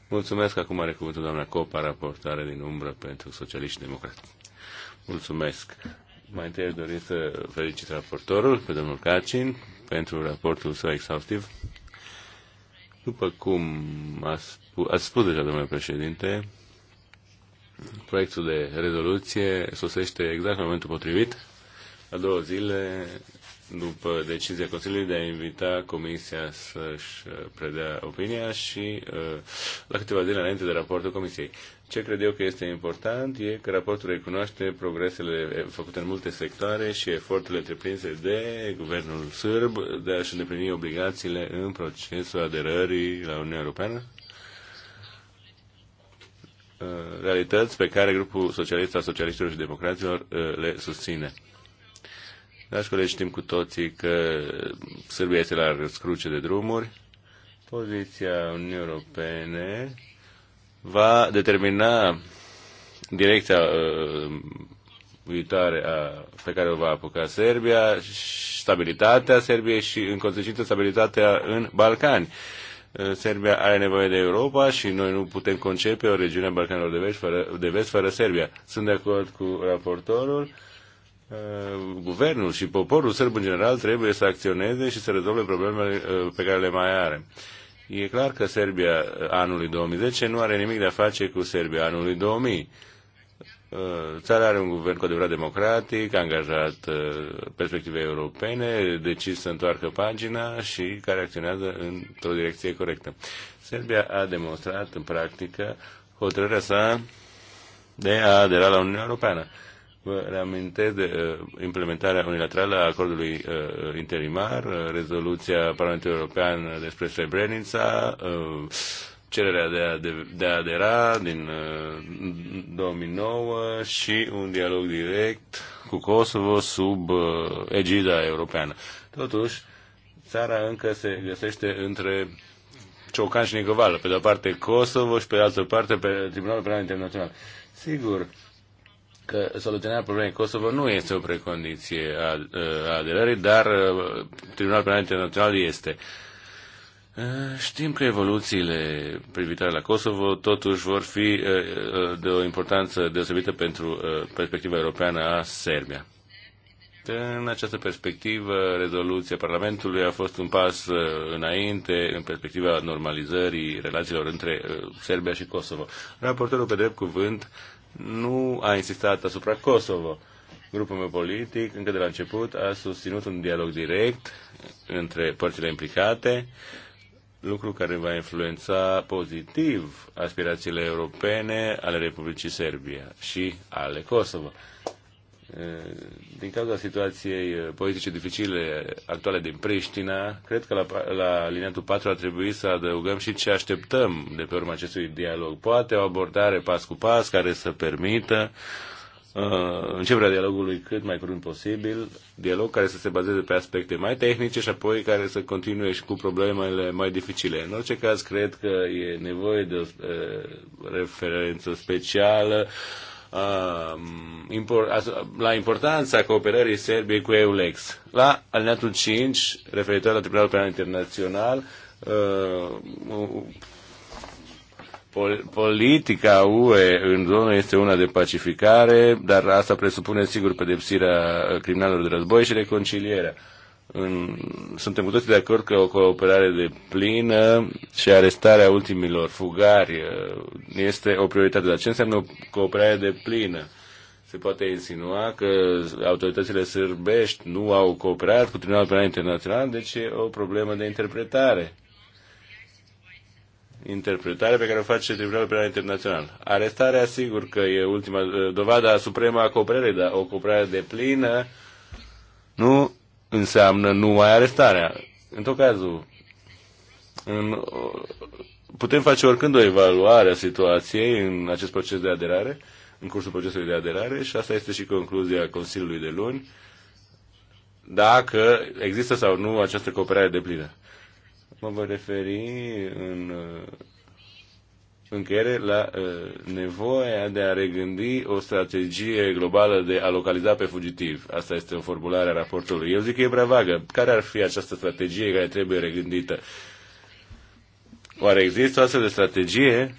Mulțumesc, acum are cuvântul doamna Copa, raportare din umbră pentru socialiști democrați. Mulțumesc. Mai întâi aș dori să felicit raportorul, pe domnul Cacin, pentru raportul său exhaustiv. După cum a spus, a spus deja domnul președinte, Proiectul de rezoluție sosește exact în momentul potrivit, la două zile după decizia Consiliului de a invita Comisia să-și uh, predea opinia și uh, la câteva zile înainte de raportul Comisiei. Ce cred eu că este important e că raportul recunoaște progresele făcute în multe sectoare și eforturile întreprinse de guvernul sârb de a-și îndeplini obligațiile în procesul aderării la Uniunea Europeană Uh, realități pe care grupul socialist al socialiștilor și democraților uh, le susține. Dragi colegi, știm cu toții că Sârbia este la răscruce de drumuri. Poziția Uniunii Europene va determina direcția uh, viitoare a, pe care o va apuca Serbia, stabilitatea Serbiei și, în consecință, stabilitatea în Balcani. Uh, Serbia are nevoie de Europa și noi nu putem concepe o regiune a Balcanilor de Vest fără, de vest fără Serbia. Sunt de acord cu raportorul. Uh, guvernul și poporul sârb în general trebuie să acționeze și să rezolve problemele uh, pe care le mai are. E clar că Serbia uh, anului 2010 nu are nimic de a face cu Serbia anului 2000. Uh, țara are un guvern cu adevărat democratic, angajat uh, perspective europene, decis să întoarcă pagina și care acționează într-o direcție corectă. Serbia a demonstrat în practică hotărârea sa de a adera la Uniunea Europeană. Vă reamintesc de uh, implementarea unilaterală a acordului uh, interimar, uh, rezoluția Parlamentului European despre Srebrenica, uh, cererea de a, de, de a adera din uh, 2009 și un dialog direct cu Kosovo sub uh, egida europeană. Totuși, țara încă se găsește între Ciocan și Nicovală, pe de-o parte Kosovo și pe de altă parte pe Tribunalul Penal Internațional. Sigur că soluționarea problemei Kosovo nu este o precondiție a, uh, a aderării, dar uh, Tribunalul Penal Internațional este. Uh, Eh, știm că evoluțiile privitoare la Kosovo totuși vor fi eh, eh, de o importanță deosebită pentru perspectiva europeană a Serbia. În această perspectivă, rezoluția Parlamentului a fost un pas înainte în perspectiva normalizării relațiilor între Serbia și Kosovo. Raportorul pe drept cuvânt nu a insistat asupra Kosovo. Grupul meu politic, încă de la început, a susținut un dialog direct între părțile implicate lucru care va influența pozitiv aspirațiile europene ale Republicii Serbia și ale Kosovo. Din cauza situației politice dificile actuale din Priștina, cred că la, la liniatul 4 ar trebui să adăugăm și ce așteptăm de pe urma acestui dialog. Poate o abordare pas cu pas care să permită uh, Uh, începerea dialogului cât mai curând posibil, dialog care să se bazeze pe aspecte mai tehnice și apoi care să continue și cu problemele mai dificile. În orice caz, cred că e nevoie de o uh, referență specială uh, la importanța cooperării Serbiei cu EULEX. La alineatul 5, referitor la Tribunalul Penal Internațional, Pol politica UE în zonă este una de pacificare, dar asta presupune sigur pedepsirea criminalilor de război și reconcilierea. În, suntem cu toții de acord că o cooperare de plină și arestarea ultimilor fugari uh, este o prioritate. Dar ce înseamnă o cooperare de plină? Se poate insinua că autoritățile sârbești nu au cooperat cu Tribunalul Penal Internațional, deci e o problemă de interpretare interpretare pe care o face Tribunalul Penal Internațional. Arestarea, sigur că e ultima uh, dovada supremă a cooperării, dar o cooperare de plină nu înseamnă numai arestarea. În tot cazul, în, uh, putem face oricând o evaluare a situației în acest proces de aderare, în cursul procesului de aderare și asta este și concluzia Consiliului de luni, dacă există sau nu această cooperare de plină. Mă voi referi în încheiere la uh, nevoia de a regândi o strategie globală de a localiza pe fugitiv. Asta este o formulare a raportului. Eu zic că e prea vagă. Care ar fi această strategie care trebuie regândită? Oare există o astfel de strategie?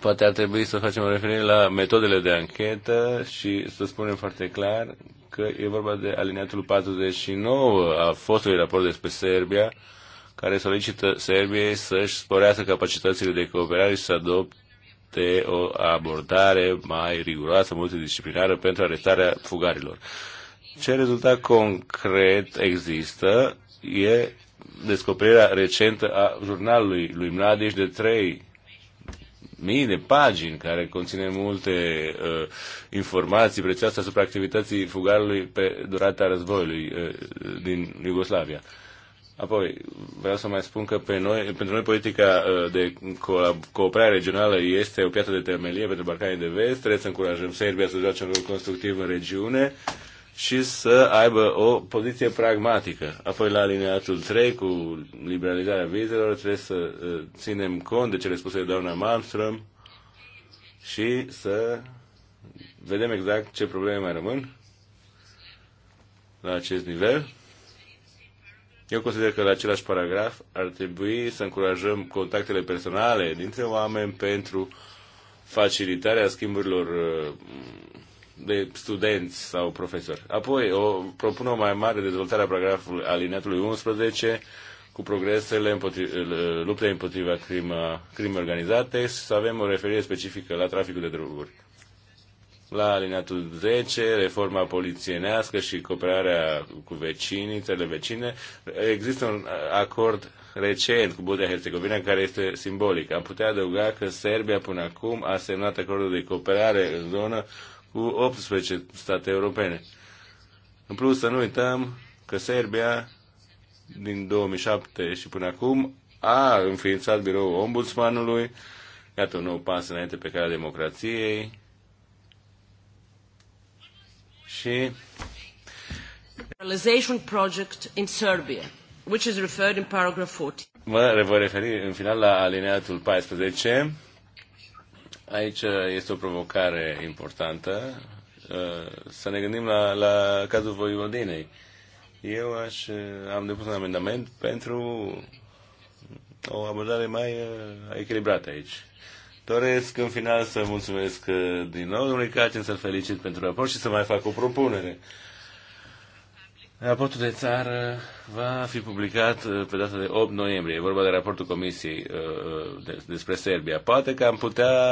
Poate ar trebui să facem o referire la metodele de anchetă și să spunem foarte clar că e vorba de alineatul 49 a fostului raport despre Serbia, care solicită Serbiei să-și sporească capacitățile de cooperare și să adopte o abordare mai riguroasă, multidisciplinară pentru arestarea fugarilor. Ce rezultat concret există e descoperirea recentă a jurnalului lui Mladiș de trei mii de pagini care conține multe uh, informații prețioase asupra activității fugarului pe durata războiului uh, din Iugoslavia. Apoi, vreau să mai spun că pe noi, pentru noi politica uh, de cooperare regională este o piață de temelie pentru Balcanii de Vest. Trebuie să încurajăm Serbia să joace un rol constructiv în regiune. Uh, și să aibă o poziție pragmatică. Apoi la alineatul 3 cu liberalizarea vizelor trebuie să uh, ținem cont de cele spuse de doamna Malmström și să vedem exact ce probleme mai rămân la acest nivel. Eu consider că la același paragraf ar trebui să încurajăm contactele personale dintre oameni pentru facilitarea schimburilor uh, de studenți sau profesori. Apoi o, propun o mai mare dezvoltare a paragrafului alineatului 11 cu progresele împotri, luptei împotriva crimei organizate și să avem o referire specifică la traficul de droguri. La alineatul 10, reforma polițienească și cooperarea cu vecinii, țările vecine, există un acord recent cu Bosnia-Herzegovina, care este simbolic. Am putea adăuga că Serbia până acum a semnat acordul de cooperare în zonă cu 18 state europene. În plus, să nu uităm că Serbia, din 2007 și până acum, a înființat biroul ombudsmanului, iată un nou pas înainte pe calea democrației și Realization Project in Serbia, which is referred in paragraph 40. Mă voi referi în final la alineatul 14, Aici uh, este o provocare importantă. Uh, să ne gândim la, la cazul Voivodinei. Eu aș, uh, am depus un amendament pentru o abordare mai echilibrată aici. Doresc în final să mulțumesc din nou domnului Cacin, să-l felicit pentru raport și să mai fac o propunere. Raportul de țară va fi publicat uh, pe data de 8 noiembrie. E vorba de raportul Comisiei uh, uh, despre Serbia. Poate că am putea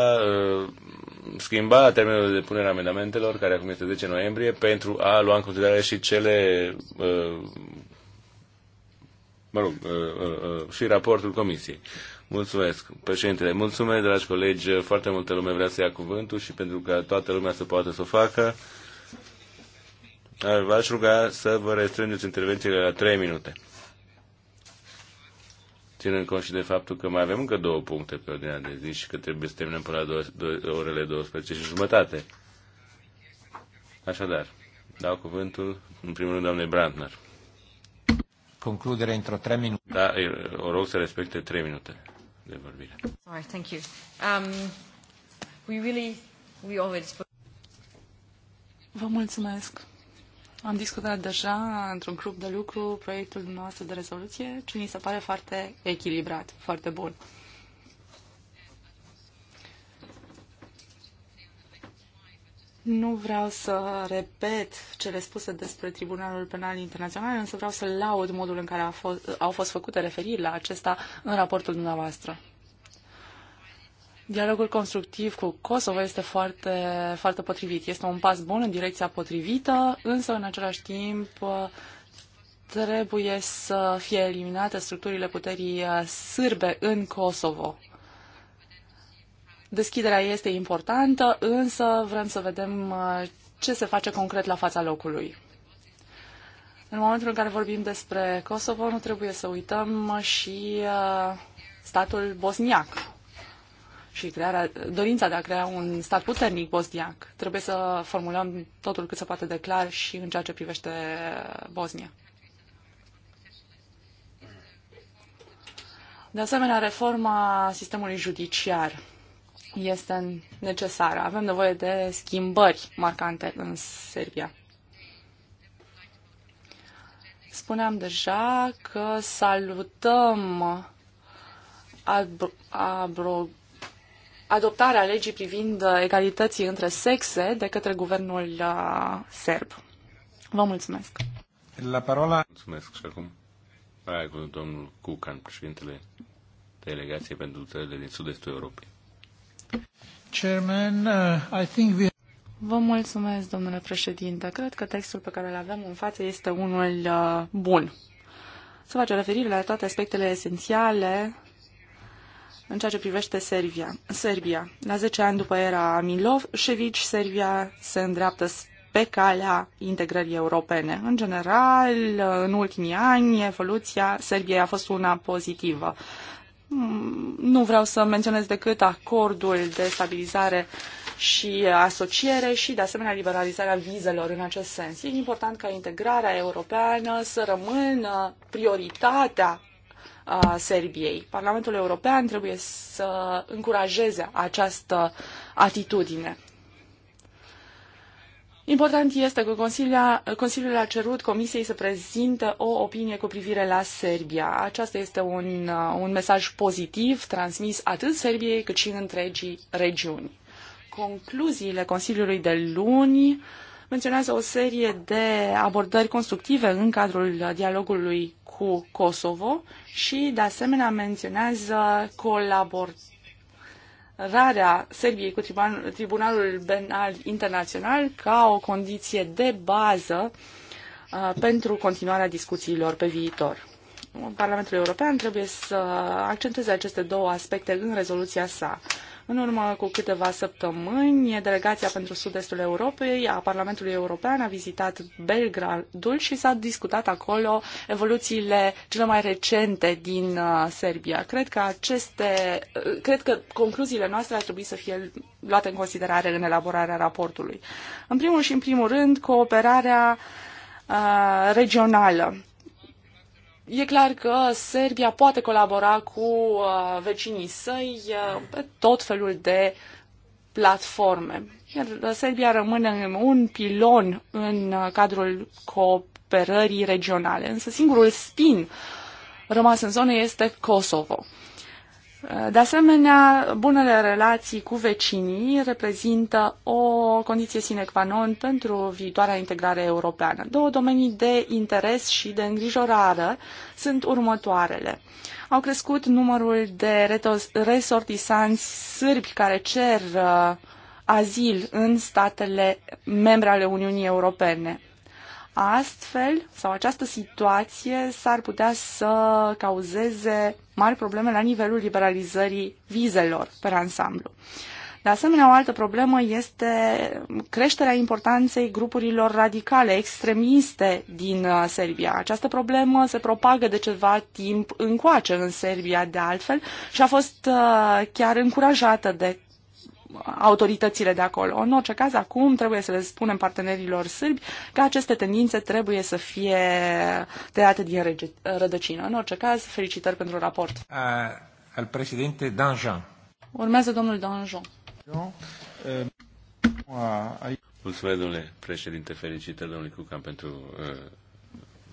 schimba termenul de punere a amendamentelor, care acum este 10 noiembrie, pentru a lua în considerare și cele, mă rog, și raportul Comisiei. Mulțumesc, președintele. Mulțumesc, dragi colegi. Foarte multă lume vrea să ia cuvântul și pentru că toată lumea să poată să o facă. V-aș ruga să vă restrângeți intervențiile la 3 minute. Ținând cont și de faptul că mai avem încă două puncte pe ordinea de zi și că trebuie să terminăm până la două, două, orele 12 și jumătate. Așadar, dau cuvântul în primul rând doamnei Brandner. Concludere într-o 3 minute. Da, o rog să respecte 3 minute de vorbire. All thank you. Um, we really, we always... Vă mulțumesc. Am discutat deja într-un grup de lucru proiectul nostru de rezoluție, ce mi se pare foarte echilibrat, foarte bun. Nu vreau să repet cele spuse despre Tribunalul Penal Internațional, însă vreau să laud modul în care au fost, au fost făcute referiri la acesta în raportul dumneavoastră. Dialogul constructiv cu Kosovo este foarte, foarte potrivit. Este un pas bun în direcția potrivită, însă în același timp trebuie să fie eliminate structurile puterii uh, sârbe în Kosovo. Deschiderea este importantă, însă vrem să vedem uh, ce se face concret la fața locului. În momentul în care vorbim despre Kosovo, nu trebuie să uităm și uh, statul bosniac și crearea, dorința de a crea un stat puternic bosniac. Trebuie să formulăm totul cât se poate de clar și în ceea ce privește Bosnia. De asemenea, reforma sistemului judiciar este necesară. Avem nevoie de schimbări marcante în Serbia. Spuneam deja că salutăm abro- abro- adoptarea legii privind uh, egalității între sexe de către guvernul uh, serb. Vă mulțumesc. La parola... Mulțumesc și acum. Aia cu domnul Cucan, președintele delegației pentru țările din sud-estul Europei. Chairman, uh, I think we... Vă mulțumesc, domnule președinte. Cred că textul pe care îl avem în față este unul uh, bun. Se face referire la toate aspectele esențiale în ceea ce privește Serbia. Serbia. La 10 ani după era Milosevic, Serbia se îndreaptă pe calea integrării europene. În general, în ultimii ani, evoluția Serbiei a fost una pozitivă. Mm, nu vreau să menționez decât acordul de stabilizare și asociere și, de asemenea, liberalizarea vizelor în acest sens. E important ca integrarea europeană să rămână prioritatea Serbiei. Parlamentul European trebuie să încurajeze această atitudine. Important este că Consiliul a cerut Comisiei să prezinte o opinie cu privire la Serbia. Aceasta este un, uh, un mesaj pozitiv transmis atât Serbiei cât și întregii regiuni. Concluziile Consiliului de luni menționează o serie de abordări constructive în cadrul dialogului cu Kosovo și, de asemenea, menționează colaborarea Serbiei cu Tribunalul Penal Internațional ca o condiție de bază uh, pentru continuarea discuțiilor pe viitor. Parlamentul European trebuie să accentueze aceste două aspecte în rezoluția sa. În urmă cu câteva săptămâni, delegația pentru sud-estul Europei a Parlamentului European a vizitat Belgradul și s-a discutat acolo evoluțiile cele mai recente din uh, Serbia. Cred că aceste, uh, cred că concluziile noastre ar trebui să fie luate în considerare în elaborarea raportului. În primul și în primul rând, cooperarea uh, regională. E clar că Serbia poate colabora cu uh, vecinii săi uh, pe tot felul de platforme. Iar uh, Serbia rămâne un pilon în cadrul cooperării regionale, însă singurul spin rămas în zonă este Kosovo. De asemenea, bunele relații cu vecinii reprezintă o condiție sine qua non pentru viitoarea integrare europeană. Două domenii de interes și de îngrijorare sunt următoarele. Au crescut numărul de resortisanți sârbi care cer uh, azil în statele membre ale Uniunii Europene. Astfel, sau această situație s-ar putea să cauzeze mari probleme la nivelul liberalizării vizelor pe ansamblu. De asemenea, o altă problemă este creșterea importanței grupurilor radicale, extremiste din uh, Serbia. Această problemă se propagă de ceva timp încoace în Serbia, de altfel, și a fost uh, chiar încurajată de autoritățile de acolo. În orice caz, acum trebuie să le spunem partenerilor sârbi că aceste tendințe trebuie să fie tăiate din rădăcină. În orice caz, felicitări pentru raport. Uh, al președinte Danjean. Urmează domnul Danjean. Mulțumesc, domnule președinte, felicitări domnului Cucan pentru domnul uh,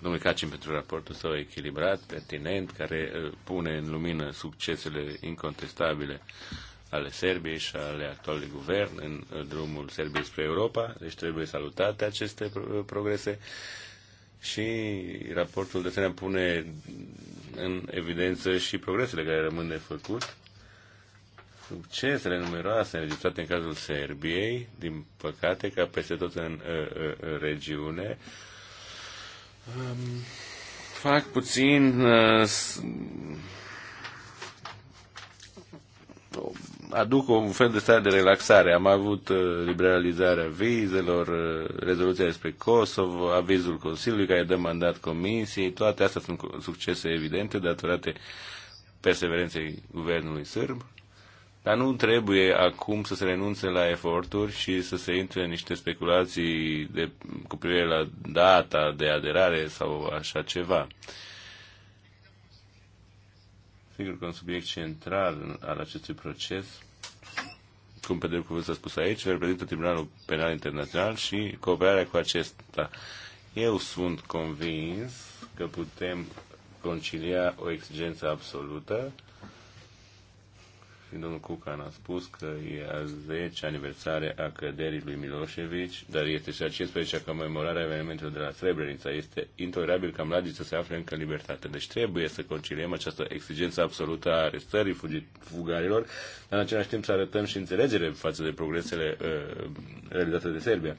domnului Cacin pentru raportul său echilibrat, pertinent, care uh, pune în lumină succesele incontestabile ale Serbiei și ale actualului guvern în drumul Serbiei spre Europa, deci trebuie salutate aceste progrese și raportul de asemenea pune în evidență și progresele care rămân de făcut, succesele numeroase înregistrate în cazul Serbiei, din păcate, ca peste tot în, în, în regiune, um, fac puțin uh, aduc un fel de stare de relaxare. Am avut uh, liberalizarea vizelor, uh, rezoluția despre Kosovo, avizul Consiliului care dă mandat comisiei, toate astea sunt succese evidente datorate perseverenței guvernului sârb. Dar nu trebuie acum să se renunțe la eforturi și să se intre în niște speculații de, cu privire la data de aderare sau așa ceva. Uh, Sigur că un subiect central al acestui proces, cum pe drept cuvânt s-a spus aici, reprezintă Tribunalul Penal Internațional și cooperarea cu acesta. Eu sunt convins că putem concilia o exigență absolută și domnul Cucan a spus că e a 10 aniversare a căderii lui Milosevic, dar este și a 15-a comemorarea a evenimentelor de la Srebrenica. Este intolerabil ca Mladic să se afle încă în libertate. Deci trebuie să conciliem această exigență absolută a arestării fugarilor, dar în același timp să arătăm și înțelegere față de progresele uh, realizate de Serbia.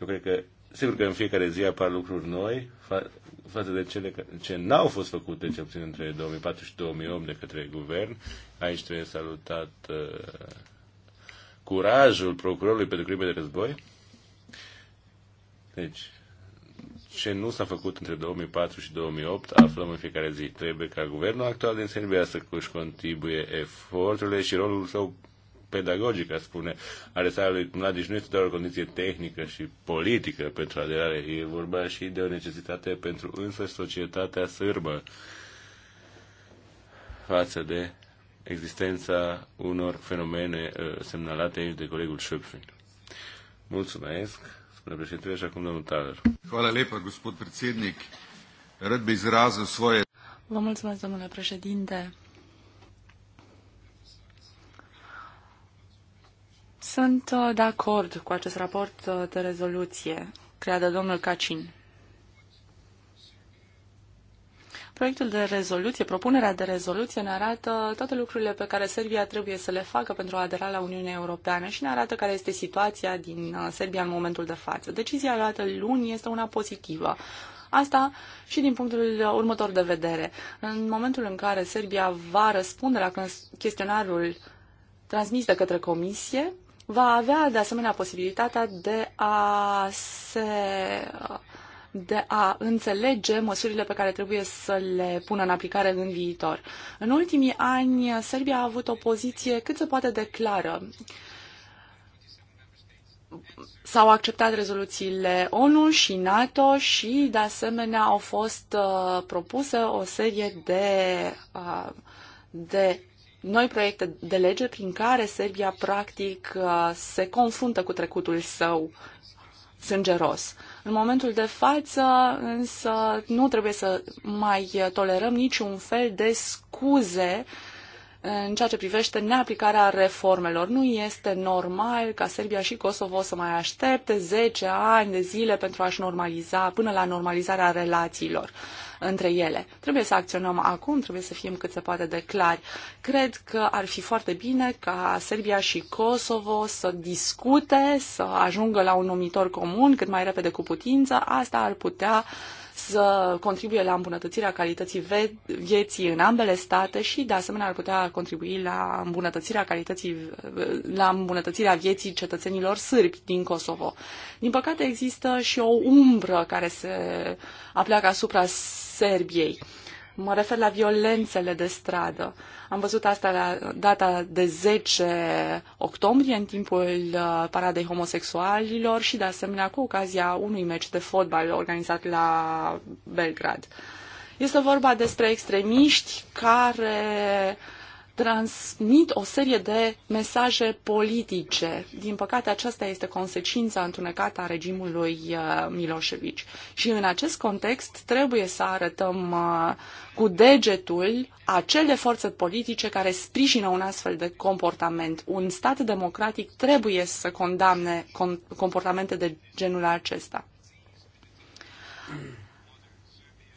Eu cred că Sigur că în fiecare zi apar lucruri noi fa- față de cele ce n-au fost făcute, cel puțin între 2004 și 2008 de către guvern. Aici trebuie salutat uh, curajul procurorului pentru crime de război. Deci, ce nu s-a făcut între 2004 și 2008 aflăm în fiecare zi. Trebuie ca guvernul actual din Serbia să își contribuie eforturile și rolul său pedagogică, spune arestarea lui Mladiș nu este doar o condiție tehnică și politică pentru aderare, e vorba și de o necesitate pentru însăși societatea sârbă față de existența unor fenomene uh, semnalate aici de colegul Șöpfin. Mulțumesc, spune președintele, și acum domnul Taler. Hvala lepa, gospod predsednik. Rad bi izrazil svoje... Vă mulțumesc, domnule președinte. Sunt uh, de acord cu acest raport uh, de rezoluție creat de domnul Cacin. Proiectul de rezoluție, propunerea de rezoluție ne arată toate lucrurile pe care Serbia trebuie să le facă pentru a adera la Uniunea Europeană și ne arată care este situația din uh, Serbia în momentul de față. Decizia luată luni este una pozitivă. Asta și din punctul următor de vedere. În momentul în care Serbia va răspunde la chestionarul transmis de către Comisie, va avea de asemenea posibilitatea de a se de a înțelege măsurile pe care trebuie să le pună în aplicare în viitor. În ultimii ani, Serbia a avut o poziție cât se poate de clară. S-au acceptat rezoluțiile ONU și NATO și, de asemenea, au fost uh, propuse o serie de, uh, de noi proiecte de lege prin care Serbia practic uh, se confruntă cu trecutul său sângeros. În momentul de față, însă, nu trebuie să mai tolerăm niciun fel de scuze în ceea ce privește neaplicarea reformelor. Nu este normal ca Serbia și Kosovo să mai aștepte 10 ani de zile pentru a-și normaliza, până la normalizarea relațiilor între ele. Trebuie să acționăm acum, trebuie să fim cât se poate de clari. Cred că ar fi foarte bine ca Serbia și Kosovo să discute, să ajungă la un numitor comun cât mai repede cu putință. Asta ar putea uh, să contribuie la îmbunătățirea calității vieții în ambele state și, de asemenea, ar putea contribui la îmbunătățirea calității, la îmbunătățirea vieții cetățenilor sârbi din Kosovo. Din păcate, există și o umbră care se apleacă asupra Serbiei. Uh, Mă refer la violențele de stradă. Am văzut asta la data de 10 octombrie, în timpul uh, paradei homosexualilor și, de asemenea, cu ocazia unui meci de fotbal organizat la Belgrad. Este vorba despre extremiști care uh, transmit o serie de mesaje politice. Din păcate, aceasta este consecința întunecată a regimului uh, Milosevic. Și în acest context trebuie să arătăm uh, cu degetul acele forțe politice care sprijină un astfel de comportament. Un stat democratic trebuie să condamne comportamente de genul acesta.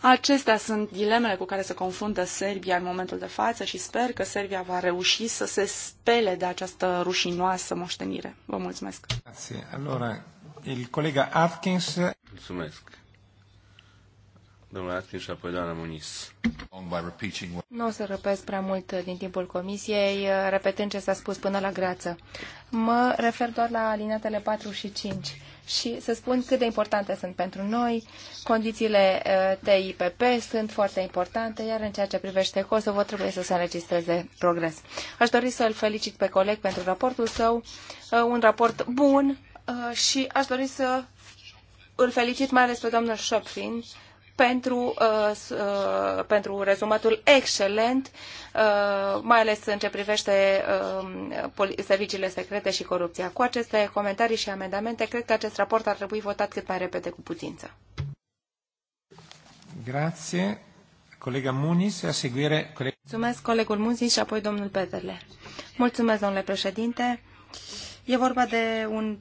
Acestea sunt dilemele cu care se confruntă Serbia în momentul de față și sper că Serbia va reuși să se spele de această rușinoasă moștenire. Vă mulțumesc. Allora, il colega Atkins. Mulțumesc. Domnul Atkins și apoi doamna Muniz. Nu o să răpesc prea mult din timpul comisiei, repetând ce s-a spus până la greață. Mă refer doar la alineatele 4 și 5 și să spun cât de importante sunt pentru noi. Condițiile TIPP eh, sunt foarte importante, iar în ceea ce privește Kosovo trebuie să se înregistreze progres. Aș dori să-l felicit pe coleg pentru raportul său, eh, un raport bun eh, și aș dori să îl felicit mai ales pe domnul Șopfin, pentru, uh, uh, pentru rezumatul excelent, uh, mai ales în ce privește uh, serviciile secrete și corupția. Cu aceste comentarii și amendamente, cred că acest raport ar trebui votat cât mai repede cu putință. Grazie. Colega Muniz, a seguire... Mulțumesc, colegul Muniz și apoi domnul Peterle. Mulțumesc, domnule președinte. E vorba de un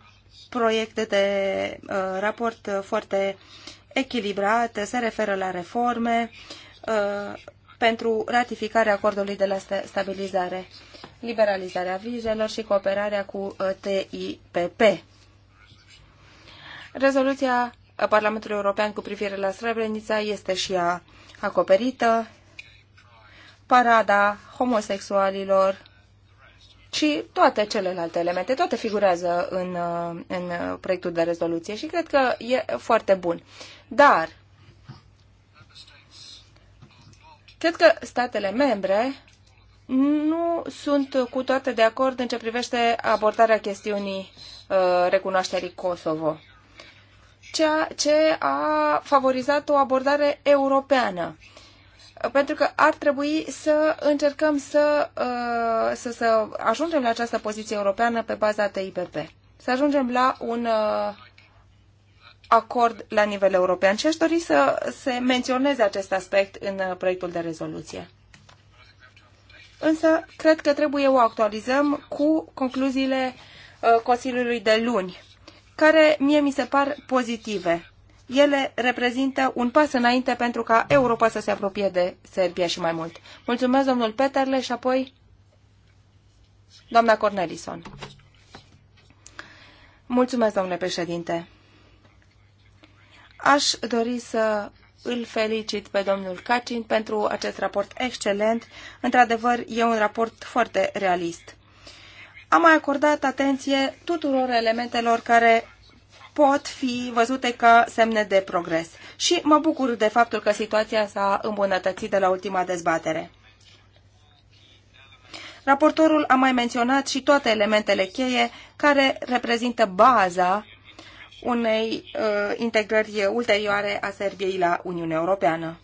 proiect de uh, raport foarte uh, echilibrate, se referă la reforme uh, pentru ratificarea acordului de la stabilizare, liberalizarea vizelor și cooperarea cu uh, TIPP. Rezoluția Parlamentului European cu privire la Srebrenica este și ea acoperită. Parada homosexualilor ci toate celelalte elemente, toate figurează în, uh, în uh, proiectul de rezoluție și cred că e foarte bun. Dar, cred că statele membre nu sunt cu toate de acord în ce privește abordarea chestiunii uh, recunoașterii Kosovo, ceea ce a favorizat o abordare europeană pentru că ar trebui să încercăm să, uh, să, să ajungem la această poziție europeană pe baza TIPP. Să ajungem la un uh, acord la nivel european și aș dori să se menționeze acest aspect în uh, proiectul de rezoluție. Însă, cred că trebuie o actualizăm cu concluziile Consiliului de luni, care mie mi se par pozitive ele reprezintă un pas înainte pentru ca Europa să se apropie de Serbia și mai mult. Mulțumesc, domnul Peterle, și apoi doamna Cornelison. Mulțumesc, domnule președinte. Aș dori să îl felicit pe domnul Cacin pentru acest raport excelent. Într-adevăr, e un raport foarte realist. Am mai acordat atenție tuturor elementelor care pot fi văzute ca semne de progres. Și mă bucur de faptul că situația s-a îmbunătățit de la ultima dezbatere. Raportorul a mai menționat și toate elementele cheie care reprezintă baza unei uh, integrări ulterioare a Serbiei la Uniunea Europeană.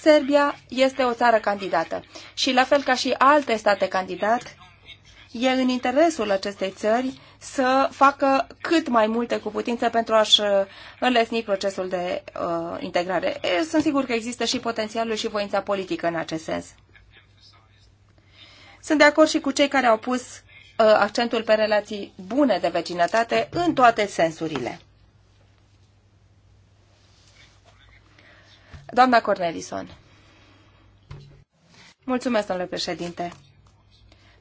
Serbia este o țară candidată și, la fel ca și alte state candidat, e în interesul acestei țări să facă cât mai multe cu putință pentru a-și uh, înlesni procesul de uh, integrare. E, sunt sigur că există și potențialul și voința politică în acest sens. Sunt de acord și cu cei care au pus uh, accentul pe relații bune de vecinătate în toate sensurile. Doamna Cornelison. Mulțumesc, domnule președinte.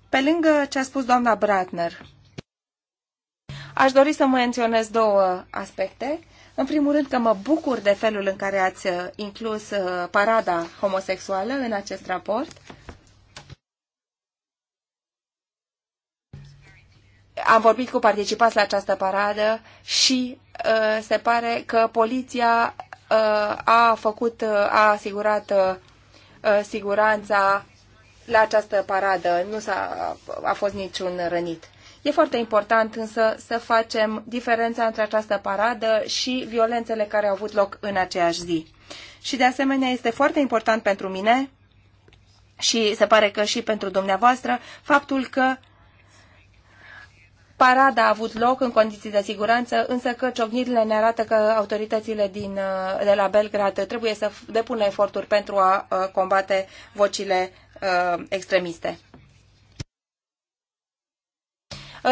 Pe lângă ce a spus doamna Bratner, Aș dori să menționez două aspecte. În primul rând că mă bucur de felul în care ați uh, inclus uh, parada homosexuală în acest raport. am vorbit cu participați la această paradă și uh, se pare că poliția uh, a făcut, uh, a asigurat uh, uh siguranța la această paradă. Nu s-a a fost niciun rănit. E foarte important însă să facem diferența între această paradă și violențele care au avut loc în aceeași zi. Și de asemenea este foarte important pentru mine și se pare că și pentru dumneavoastră faptul că Parada a avut loc în condiții de siguranță, însă că ciocnirile ne arată că autoritățile din, uh, de la Belgrad trebuie să depună eforturi pentru a uh, combate vocile uh, extremiste.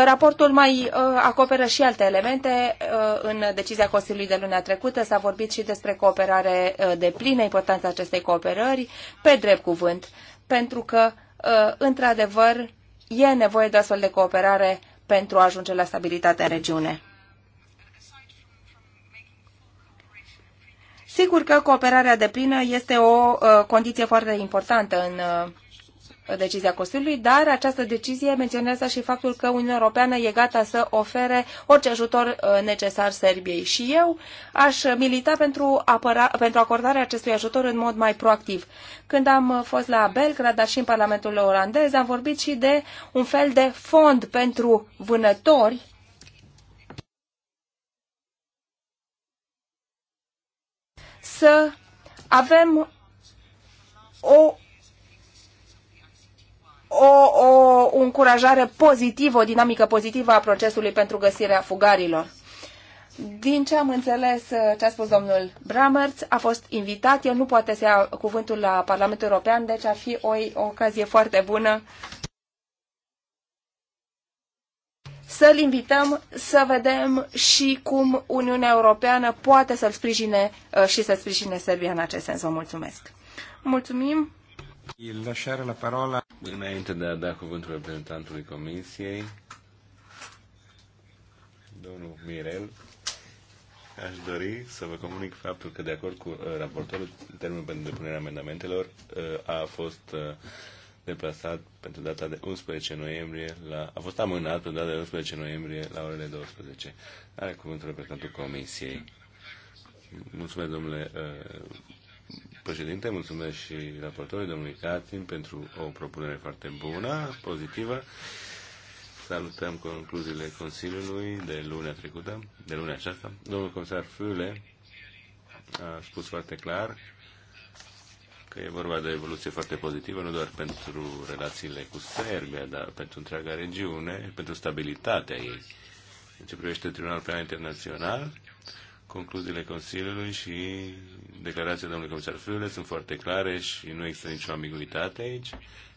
Raportul mai uh, acoperă și alte elemente. Uh, în decizia Consiliului de luna trecută s-a vorbit și despre cooperare uh, de plină, importanța acestei cooperări, pe drept cuvânt, pentru că, într-adevăr, e nevoie de astfel de cooperare pentru a ajunge la stabilitate în regiune. Sigur că cooperarea de plină este o uh, condiție foarte importantă în uh, decizia Consiliului, dar această decizie menționează și faptul că Uniunea Europeană e gata să ofere orice ajutor uh, necesar Serbiei. Și eu aș milita pentru, apăra, pentru acordarea acestui ajutor în mod mai proactiv. Când am uh, fost la Belgrad, dar și în Parlamentul olandez, am vorbit și de un fel de fond pentru vânători să avem o o, o încurajare pozitivă, o dinamică pozitivă a procesului pentru găsirea fugarilor. Din ce am înțeles ce a spus domnul Bramertz, a fost invitat, el nu poate să ia cuvântul la Parlamentul European, deci ar fi o, o ocazie foarte bună să-l invităm să vedem și cum Uniunea Europeană poate să-l sprijine uh, și să sprijine Serbia în acest sens. Vă mulțumesc! Mulțumim! Il la parola... Înainte de a da cuvântul reprezentantului Comisiei, domnul Mirel, aș dori să vă comunic faptul că, de acord cu uh, raportorul, termenul pentru depunerea amendamentelor uh, a fost uh, deplasat pentru data de 11 noiembrie la, a fost amânat pentru data de 11 noiembrie la orele 12. Are cuvântul reprezentantul Comisiei. Mulțumesc, domnule președinte, mulțumesc și raportorului domnului Catin pentru o propunere foarte bună, pozitivă. Salutăm concluziile Consiliului de luna trecută, de luna aceasta. Domnul comisar Füle a spus foarte clar că e vorba de o evoluție foarte pozitivă, nu doar pentru relațiile cu Serbia, dar pentru întreaga regiune, pentru stabilitatea ei. În ce privește Tribunalul Penal Internațional, Concluziile Consiliului și declarația domnului comisar Friule sunt foarte clare și nu există nicio ambiguitate aici.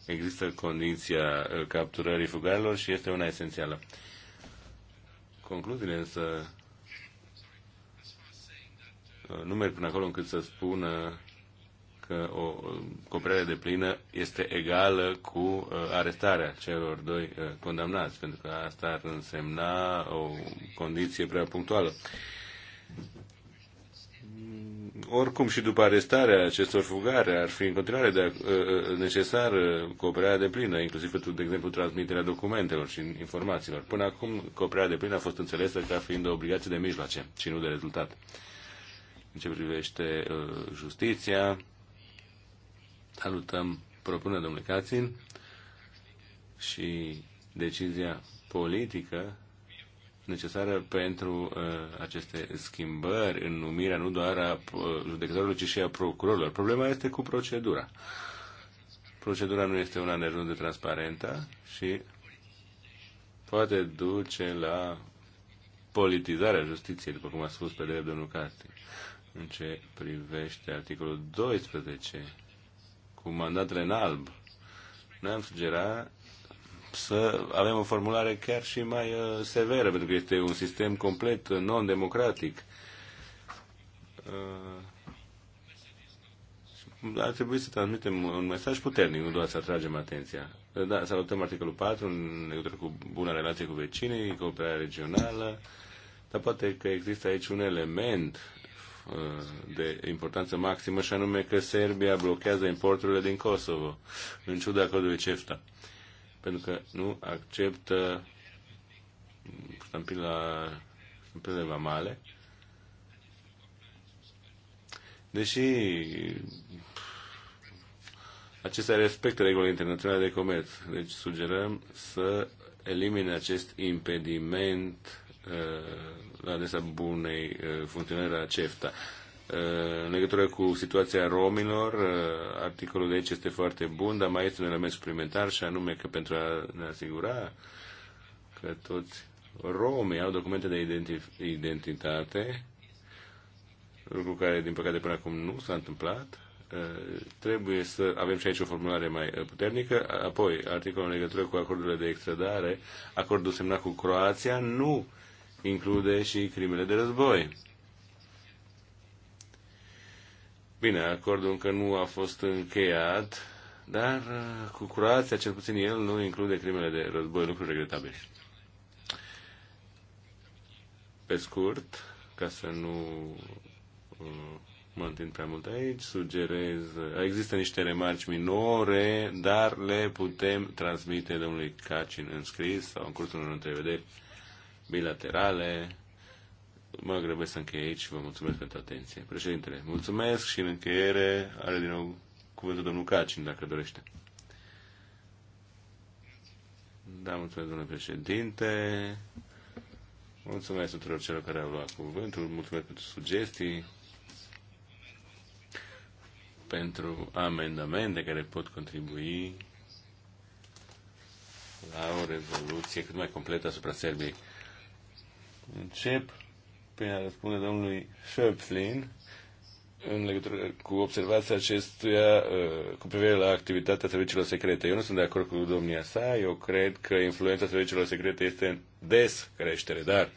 Există condiția uh, capturării fugarilor și este una esențială. Concluziile însă uh, nu merg până acolo încât să spună că o uh, cooperare de plină este egală cu uh, arestarea celor doi uh, condamnați, pentru că asta ar însemna o condiție prea punctuală. Uh, oricum și după arestarea acestor fugare ar fi în continuare de, uh, uh, necesar cooperarea de plină, inclusiv pentru, de exemplu, transmiterea documentelor și informațiilor. Până acum, cooperarea de plină a fost înțelesă ca fiind o obligație de mijloace și nu de rezultat. În ce privește uh, justiția, salutăm propunerea domnului Cațin și decizia politică necesară pentru uh, aceste schimbări în numirea nu doar a uh, judecătorilor, ci și a procurorilor. Problema este cu procedura. Procedura nu este una neajuns de transparentă și poate duce la politizarea justiției, după cum a spus pe drept domnul Casti, în ce privește articolul 12 cu mandatele în alb. Noi am sugerat să avem o formulare chiar și mai uh, severă, pentru că este un sistem complet non-democratic. Uh, ar trebui să transmitem un mesaj puternic, nu doar să atragem atenția. Uh, da, salutăm articolul 4 în legătură cu buna relație cu vecinii, cooperarea regională, dar poate că există aici un element de importanță maximă și anume că Serbia blochează importurile din Kosovo, în ciuda acordului CEFTA. Uh, pentru că nu acceptă stampile vamale. Deși acestea respectă regulile internaționale de comerț, deci sugerăm să elimine acest impediment uh, la adresa bunei uh, funcționări a CEFTA. În legătură cu situația romilor, uh, articolul de aici este foarte bun, dar mai este un element suplimentar și anume că pentru a ne asigura că toți romii au documente de identitate, lucru care, din păcate, până acum nu s-a întâmplat, uh, trebuie să avem și aici o formulare mai uh, puternică. Apoi, articolul în legătură cu acordurile de extradare, acordul semnat cu Croația nu include și crimele de război. Bine, acordul încă nu a fost încheiat, dar uh, cu Croația, cel puțin el, nu include crimele de război, lucruri regretabile. Pe scurt, ca să nu uh, mă întind prea mult aici, sugerez, uh, există niște remarci minore, dar le putem transmite domnului Cacin în scris sau în cursul unor întrevederi bilaterale mă grăbesc să închei aici. Vă mulțumesc pentru atenție. Președintele, mulțumesc și în încheiere are din nou cuvântul domnul Cacin, dacă dorește. Da, mulțumesc, domnule președinte. Mulțumesc tuturor celor care au luat cuvântul, mulțumesc pentru sugestii, pentru amendamente care pot contribui la o revoluție cât mai completă asupra Serbiei. Încep prin a răspunde domnului Schöpflin în legătură cu observația acestuia uh, cu privire la activitatea serviciilor secrete. Eu nu sunt de acord cu domnia sa, eu cred că influența serviciilor secrete este în des creștere, dar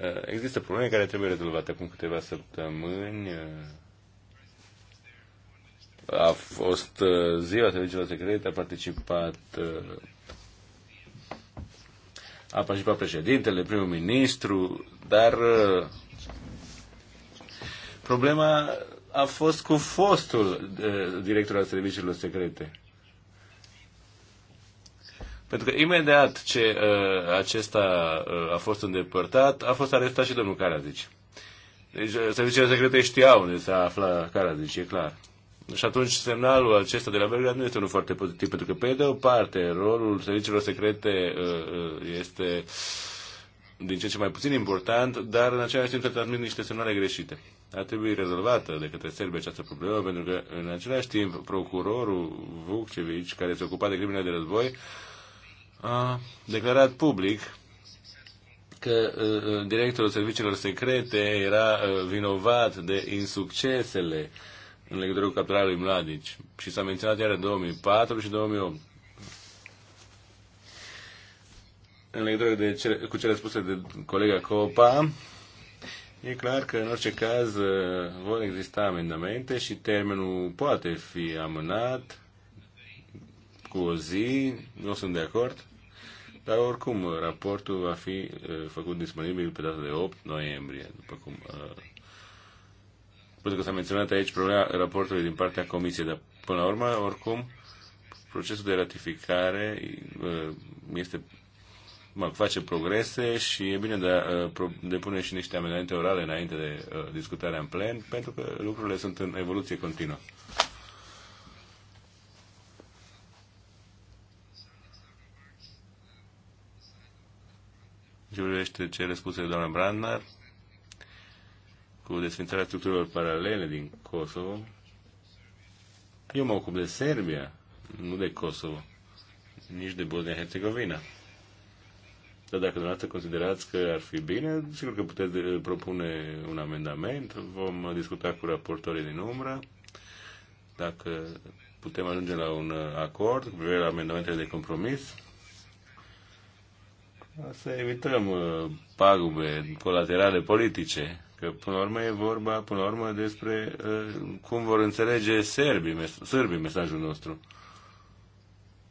uh, există probleme care trebuie rezolvate. Acum câteva săptămâni uh, a fost ziua serviciilor secrete, a participat a participat președintele, primul ministru, dar uh, problema a fost cu fostul uh, director al serviciilor secrete. Pentru că imediat ce uh, acesta uh, a fost îndepărtat, a fost arestat și domnul Karadzic. Deci uh, serviciile secrete știau unde se afla Karadzic, e clar. Și atunci semnalul acesta de la Belgrad nu este unul foarte pozitiv, pentru că pe de o parte rolul serviciilor secrete uh, este uh, din ce în ce mai puțin important, dar în același timp se transmit niște semnale greșite. Ar trebui rezolvată de către Serbia această problemă, pentru că în același timp procurorul Vukcevic, care se ocupa de crimele de război, a declarat public că uh, uh, directorul serviciilor secrete era uh, vinovat de insuccesele în legătură cu capturarea lui Mladic și s-a menționat iară 2004 și 2008. în legătură de cele, cu cele spuse de colega Copa, e clar că în orice caz uh, vor exista amendamente și termenul poate fi amânat cu o zi, nu sunt de acord, dar oricum uh, raportul va fi uh, făcut disponibil pe data de 8 noiembrie, după cum pentru că s-a menționat aici problema raportului din partea Comisiei, dar până la urmă, oricum, procesul de ratificare este mă, face progrese și e bine de a uh, depune și niște amendamente orale înainte de uh, discutarea în plen, pentru că lucrurile sunt în evoluție continuă. ce privește cele spuse de doamna Brandner cu desfințarea structurilor paralele din Kosovo. Eu mă ocup de Serbia, nu de Kosovo, nici de Bosnia-Herzegovina. Dar dacă dumneavoastră considerați că ar fi bine, sigur că puteți eh, propune un amendament, vom discuta cu raportorii din umbră, dacă putem ajunge la un acord cu privire la amendamentele de compromis, să evităm eh, pagube colaterale politice, că până la urmă e vorba, până la urmă, despre eh, cum vor înțelege sârbii, sârbii mesajul nostru.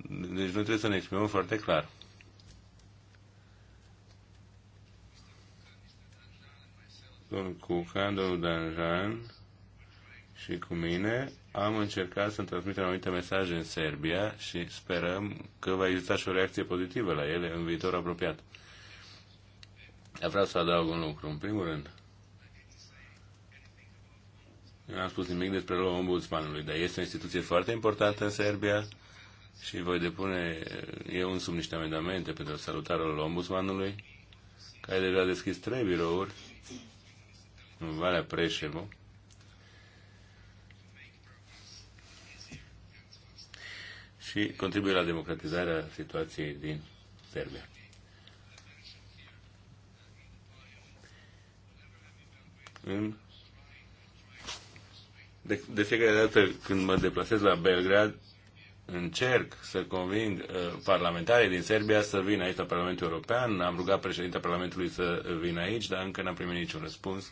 Deci noi trebuie să ne exprimăm foarte clar. domnul Cucan, domnul Danjan și cu mine am încercat să transmitem anumite mesaje în Serbia și sperăm că va exista și o reacție pozitivă la ele în viitor apropiat. Dar vreau să adaug un lucru. În primul rând, nu am spus nimic despre rolul ombudsmanului, dar este o instituție foarte importantă în Serbia și voi depune eu însumi niște amendamente pentru salutarea rolul ombudsmanului, care deja a deschis trei birouri în Valea Preșevo. și contribuie la democratizarea situației din Serbia. În de, de fiecare dată când mă deplasez la Belgrad, încerc să conving uh, parlamentarii din Serbia să vină aici la Parlamentul European. Am rugat președintele Parlamentului să vină aici, dar încă n-am primit niciun răspuns. Uh,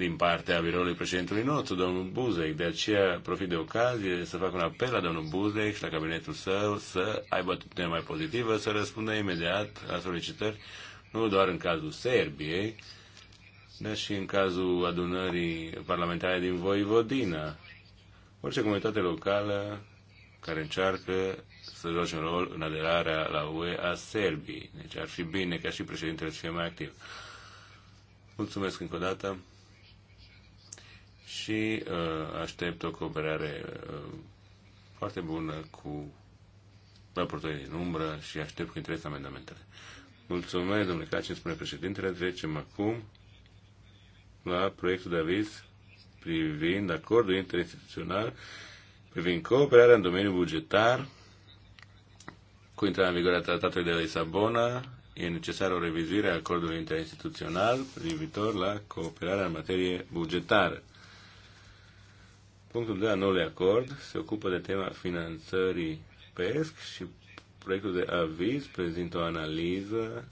din partea biroului președintului nostru, domnul Buzek. De aceea profit de ocazie să fac un apel la domnul Buzek și la cabinetul său să aibă atitudine mai pozitivă, să răspundă imediat la solicitări, nu doar în cazul Serbiei, dar și în cazul adunării parlamentare din Voivodina. Orice comunitate locală care încearcă să joace un rol în aderarea la UE a Serbiei. Deci ar fi bine ca și președintele să fie mai activ. Mulțumesc încă o dată și uh, aștept o cooperare uh, foarte bună cu raportorii din umbră și aștept cu interes amendamentele. Mulțumesc, domnule Cacin, spune președintele. Trecem acum la proiectul de aviz privind acordul interinstituțional privind cooperarea în domeniul bugetar cu intrarea în vigoare a tratatului de Lisabona, e necesară o revizuire a acordului interinstituțional privitor la cooperarea în materie bugetară. Punctul 2 al noului acord se ocupă de tema finanțării PESC și proiectul de aviz prezintă o analiză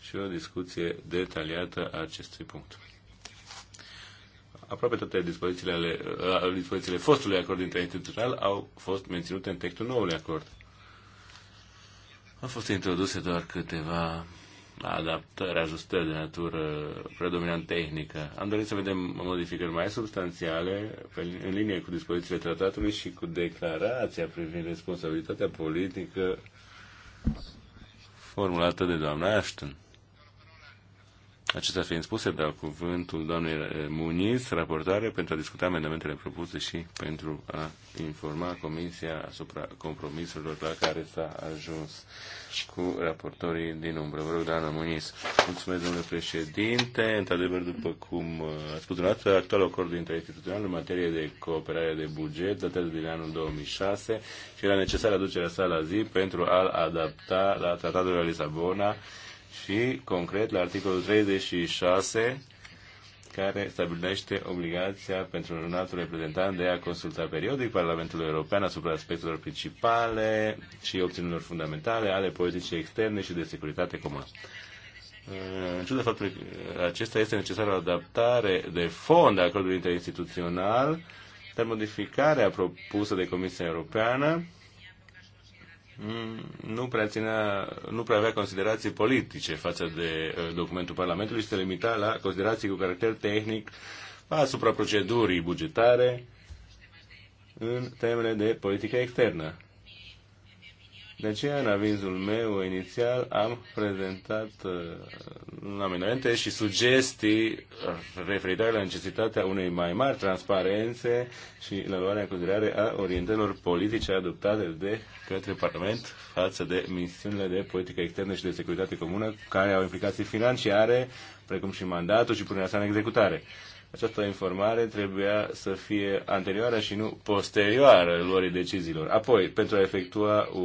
și o discuție detaliată a acestui punct. Aproape toate dispozițiile, ale, dispozițiile fostului acord interinstituțional au fost menținute în textul noului acord. Au fost introduse doar câteva adaptări, ajustări de natură predominant tehnică. Am dorit să vedem modificări mai substanțiale pe, în linie cu dispozițiile tratatului și cu declarația privind responsabilitatea politică formulată de doamna Ashton. Acestea fiind spuse, dau cuvântul doamnei eh, Muniz, raportare, pentru a discuta amendamentele propuse și pentru a informa Comisia asupra compromisurilor la care s-a ajuns cu raportorii din umbră. Vă rog, doamna Muniz. Mulțumesc, domnule președinte. Într-adevăr, după cum eh, a spus dumneavoastră, actualul acord interinstituțional în materie de cooperare de buget datează din anul 2006 și era necesară aducerea sa la zi pentru a-l adapta la Tratatul de la Lisabona și concret la articolul 36 care stabilește obligația pentru un alt reprezentant de a consulta periodic Parlamentul European asupra aspectelor principale și opțiunilor fundamentale ale politicii externe și de securitate comună. În ciuda faptului că acesta este necesară o adaptare de fond a acordului interinstituțional, dar modificarea propusă de Comisia Europeană Mm, nu prea, ținea, nu prea avea considerații politice față de uh, documentul Parlamentului și se limita la considerații cu caracter tehnic asupra procedurii bugetare în temele de politică externă. De aceea, în avizul meu inițial, am prezentat uh, amendamente și sugestii referitoare la necesitatea unei mai mari transparențe și la luarea în considerare a orientărilor politice adoptate de către Parlament față de misiunile de politică externă și de securitate comună care au implicații financiare, precum și mandatul și punerea sa în executare. Uh, această informare trebuia să fie anterioară și nu posterioară luării deciziilor. Apoi, pentru a efectua o,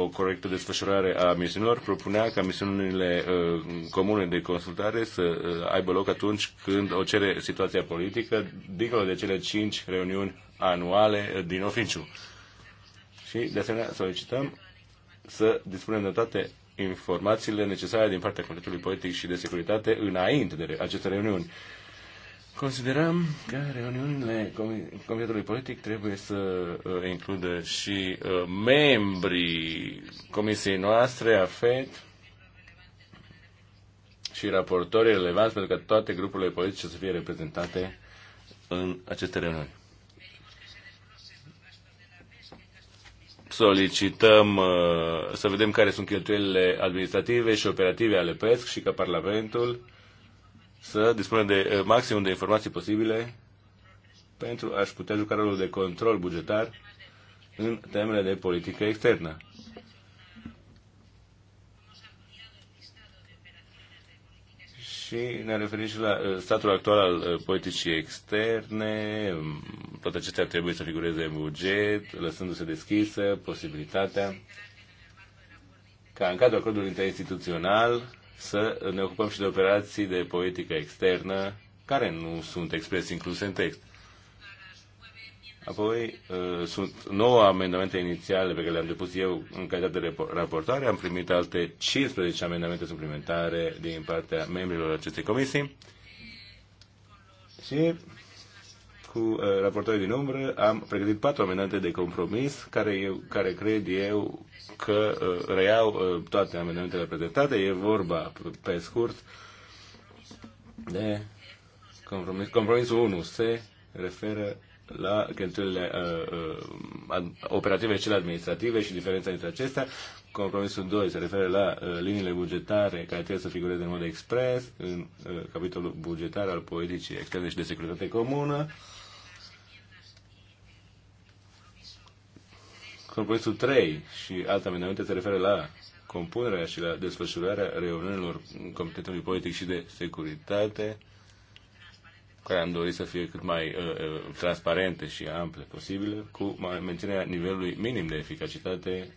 o, o corectă desfășurare a misiunilor, propunea ca misiunile uh, comune de consultare să uh, aibă loc atunci când o cere situația politică, dincolo de cele cinci reuniuni anuale uh, din oficiu. Și, de asemenea, solicităm să dispunem de toate informațiile necesare din partea Comitetului Politic și de Securitate înainte de aceste reuniuni. Considerăm că reuniunile Comitetului Politic trebuie să uh, includă și uh, membrii comisiei noastre, AFET, și raportorii relevanți pentru ca toate grupurile politice să fie reprezentate în aceste reuniuni. solicităm uh, să vedem care sunt cheltuielile administrative și operative ale PESC și ca Parlamentul să dispună de uh, maximum de informații posibile pentru a-și putea juca rolul de control bugetar în temele de politică externă. Și ne-a referit și la uh, statul actual al uh, politicii externe. Mm, toate acestea trebuie să figureze în buget, lăsându-se deschisă posibilitatea ca în cadrul acordului interinstituțional să ne ocupăm și de operații de politică externă care nu sunt expres incluse în text. Apoi uh, sunt nouă amendamente inițiale pe care le-am depus eu în calitate de raportare. Am primit alte 15 amendamente suplimentare din partea membrilor acestei comisii. Și cu uh, raportorii din umbră am pregătit patru amendamente de compromis care, eu, care cred eu că uh, reiau toate amendamentele prezentate. E vorba, pe scurt, de compromis. Compromisul 1 se referă la cheltuielile uh, uh operative și cele administrative și diferența dintre acestea. Compromisul 2 se referă la uh, liniile bugetare care trebuie să figureze în mod expres în uh, capitolul bugetar al politicii externe și de securitate comună. Compromisul 3 și alte amendamente se referă la compunerea și la desfășurarea reuniunilor Comitetului Politic și de Securitate care am dorit să fie cât mai uh, uh transparente și ample posibile, cu menținerea nivelului minim de eficacitate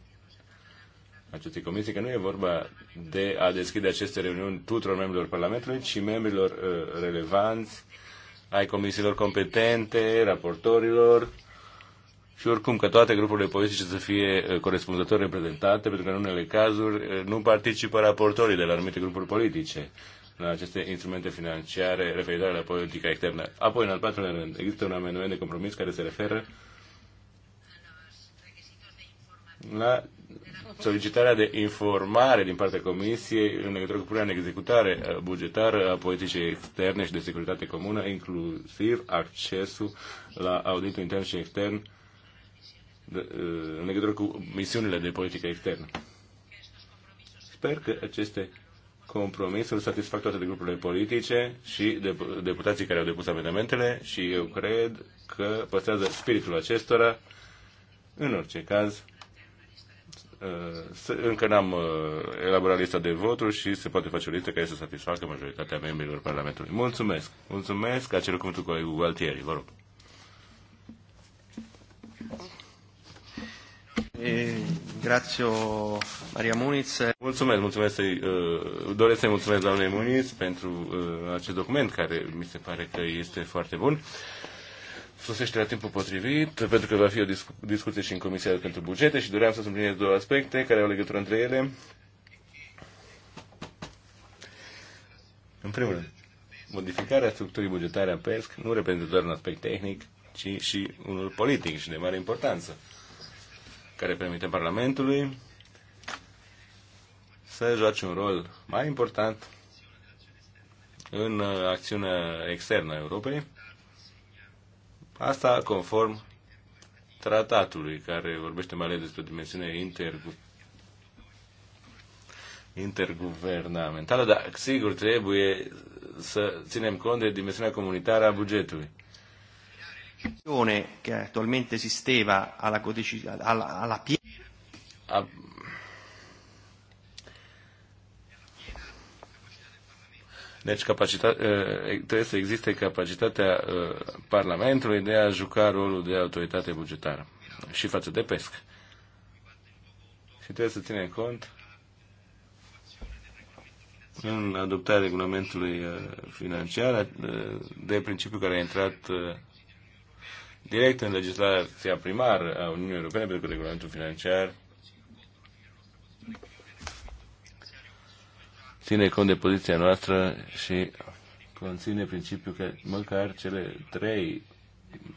acestei comisii, că nu e vorba de a deschide aceste reuniuni tuturor membrilor Parlamentului, ci membrilor uh, relevanți ai comisiilor competente, raportorilor și oricum că toate grupurile politice să fie uh, corespunzător reprezentate, pentru că în unele cazuri uh, nu participă raportorii de la anumite grupuri politice la aceste instrumente financiare referitoare la politica externă. Apoi, în al patrulea rând, există un amendament de compromis care se referă la solicitarea de informare din partea Comisiei în legătură cu punerea în executare bugetară a politicii externe și de securitate comună, inclusiv accesul la auditul intern și extern în legătură cu misiunile de politică externă. Sper că aceste compromisul satisfactor de grupurile politice și de, deputații care au depus amendamentele și eu cred că păstrează spiritul acestora. În orice caz, uh, încă n-am uh, elaborat lista de voturi și se poate face o listă care să satisfacă majoritatea membrilor Parlamentului. Mulțumesc! Mulțumesc! Acel cuvântul colegul Gualtieri, vă rog. Grazie Maria Muniz. Mulțumesc, mulțumesc. Să-i, uh, doresc să-i mulțumesc doamnei Muniz pentru uh, acest document care mi se pare că este foarte bun. Sosește la timpul potrivit, pentru că va fi o discu- discuție și în Comisia pentru Bugete și doream să subliniez două aspecte care au legătură între ele. În primul rând, modificarea structurii bugetare a PESC nu reprezintă doar un aspect tehnic, ci și unul politic și de mare importanță care permite Parlamentului să joace un rol mai important în uh, acțiunea externă a Europei. Asta conform tratatului, care vorbește mai ales despre dimensiunea dimensiune interguvernamentală, dar sigur trebuie să ținem cont de dimensiunea comunitară a bugetului che attualmente esisteva alla, alla, alla a... Deci capacita... Eh, trebuie să existe capacitatea eh, Parlamentului de a juca rolul de autoritate bugetară și față de PESC. Și trebuie să ținem cont în adoptarea regulamentului eh, financiar de principiu care a intrat direct în legislația primară a Uniunii Europene, pentru regulamentul financiar ține cont de poziția noastră și conține principiul că măcar cele trei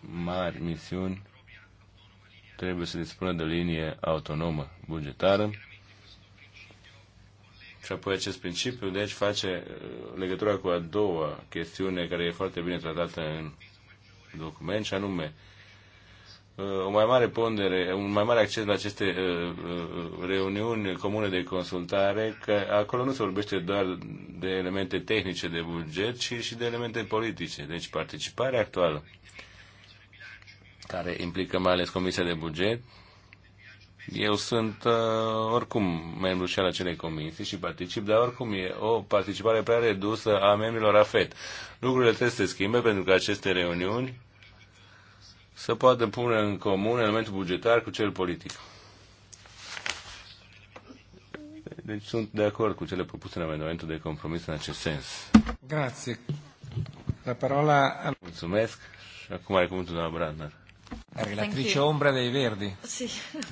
mari misiuni trebuie să dispună de linie autonomă bugetară. Și apoi acest principiu, deci, face uh, legătura cu a doua chestiune care e foarte bine tratată în document și anume uh, o mai mare pondere, un mai mare acces la aceste uh, uh, reuniuni comune de consultare, că acolo nu se vorbește doar de elemente tehnice de buget, ci și de elemente politice. Deci participarea actuală, care implică mai ales Comisia de Buget, eu sunt uh, oricum membru și al acelei comisii și particip, dar oricum e o participare prea redusă a membrilor AFET. Lucrurile trebuie să se schimbe pentru că aceste reuniuni să poată pune în comun elementul bugetar cu cel politic. Deci sunt de acord cu cele propuse în amendamentul de compromis în acest sens. Grazie. La parola... Mulțumesc. Și acum are cuvântul doamna Brandner. Relatrice Ombra de Verdi.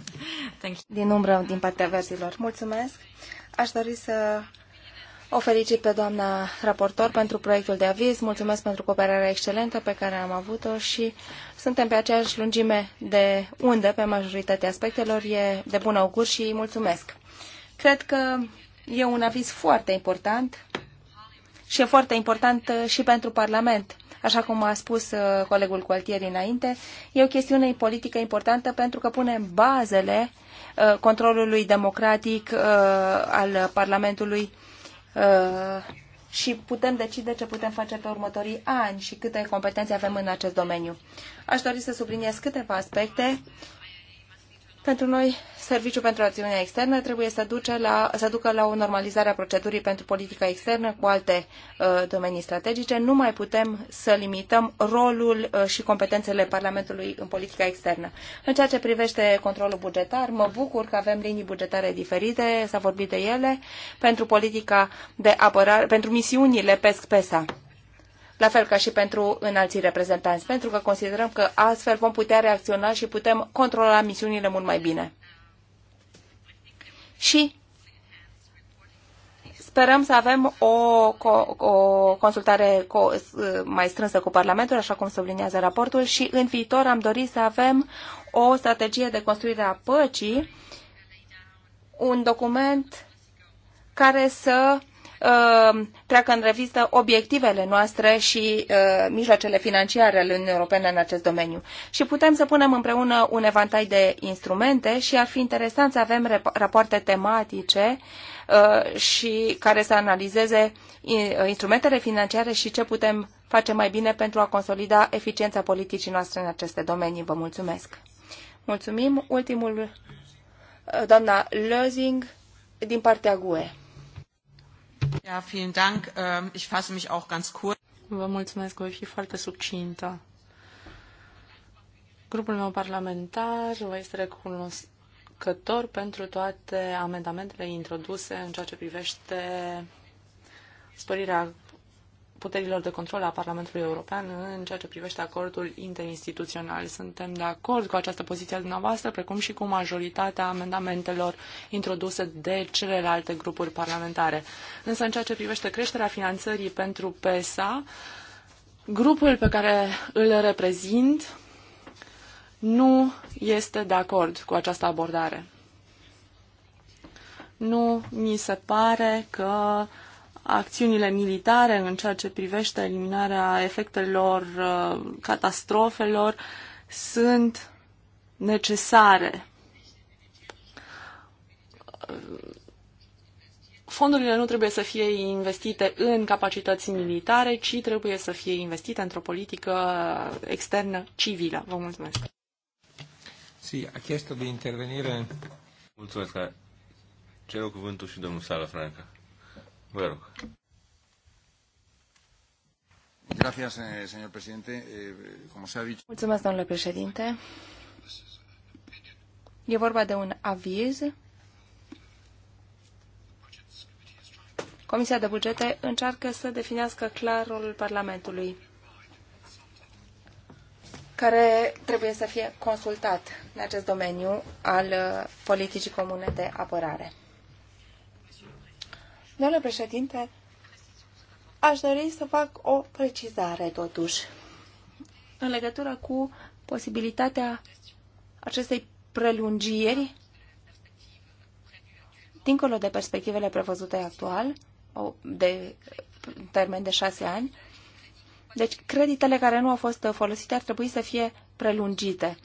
Din umbră din partea verzilor. Mulțumesc. Aș dori să o felicit pe doamna raportor pentru proiectul de aviz, mulțumesc pentru cooperarea excelentă pe care am avut-o și suntem pe aceeași lungime de undă pe majoritatea aspectelor, e de bun augur și mulțumesc. Cred că e un aviz foarte important și e foarte important uh, și pentru Parlament. Așa cum a spus uh, colegul Gualtieri înainte, e o chestiune politică importantă pentru că pune bazele uh, controlului democratic al Parlamentului Uh, și putem decide ce putem face pe următorii ani și câte competențe avem în acest domeniu. Aș dori să subliniez câteva aspecte pentru noi, Serviciul pentru Acțiunea Externă trebuie să, duce la, să ducă la o normalizare a procedurii pentru politica externă cu alte uh, domenii strategice. Nu mai putem să limităm rolul uh, și competențele Parlamentului în politica externă. În ceea ce privește controlul bugetar, mă bucur că avem linii bugetare diferite, s-a vorbit de ele, pentru politica de apărare, pentru misiunile PESC-PESA la fel ca și pentru înalții reprezentanți, pentru că considerăm că astfel vom putea reacționa și putem controla misiunile mult mai bine. Și sperăm să avem o, o, o consultare mai strânsă cu Parlamentul, așa cum sublinează raportul, și în viitor am dorit să avem o strategie de construire a păcii, un document care să Uh, treacă în revistă obiectivele noastre și uh, mijloacele financiare ale Uniunii Europene în acest domeniu. Și putem să punem împreună un evantai de instrumente și ar fi interesant să avem rapoarte tematice uh, și care să analizeze instrumentele financiare și ce putem face mai bine pentru a consolida eficiența politicii noastre în aceste domenii. Vă mulțumesc! Mulțumim! Ultimul, doamna Lözing, din partea GUE. Ja, vielen Dank. Ähm, ich fasse mich auch ganz kurz. Vă mulțumesc, voi fi foarte succintă. Grupul meu parlamentar vă este recunoscător pentru toate amendamentele introduse în ceea ce privește sporirea puterilor de control a Parlamentului European în ceea ce privește acordul interinstituțional. Suntem de acord cu această poziție a dumneavoastră, precum și cu majoritatea amendamentelor introduse de celelalte grupuri parlamentare. Însă, în ceea ce privește creșterea finanțării pentru PESA, grupul pe care îl reprezint nu este de acord cu această abordare. Nu mi se pare că uh, acțiunile militare în ceea ce privește eliminarea efectelor uh, catastrofelor sunt necesare. Fondurile nu trebuie să fie investite în capacități militare, ci trebuie să fie investite într-o politică externă civilă. Vă mulțumesc. Si, a chestia de intervenire. Mulțumesc. o cuvântul și domnul Sala Franca. Vă rog. Eh, eh, Mulțumesc, domnule președinte. E vorba de un aviz. Comisia de bugete încearcă să definească clar rolul Parlamentului, care trebuie să fie consultat în acest domeniu al uh, politicii comune de apărare. Domnule președinte, aș dori să fac o precizare, totuși, în legătură cu posibilitatea acestei prelungiri, dincolo de perspectivele prevăzute actual, de termen de șase ani, deci creditele care nu au fost folosite ar trebui să fie prelungite.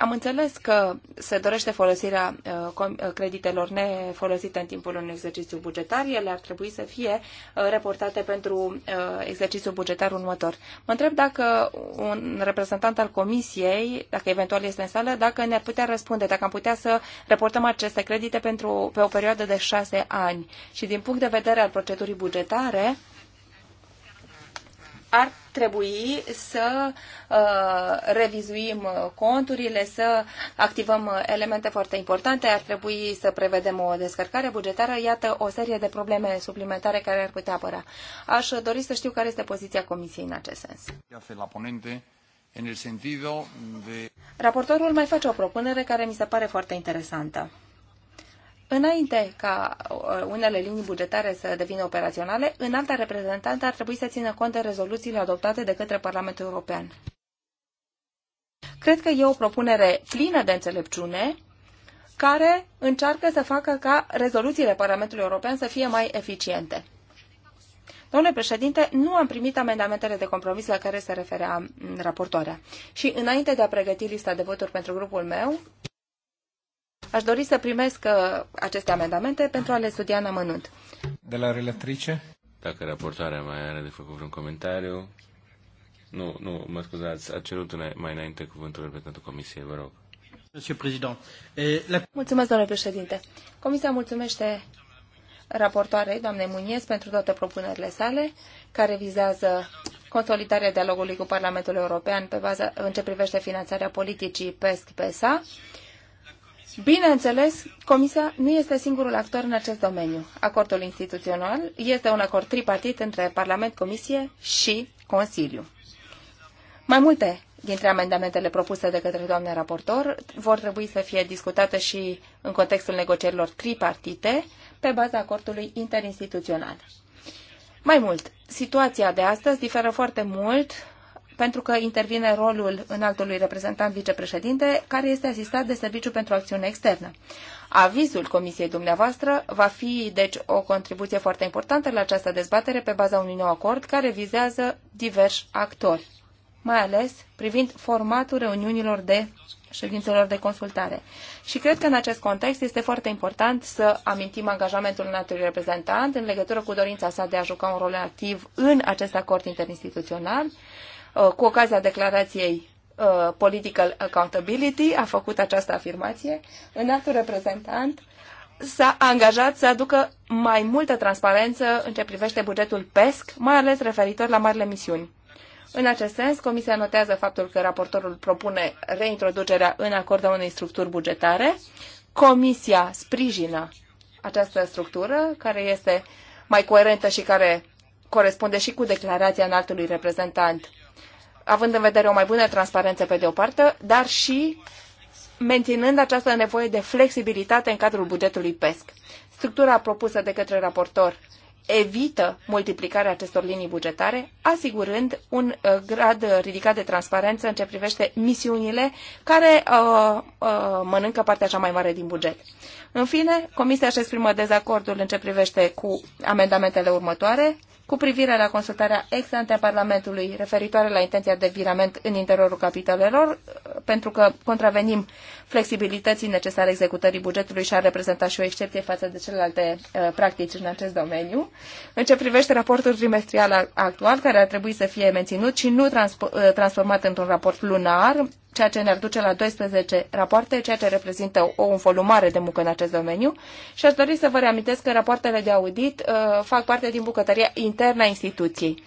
Am înțeles că se dorește folosirea uh, uh, creditelor nefolosite în timpul unui exercițiu bugetar. Ele ar trebui să fie uh, reportate pentru exercițiul bugetar următor. Mă întreb dacă un reprezentant al Comisiei, dacă eventual este în sală, dacă ne-ar putea răspunde, dacă am putea să reportăm aceste credite pentru, pe o perioadă de șase ani. Și din punct de vedere al procedurii bugetare, ar trebui să uh, revizuim conturile, să activăm elemente foarte importante, ar trebui să prevedem o descărcare bugetară, iată o serie de probleme suplimentare care ar putea apărea. Aș dori să știu care este poziția Comisiei în acest sens. Raportorul mai face o propunere care mi se pare foarte interesantă. Înainte ca uh, unele linii bugetare să devină operaționale, înalta reprezentantă ar trebui să țină cont de rezoluțiile adoptate de către Parlamentul European. Cred că e o propunere plină de înțelepciune care încearcă să facă ca rezoluțiile Parlamentului European să fie mai eficiente. Domnule președinte, nu am primit amendamentele de compromis la care se referea mm, raportoarea. Și înainte de a pregăti lista de voturi pentru grupul meu, Aș dori să primesc uh, aceste amendamente pentru a le studia în amănunt. De la relatrice? Dacă raportarea mai are de făcut vreun comentariu... Nu, nu, mă scuzați, a cerut mai înainte cuvântul reprezentantul Comisiei, vă rog. Mulțumesc, domnule președinte. Comisia mulțumește raportoarei, doamnei Muniez, pentru toate propunerile sale, care vizează consolidarea dialogului cu Parlamentul European pe baza, în ce privește finanțarea politicii PESC-PESA, Bineînțeles, Comisia nu este singurul actor în acest domeniu. Acordul instituțional este un acord tripartit între Parlament, Comisie și Consiliu. Mai multe dintre amendamentele propuse de către doamna raportor vor trebui să fie discutate și în contextul negocierilor tripartite pe baza acordului interinstituțional. Mai mult, situația de astăzi diferă foarte mult pentru că intervine rolul înaltului reprezentant vicepreședinte, care este asistat de Serviciu pentru Acțiune Externă. Avizul Comisiei dumneavoastră va fi, deci, o contribuție foarte importantă la această dezbatere pe baza unui nou acord care vizează diversi actori, mai ales privind formatul reuniunilor de ședințelor de consultare. Și cred că în acest context este foarte important să amintim angajamentul înaltului reprezentant în legătură cu dorința sa de a juca un rol activ în acest acord interinstituțional Uh, cu ocazia declarației uh, Political Accountability, a făcut această afirmație, înaltul reprezentant s-a angajat să aducă mai multă transparență în ce privește bugetul PESC, mai ales referitor la marile misiuni. În acest sens, Comisia notează faptul că raportorul propune reintroducerea în acord a unei structuri bugetare. Comisia sprijină această structură, care este mai coerentă și care corespunde și cu declarația înaltului reprezentant având în vedere o mai bună transparență pe de o parte, dar și menținând această nevoie de flexibilitate în cadrul bugetului PESC. Structura propusă de către raportor evită multiplicarea acestor linii bugetare, asigurând un uh, grad ridicat de transparență în ce privește misiunile care uh, uh, mănâncă partea cea mai mare din buget. În fine, Comisia își exprimă dezacordul în ce privește cu amendamentele următoare, cu privire la consultarea ex ante a Parlamentului referitoare la intenția de virament în interiorul capitalelor, pentru că contravenim flexibilității necesare executării bugetului și ar reprezenta și o excepție față de celelalte uh, practici în acest domeniu. În ce privește raportul trimestrial actual, care ar trebui să fie menținut și nu transpo- uh, transformat într-un raport lunar, ceea ce ne-ar duce la 12 rapoarte, ceea ce reprezintă o volumare de muncă în acest domeniu. Și aș dori să vă reamintesc că rapoartele de audit uh, fac parte din bucătăria internă a instituției.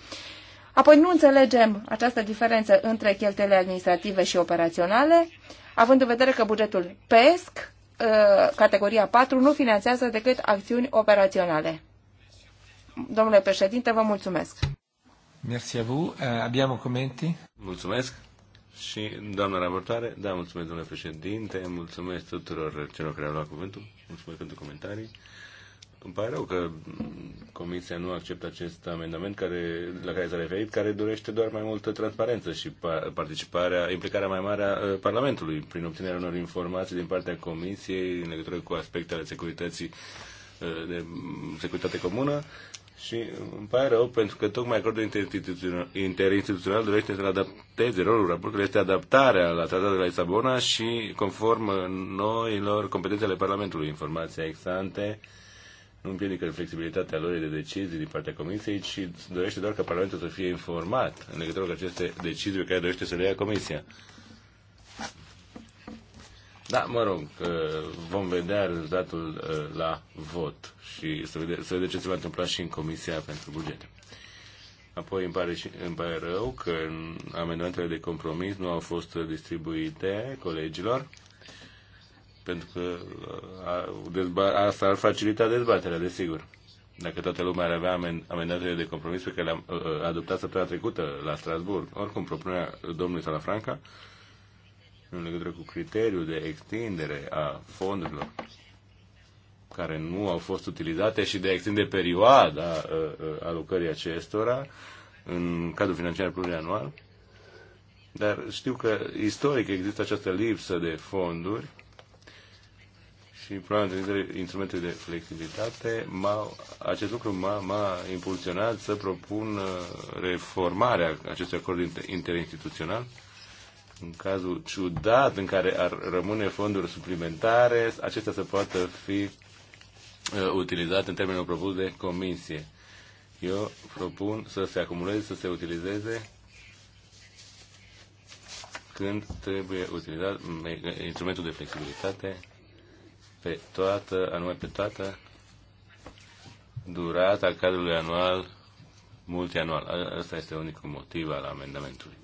Apoi nu înțelegem această diferență între cheltuielile administrative și operaționale, având în vedere că bugetul PESC, uh, categoria 4, nu finanțează decât acțiuni operaționale. Domnule președinte, vă mulțumesc. Merci a vous. Uh, abbiamo commenti? Mulțumesc. Și, doamna raportoare, da, mulțumesc, domnule președinte, mulțumesc tuturor celor care au luat cuvântul, mulțumesc pentru comentarii. Îmi pare rău că Comisia nu acceptă acest amendament care, la care s-a referit, care dorește doar mai multă transparență și participarea, implicarea mai mare a uh, Parlamentului prin obținerea unor informații din partea Comisiei în legătură cu aspectele securității uh, de securitate comună și îmi pare rău pentru că tocmai acordul interinstituțional, interinstituțional dorește să adapteze rolul raportului, este adaptarea la tratatul de la Lisabona și conform noilor competențele Parlamentului. Informația exante nu împiedică flexibilitatea lor de decizii din partea Comisiei, ci dorește doar ca Parlamentul să fie informat în legătură cu aceste decizii pe care dorește să le ia Comisia. Da, mă rog, vom vedea rezultatul uh, la vot și să vedem, să vedem ce se va întâmpla și în Comisia pentru Bugete. Apoi îmi pare, îmi pare rău că amendamentele de compromis nu au fost distribuite colegilor, pentru că uh, a, asta ar facilita dezbaterea, desigur. Dacă toată lumea ar avea amendamentele de compromis pe care le-am uh, adoptat săptămâna trecută la Strasburg, oricum propunerea domnului Salafranca, Franca, în legătură cu criteriul de extindere a fondurilor care nu au fost utilizate și de a extinde perioada uh, uh, alocării acestora în cadrul financiar plurianual. Dar știu că istoric există această lipsă de fonduri și probabil utilizării instrumente de flexibilitate, acest lucru m-a, impulsionat să propun uh, reformarea acestui acord interinstituțional în cazul ciudat în care ar rămâne fonduri suplimentare, acestea să poată fi uh, utilizate în termenul propus de comisie. Eu propun să se acumuleze, să se utilizeze când trebuie utilizat instrumentul de flexibilitate pe toată, anume pe toată durata cadrului anual multianual. Asta este unicul motiv al amendamentului.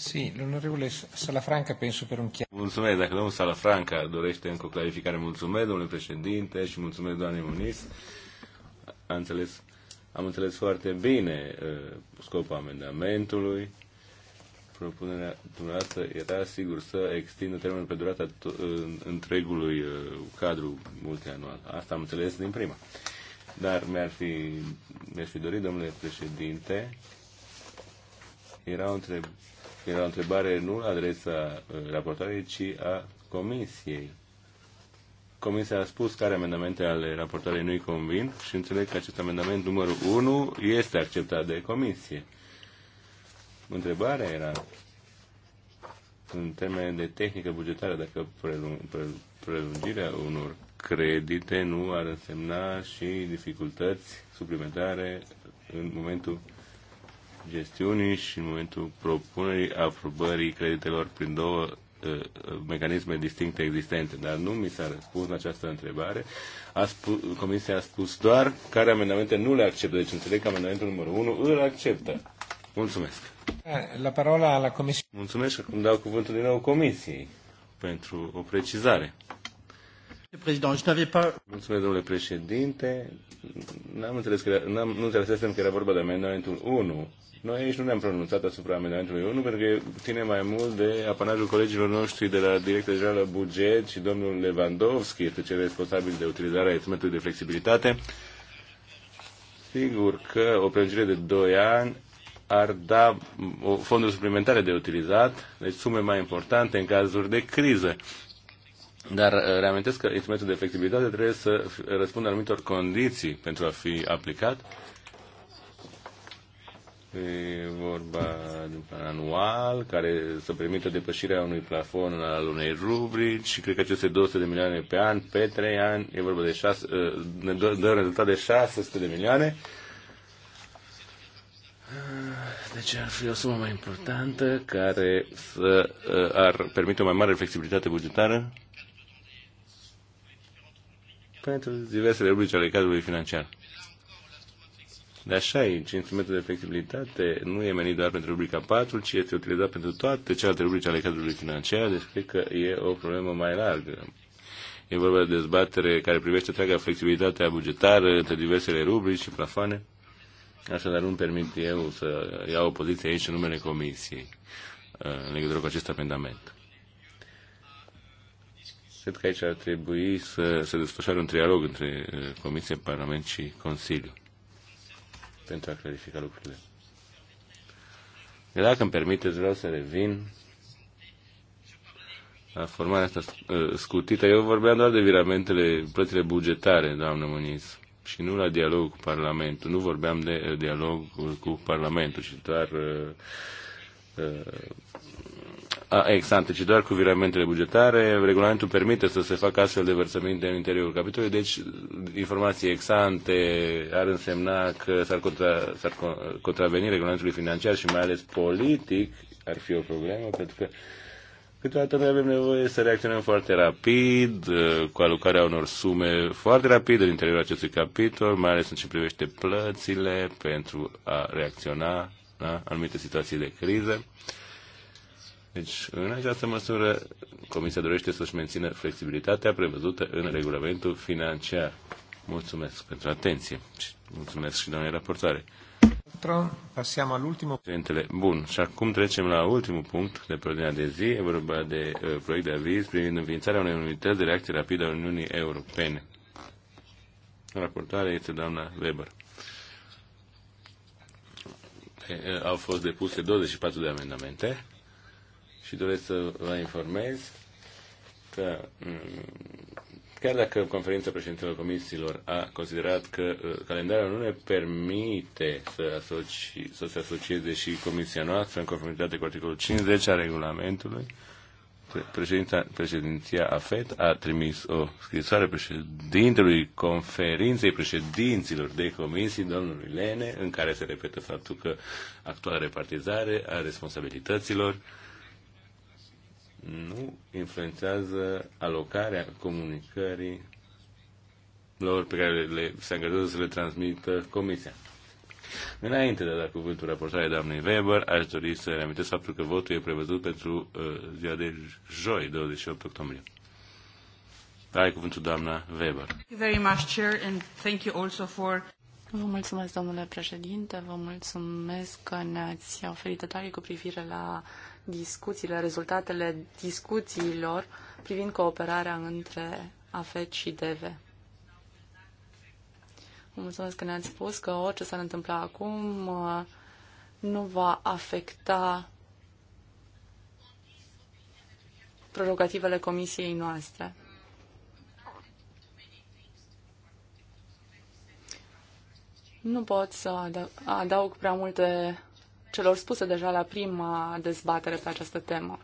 Sì, l'onorevole Salafranca penso per un chiaro. Mulțumesc, dacă domnul Salafranca dorește încă o clarificare, mulțumesc, domnule președinte, și mulțumesc, doamne Muniz. Am înțeles, am înțeles foarte bine uh, scopul amendamentului. Propunerea dumneavoastră era, sigur, să extindă termenul pe durata întregului uh, cadru multianual. Asta am înțeles din prima. Dar mi-ar fi, mi-aș fi dorit, domnule președinte, era o întrebare era o întrebare nu la adresa uh, raportoarei, ci a comisiei. Comisia a spus care amendamente ale raportoarei nu-i convin și înțeleg că acest amendament numărul 1 este acceptat de comisie. Întrebarea era în termen de tehnică bugetară, dacă prelungirea unor credite nu ar însemna și dificultăți suplimentare în momentul gestiunii și în momentul propunerii aprobării creditelor prin două uh, mecanisme distincte existente, dar nu mi s-a răspuns la această întrebare. A spus, comisia a spus doar care amendamente nu le acceptă. Deci înțeleg că amendamentul numărul 1 îl acceptă. Mulțumesc. La parola la comisie. Mulțumesc acum dau cuvântul din nou comisiei pentru o precizare domnule președinte. N-am înțeles că, n-am, nu înțelesem că era vorba de amendamentul 1. Noi aici nu ne-am pronunțat asupra amendamentului 1 pentru că ține mai mult de apanajul colegilor noștri de la Direcția Generală Buget și domnul Lewandowski este cel responsabil de utilizarea instrumentului de flexibilitate. Sigur că o prelungire de 2 ani ar da fonduri suplimentare de utilizat, deci sume mai importante în cazuri de criză. Dar uh, reamintesc că instrumentul de flexibilitate trebuie să răspundă anumitor condiții pentru a fi aplicat. E vorba de un plan anual care să permită depășirea unui plafon al unei rubrici și cred că aceste 200 de milioane pe an, pe 3 ani, e vorba de 6, ne dă, dă rezultat de 600 de milioane. Deci ar fi o sumă mai importantă care să, uh, ar permite o mai mare flexibilitate bugetară pentru diversele rubrici ale cadrului financiar. De așa aici, instrumentul de flexibilitate nu e menit doar pentru rubrica 4, ci este utilizat pentru toate celelalte rubrici ale cadrului financiar, deci cred că e o problemă mai largă. E vorba de dezbatere care privește întreaga flexibilitatea bugetară între diversele rubrici și plafoane. Așadar, nu permit eu să iau o poziție aici în numele Comisiei uh, în legătură cu acest amendament. Cred că aici ar trebui să se desfășoare un trialog între uh, Comisie, Parlament și Consiliu pentru a clarifica lucrurile. Dacă îmi permiteți, vreau să revin la formarea asta uh, scutită. Eu vorbeam doar de viramentele, plățile bugetare, doamnă Muniz, și nu la dialog cu Parlamentul. Nu vorbeam de uh, dialog cu Parlamentul, ci doar ex ante, ci doar cu viramentele bugetare. Regulamentul permite să se facă astfel de vărsăminte în interiorul capitolului, deci informații ex ante ar însemna că s-ar, contra, s-ar contraveni regulamentului financiar și mai ales politic ar fi o problemă, pentru că câteodată noi avem nevoie să reacționăm foarte rapid, uh, cu alocarea unor sume foarte rapid în interiorul acestui capitol, mai ales în ce privește plățile pentru a reacționa la anumite situații de criză. Deci, în această măsură, Comisia dorește să-și mențină flexibilitatea prevăzută în regulamentul financiar. Mulțumesc pentru atenție și mulțumesc și doamnei raportoare. Pasiam al ultimul. bun. Și acum trecem la ultimul punct de pe ordinea de zi. E vorba de uh, proiect de aviz privind înființarea unei unități de reacție rapidă a Uniunii Europene. Raportarea este doamna Weber. Pe, uh, au fost depuse 24 de amendamente și doresc să vă informez că mm, chiar dacă conferința președintelor comisiilor a considerat că uh, calendarul nu ne permite să, asoci, să se asocieze și comisia noastră în conformitate cu articolul 50 al regulamentului, președinta, președinția AFET a trimis o scrisoare președintelui conferinței președinților de comisii, domnului Lene, în care se repetă faptul că actuala repartizare a responsabilităților uh, nu influențează alocarea comunicării lor pe care le, se angajează să le transmită Comisia. Înainte de a da cuvântul raportarea doamnei Weber, aș dori să reamintesc faptul că votul e prevăzut pentru uh, ziua de joi, 28 octombrie. Ai cuvântul doamna Weber. Thank you very much, Chair, and thank you also for... Vă mulțumesc, domnule președinte, vă mulțumesc că ne-ați oferit detalii cu privire la uh, discuțiile, rezultatele discuțiilor privind cooperarea între AFET și DEVE. Vă mulțumesc că ne-ați spus că orice s-ar întâmpla acum uh, nu va afecta prerogativele comisiei noastre. Nu pot să adaug prea multe celor spuse deja la prima dezbatere pe această temă.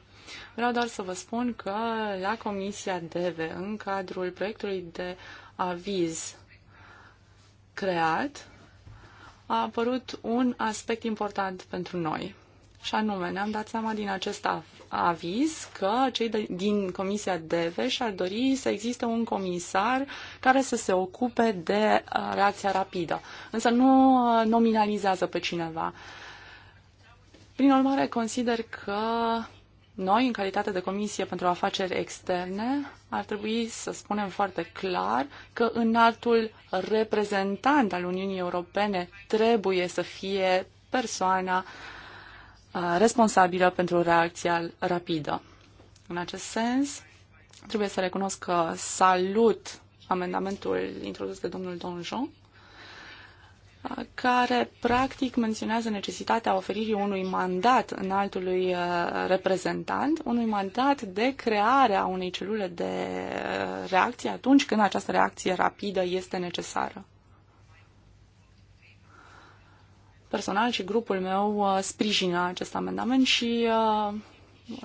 Vreau doar să vă spun că la Comisia DEVE, în cadrul proiectului de aviz creat, a apărut un aspect important pentru noi. Și anume, ne-am dat seama din acest aviz că cei de, din Comisia DEVE și-ar dori să existe un comisar care să se ocupe de uh, reacția rapidă, însă nu uh, nominalizează pe cineva. Prin urmare, consider că noi, în calitate de Comisie pentru Afaceri Externe, ar trebui să spunem foarte clar că înaltul reprezentant al Uniunii Europene trebuie să fie persoana uh, responsabilă pentru reacția rapidă. În acest sens, trebuie să recunosc că salut amendamentul introdus de domnul Donjon care practic menționează necesitatea oferirii unui mandat înaltului uh, reprezentant, unui mandat de creare a unei celule de uh, reacție atunci când această reacție rapidă este necesară. Personal și grupul meu uh, sprijină acest amendament și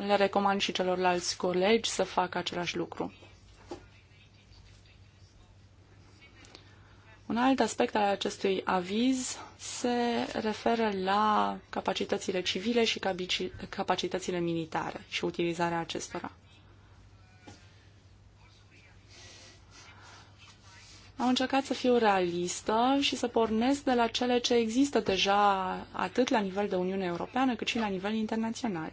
le recomand și celorlalți colegi să facă același lucru. Un alt aspect al acestui aviz se referă la capacitățile civile și capacitățile militare și utilizarea acestora. Am încercat să fiu realistă și să pornesc de la cele ce există deja atât la nivel de Uniune Europeană cât și la nivel internațional.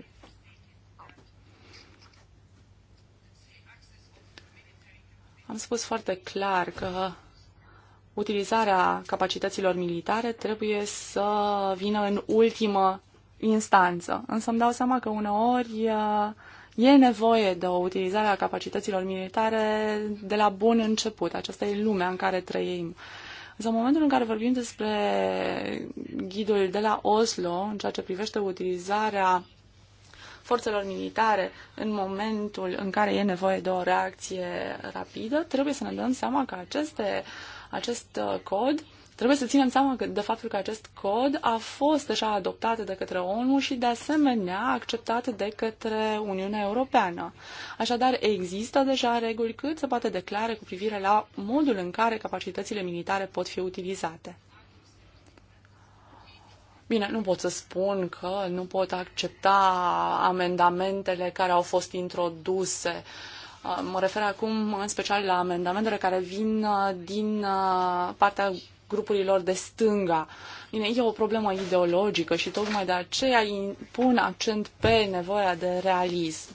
Am spus foarte clar că utilizarea capacităților militare trebuie să vină în ultimă instanță. Însă îmi dau seama că uneori uh, e nevoie de o utilizare a capacităților militare de la bun început. Aceasta e lumea în care trăim. Însă în momentul în care vorbim despre ghidul de la Oslo, în ceea ce privește utilizarea forțelor militare în momentul în care e nevoie de o reacție rapidă, trebuie să ne dăm seama că aceste uh, acest uh, cod, trebuie să ținem seama de faptul că acest cod a fost deja adoptat de către ONU și de asemenea acceptat de către Uniunea Europeană. Așadar, există deja reguli cât se poate declare cu privire la modul în care capacitățile militare pot fi utilizate. Bine, nu pot să spun că nu pot accepta amendamentele care au fost introduse uh, Uh, mă refer acum în special la amendamentele care vin uh, din uh, partea grupurilor de stânga. Bine, e o problemă ideologică și tocmai de aceea pun accent pe nevoia de realism.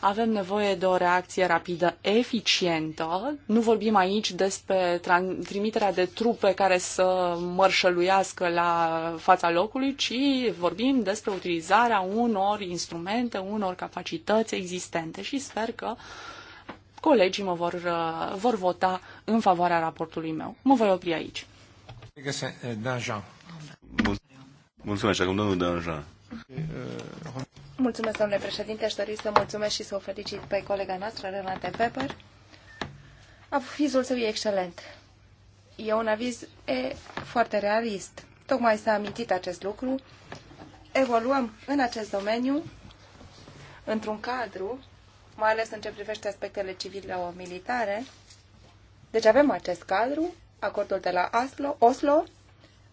Avem nevoie de o reacție rapidă, eficientă. Nu vorbim aici despre trimiterea de trupe care să mărșăluiască la fața locului, ci vorbim despre utilizarea unor instrumente, unor capacități existente și sper că uh, colegii mă vor, uh, vor vota în favoarea raportului meu. Mă voi opri aici. Mulțumesc, acum domnul Danjean. Mulțumesc, domnule președinte. Aș dori să mulțumesc și să o felicit pe colega noastră, Renate Pepper. Avizul său e excelent. E un aviz e, foarte realist. Tocmai s-a amintit acest lucru. Evoluăm în acest domeniu într-un cadru mai ales în ce privește aspectele civile-militare. Deci avem acest cadru, acordul de la Oslo, Oslo,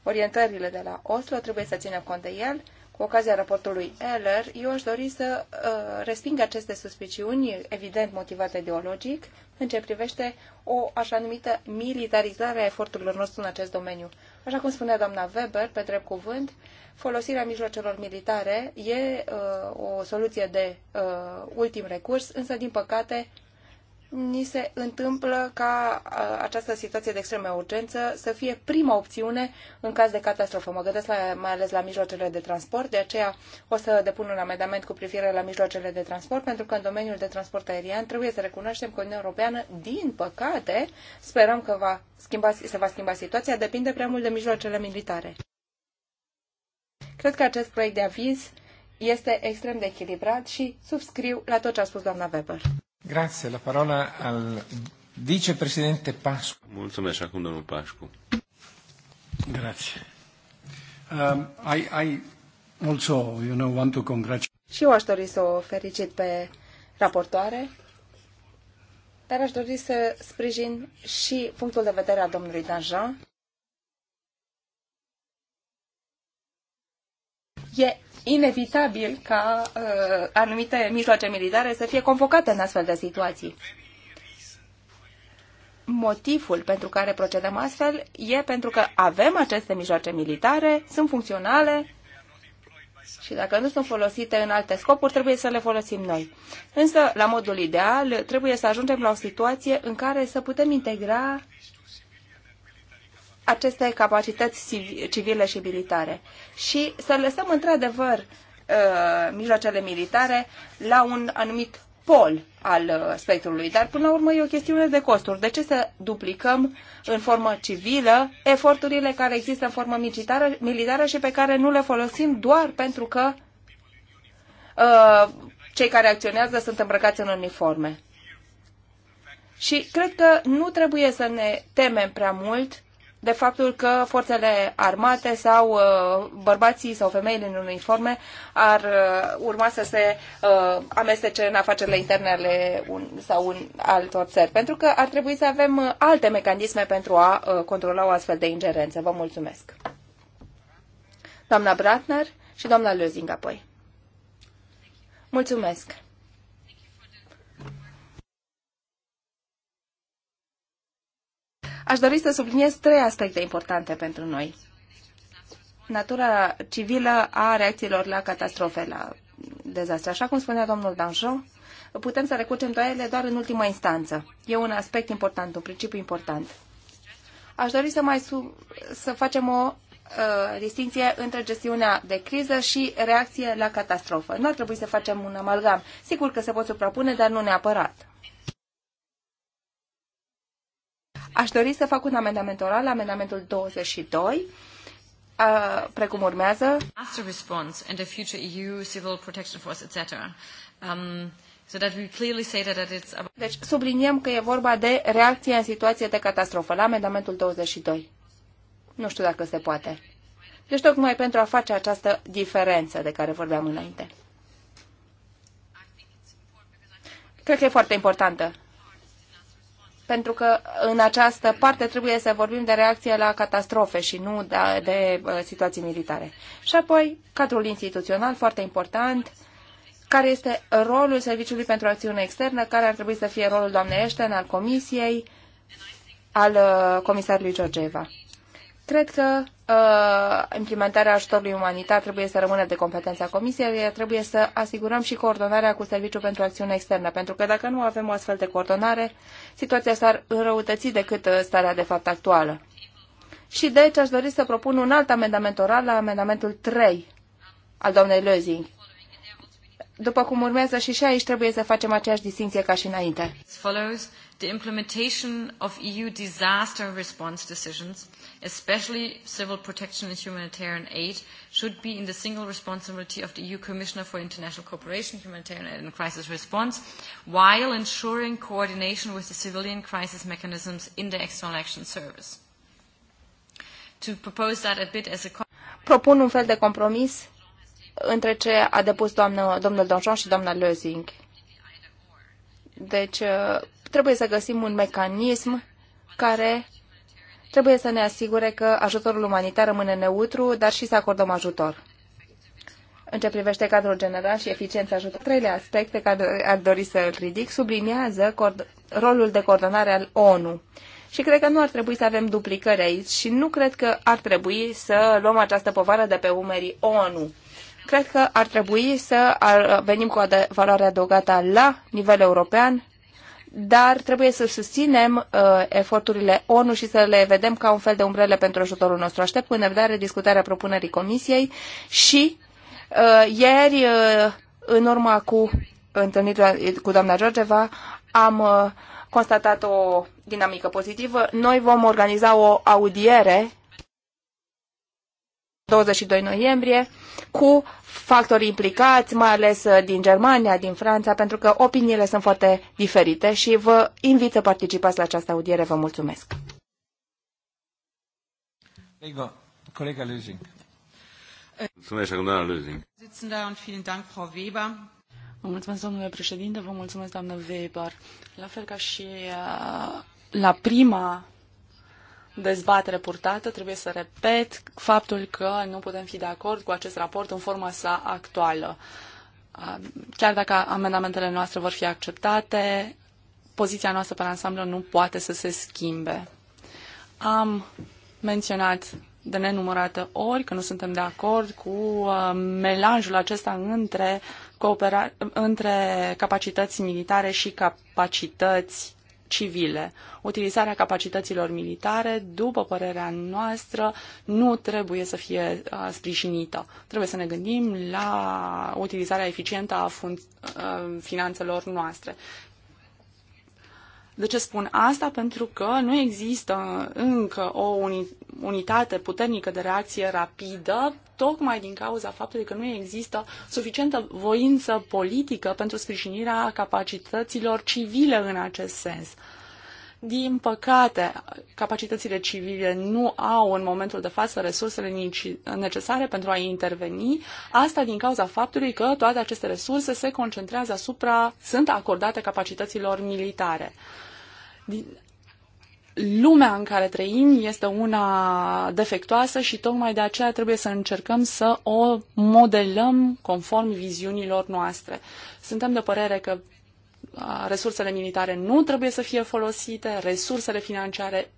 orientările de la Oslo, trebuie să ținem cont de el. Cu ocazia raportului Eller, eu aș dori să uh, resping aceste suspiciuni, evident motivate ideologic, în ce privește o așa numită militarizare a eforturilor noastre în acest domeniu. Așa cum spunea doamna Weber, pe drept cuvânt, folosirea mijloacelor militare e uh, o soluție de uh, ultim recurs, însă, din păcate, ni se întâmplă ca această situație de extremă urgență să fie prima opțiune în caz de catastrofă. Mă gândesc la, mai ales la mijloacele de transport, de aceea o să depun un amendament cu privire la mijloacele de transport, pentru că în domeniul de transport aerian trebuie să recunoaștem că Uniunea Europeană, din păcate, sperăm că va schimba, se va schimba situația, depinde prea mult de mijloacele militare. Cred că acest proiect de aviz este extrem de echilibrat și subscriu la tot ce a spus doamna Weber. Grazie, la parola al vicepreședinte Pascu. Mulțumesc acum domnul Pascu. Grazie. Um, I, I also, you know, want to congratulate... Și eu aș dori să o felicit pe raportoare, dar aș dori să sprijin și punctul de vedere al domnului Danjean. E inevitabil ca uh, anumite mijloace militare să fie convocate în astfel de situații. Motivul pentru care procedăm astfel e pentru că avem aceste mijloace militare, sunt funcționale și dacă nu sunt folosite în alte scopuri, trebuie să le folosim noi. Însă, la modul ideal, trebuie să ajungem la o situație în care să putem integra aceste capacități civile și militare și să lăsăm într-adevăr uh, mijloacele militare la un anumit pol al uh, spectrului, dar până la urmă e o chestiune de costuri. De ce să duplicăm în formă civilă eforturile care există în formă militară, militară și pe care nu le folosim doar pentru că uh, cei care acționează sunt îmbrăcați în uniforme? Și cred că nu trebuie să ne temem prea mult de faptul că forțele armate sau uh, bărbații sau femeile în uniforme ar uh, urma să se uh, amestece în afacerile interne ale un, sau un altor țări, pentru că ar trebui să avem uh, alte mecanisme pentru a uh, controla o astfel de ingerență. Vă mulțumesc. Doamna Bratner și doamna Lözing apoi. Mulțumesc. Aș dori să subliniez trei aspecte importante pentru noi. Natura civilă a reacțiilor la catastrofe, la dezastre. Așa cum spunea domnul Danjou, putem să recurgem la ele doar în ultima instanță. E un aspect important, un principiu important. Aș dori să mai sub, să facem o uh, distinție între gestiunea de criză și reacție la catastrofă. Nu ar trebui să facem un amalgam. Sigur că se pot suprapune, dar nu neapărat. Aș dori să fac un amendament oral, amendamentul 22, uh, precum urmează. Master response and a future EU civil protection force, etc. Um, so that we clearly say that it's about... Deci subliniem că e vorba de reacție în situație de catastrofă, la amendamentul 22. Nu știu dacă se poate. Deci tocmai pentru a face această diferență de care vorbeam înainte. Cred că e foarte importantă, pentru că în această parte trebuie să vorbim de reacție la catastrofe și nu da, de, de uh, situații militare. Și apoi, cadrul instituțional, foarte important, care este rolul Serviciului pentru Acțiune Externă, care ar trebui să fie rolul doamnei Eșten al Comisiei, al uh, comisarului Georgeva. Cred că uh, implementarea ajutorului umanitar trebuie să rămână de competența Comisiei, iar trebuie să asigurăm și coordonarea cu Serviciul pentru Acțiune Externă, pentru că dacă nu avem o astfel de coordonare, situația s-ar înrăutăți decât uh, starea de fapt actuală. Și deci aș dori să propun un alt amendament oral la amendamentul 3 al doamnei Lözing. După cum urmează și și aici trebuie să facem aceeași distinție ca și înainte. the implementation of EU disaster response decisions especially civil protection and humanitarian aid, should be in the single responsibility of the EU Commissioner for International Cooperation, Humanitarian Aid and Crisis Response, while ensuring coordination with the civilian crisis mechanisms in the External Action Service. To propose that a bit as a Propun un fel de compromis între ce a depus doamnă, domnul Donjon și doamna Lözing. Deci, uh, trebuie să găsim un mecanism care trebuie să ne asigure că ajutorul umanitar rămâne neutru, dar și să acordăm ajutor. În ce privește cadrul general și eficiența ajutorului, treile aspecte care ar dori să îl ridic subliniază rolul de coordonare al ONU. Și cred că nu ar trebui să avem duplicări aici și nu cred că ar trebui să luăm această povară de pe umerii ONU. Cred că ar trebui să venim cu o valoare adăugată la nivel european dar trebuie să susținem uh, eforturile ONU și să le vedem ca un fel de umbrele pentru ajutorul nostru. Aștept cu nerăbdare discutarea propunerii Comisiei și uh, ieri, uh, în urma cu întâlnirea cu doamna Georgeva, am uh, constatat o dinamică pozitivă. Noi vom organiza o audiere 22 noiembrie cu factori implicați, mai ales uh, din Germania, din Franța, pentru că opiniile sunt foarte diferite și vă invit să participați la această audiere. Vă mulțumesc. Lego, colega Lösing. Mulțumesc, doamna Lösing. Vă mulțumesc, domnule președinte, vă mulțumesc, doamnă Weber. La fel ca și uh, la prima dezbatere purtată, trebuie să repet faptul că nu putem fi de acord cu acest raport în forma sa actuală. Chiar dacă amendamentele noastre vor fi acceptate, poziția noastră pe ansamblu nu poate să se schimbe. Am menționat de nenumărate ori că nu suntem de acord cu melanjul acesta între, între capacități militare și capacități civile. Utilizarea capacităților militare, după părerea noastră, nu trebuie să fie uh, sprijinită. Trebuie să ne gândim la utilizarea eficientă a uh, finanțelor noastre. De ce spun asta? Pentru că nu există încă o unitate puternică de reacție rapidă, tocmai din cauza faptului că nu există suficientă voință politică pentru sprijinirea capacităților civile în acest sens. Din păcate, capacitățile civile nu au în momentul de față resursele necesare pentru a interveni, asta din cauza faptului că toate aceste resurse se concentrează asupra, sunt acordate capacităților militare lumea în care trăim este una defectoasă și tocmai de aceea trebuie să încercăm să o modelăm conform viziunilor noastre. Suntem de părere că resursele militare nu trebuie să fie folosite, resursele financiare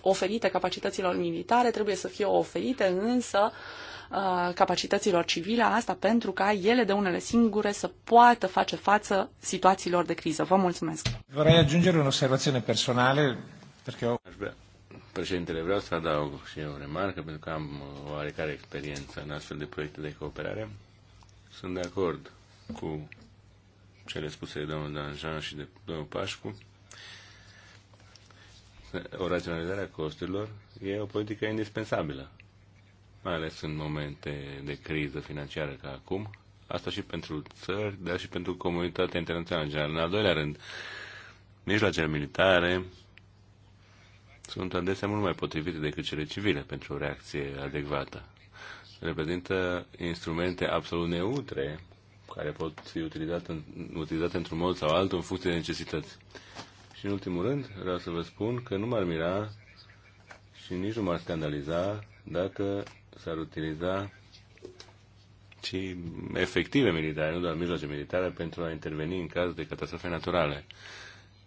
oferite capacităților militare trebuie să fie oferite însă uh, Uh, capacităților civile, asta pentru ca ele de unele singure să poată face față situațiilor de criză. Vă mulțumesc! Vorrei aggiungere un'osservazione personale, perché ho... Președintele, vreau să adaug și eu o remarcă, pentru că am oarecare experiență în astfel de proiecte de cooperare. Sunt de acord cu cele spuse de domnul Danjean și de domnul Pașcu. O raționalizare a costurilor e o politică indispensabilă mai ales în momente de criză financiară ca acum. Asta și pentru țări, dar și pentru comunitatea internațională în general. În al doilea rând, mijloacele militare sunt adesea mult mai potrivite decât cele civile pentru o reacție adecvată. Reprezintă instrumente absolut neutre care pot fi utilizate, utilizate într-un mod sau altul în funcție de necesități. Și în ultimul rând, vreau să vă spun că nu m-ar mira și nici nu m-ar scandaliza dacă s-ar utiliza ci efective militare, nu doar mijloace militare, pentru a interveni în caz de catastrofe naturale.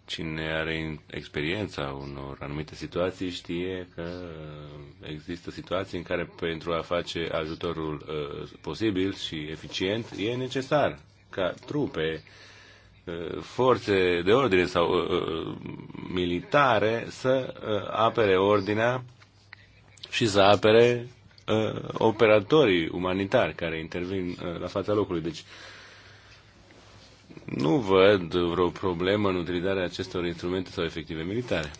Cine are experiența unor anumite situații știe că uh, există situații în care pentru a face ajutorul uh, posibil și eficient e necesar ca trupe, uh, forțe de ordine sau uh, uh militare să uh, apere ordinea și să apere uh, operatorii umanitari care intervin uh, la fața locului. Deci nu văd vreo problemă în utilizarea acestor instrumente sau efective militare.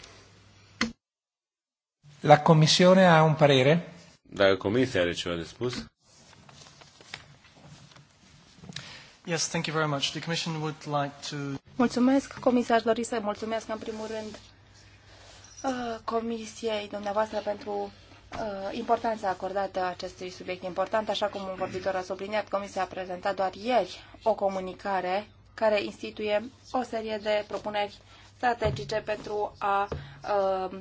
La Comisiune a un parere. Dacă Comisia are ceva de spus. Yes, thank you very much. The Commission would like to... Mulțumesc, Comisia, aș dori să mulțumesc în primul rând uh, Comisiei dumneavoastră pentru Uh, importanța acordată acestui subiect important. Așa cum un vorbitor a subliniat, Comisia a prezentat doar ieri o comunicare care instituie o serie de propuneri strategice pentru a uh,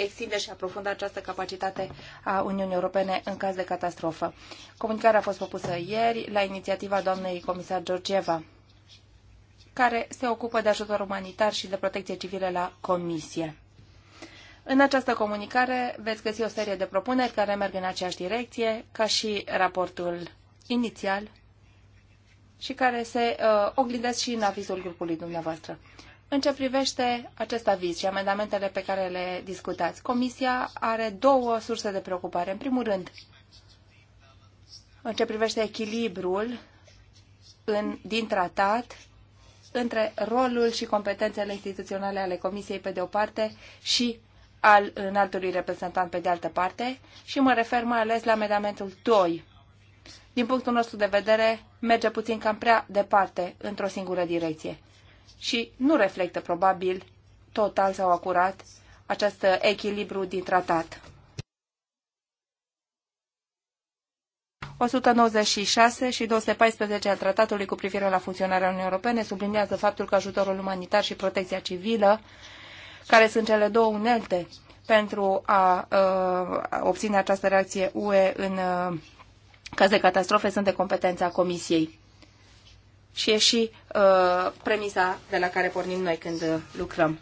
extinde și aprofunda această capacitate a Uniunii Europene în caz de catastrofă. Comunicarea a fost propusă ieri la inițiativa doamnei comisar Georgieva, care se ocupă de ajutor umanitar și de protecție civilă la Comisie. În această comunicare veți găsi o serie de propuneri care merg în aceeași direcție, ca și raportul inițial și care se uh, oglindesc și în avizul grupului dumneavoastră. În ce privește acest aviz și amendamentele pe care le discutați, Comisia are două surse de preocupare. În primul rând, în ce privește echilibrul în, din tratat între rolul și competențele instituționale ale Comisiei pe de o parte și al înaltului reprezentant pe de altă parte și mă refer mai ales la amendamentul 2. Din punctul nostru de vedere, merge puțin cam prea departe într-o singură direcție și nu reflectă probabil total sau acurat acest echilibru din tratat. 196 și 214 al Tratatului cu privire la funcționarea Uniunii Europene subliniază faptul că ajutorul umanitar și protecția civilă care sunt cele două unelte pentru a, uh, obține această reacție UE în uh, caz de catastrofe sunt de competența Comisiei. Și e și uh, premisa de la care pornim noi când lucrăm.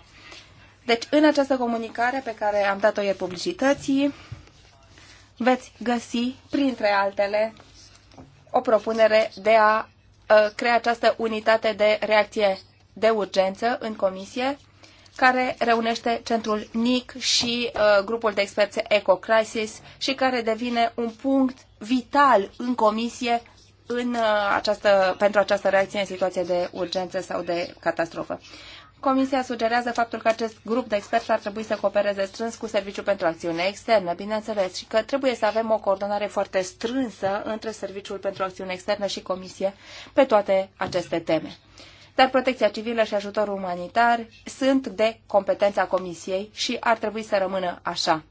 Deci, în această comunicare pe care am dat-o ieri publicității, veți găsi, printre altele, o propunere de a uh, crea această unitate de reacție de urgență în comisie, care reunește centrul NIC și uh, grupul de experți EcoCrisis și care devine un punct vital în comisie în, uh, această, pentru această reacție în situație de urgență sau de catastrofă. Comisia sugerează faptul că acest grup de experți ar trebui să coopereze strâns cu Serviciul pentru Acțiune Externă, bineînțeles, și că trebuie să avem o coordonare foarte strânsă între Serviciul pentru Acțiune Externă și Comisie pe toate aceste teme dar protecția civilă și ajutorul umanitar sunt de competența Comisiei și ar trebui să rămână așa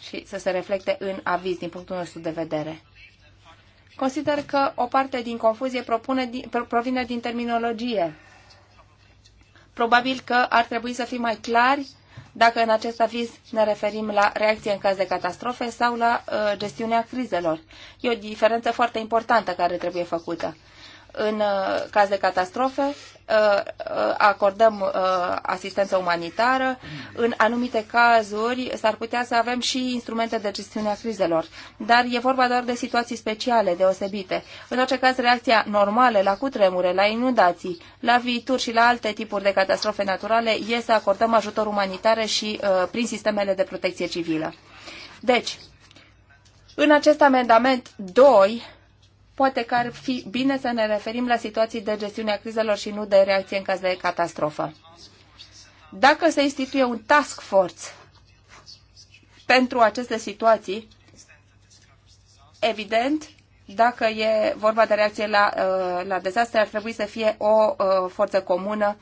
și să se reflecte în aviz din punctul nostru de vedere. Consider că o parte din confuzie propune, provine din terminologie. Probabil că ar trebui să fim mai clari dacă în acest aviz ne referim la reacție în caz de catastrofe sau la uh, gestiunea crizelor. E o diferență foarte importantă care trebuie făcută în uh, caz de catastrofe uh, uh, acordăm asistență umanitară. În anumite cazuri s-ar putea să avem și instrumente de gestiune a crizelor, dar e vorba doar de situații speciale, deosebite. În orice caz, reacția normală la cutremure, la inundații, la viituri și la alte tipuri de catastrofe naturale e să acordăm ajutor umanitar și prin sistemele de protecție civilă. Deci, în acest amendament 2, poate că ar fi bine să ne referim la situații de gestiune a crizelor și nu de reacție în caz de catastrofă. Dacă se instituie un task force pentru aceste situații, evident, dacă e vorba de reacție la, uh, la dezastre, ar trebui să fie o uh, forță comună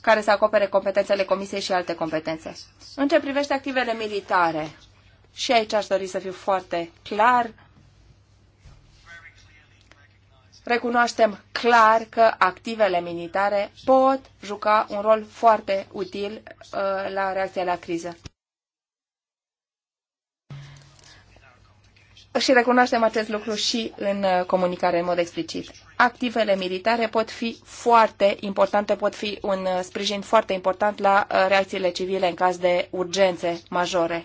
care să acopere competențele Comisiei și alte competențe. În ce privește activele militare, și aici aș dori să fiu foarte clar, recunoaștem clar că activele militare pot juca un rol foarte util uh, la reacția la criză. Și recunoaștem acest lucru și în uh, comunicare în mod explicit. Activele militare pot fi foarte importante, pot fi un uh, sprijin foarte important la reacțiile civile în caz de urgențe majore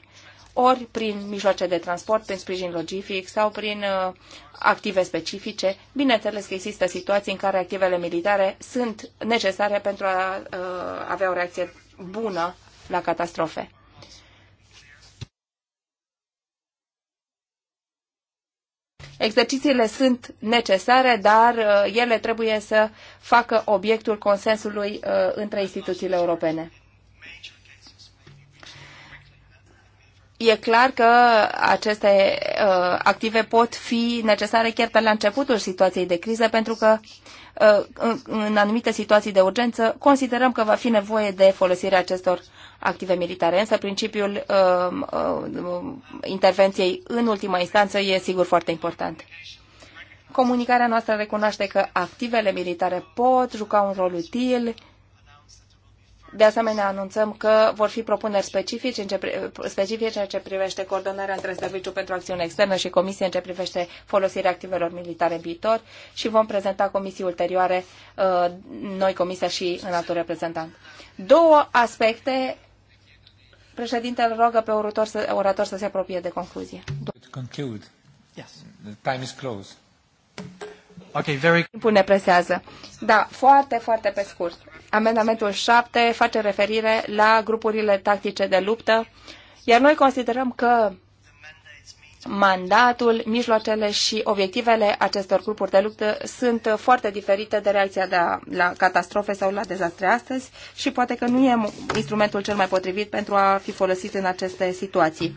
ori prin mijloace de transport, prin sprijin logific sau prin uh, active specifice. Bineînțeles că există situații în care activele militare sunt necesare pentru a uh, avea o reacție bună la catastrofe. Exercițiile sunt necesare, dar uh, ele trebuie să facă obiectul consensului între instituțiile europene. E clar că aceste uh, active pot fi necesare chiar pe la începutul situației de criză, pentru că uh, în, în anumite situații de urgență considerăm că va fi nevoie de folosirea acestor active militare. Însă principiul uh, uh, intervenției în ultima instanță e sigur foarte important. Comunicarea noastră recunoaște că activele militare pot juca un rol util de asemenea, anunțăm că vor fi propuneri specifice în ce, specifice în ce privește coordonarea între Serviciul pentru Acțiune Externă și Comisie în ce privește folosirea activelor militare în viitor și vom prezenta comisii ulterioare, uh, noi comisia și în altul reprezentant. Două aspecte Președintele rogă pe orator să, orator să se apropie de concluzie. Conclude. Yes. The time is closed. Okay, very... Timpul ne presează. Da, foarte, foarte pe scurt. Amendamentul 7 face referire la grupurile tactice de luptă, iar noi considerăm că mandatul, mijloacele și obiectivele acestor grupuri de luptă sunt foarte diferite de reacția de a, la catastrofe sau la dezastre astăzi și poate că nu e instrumentul cel mai potrivit pentru a fi folosit în aceste situații.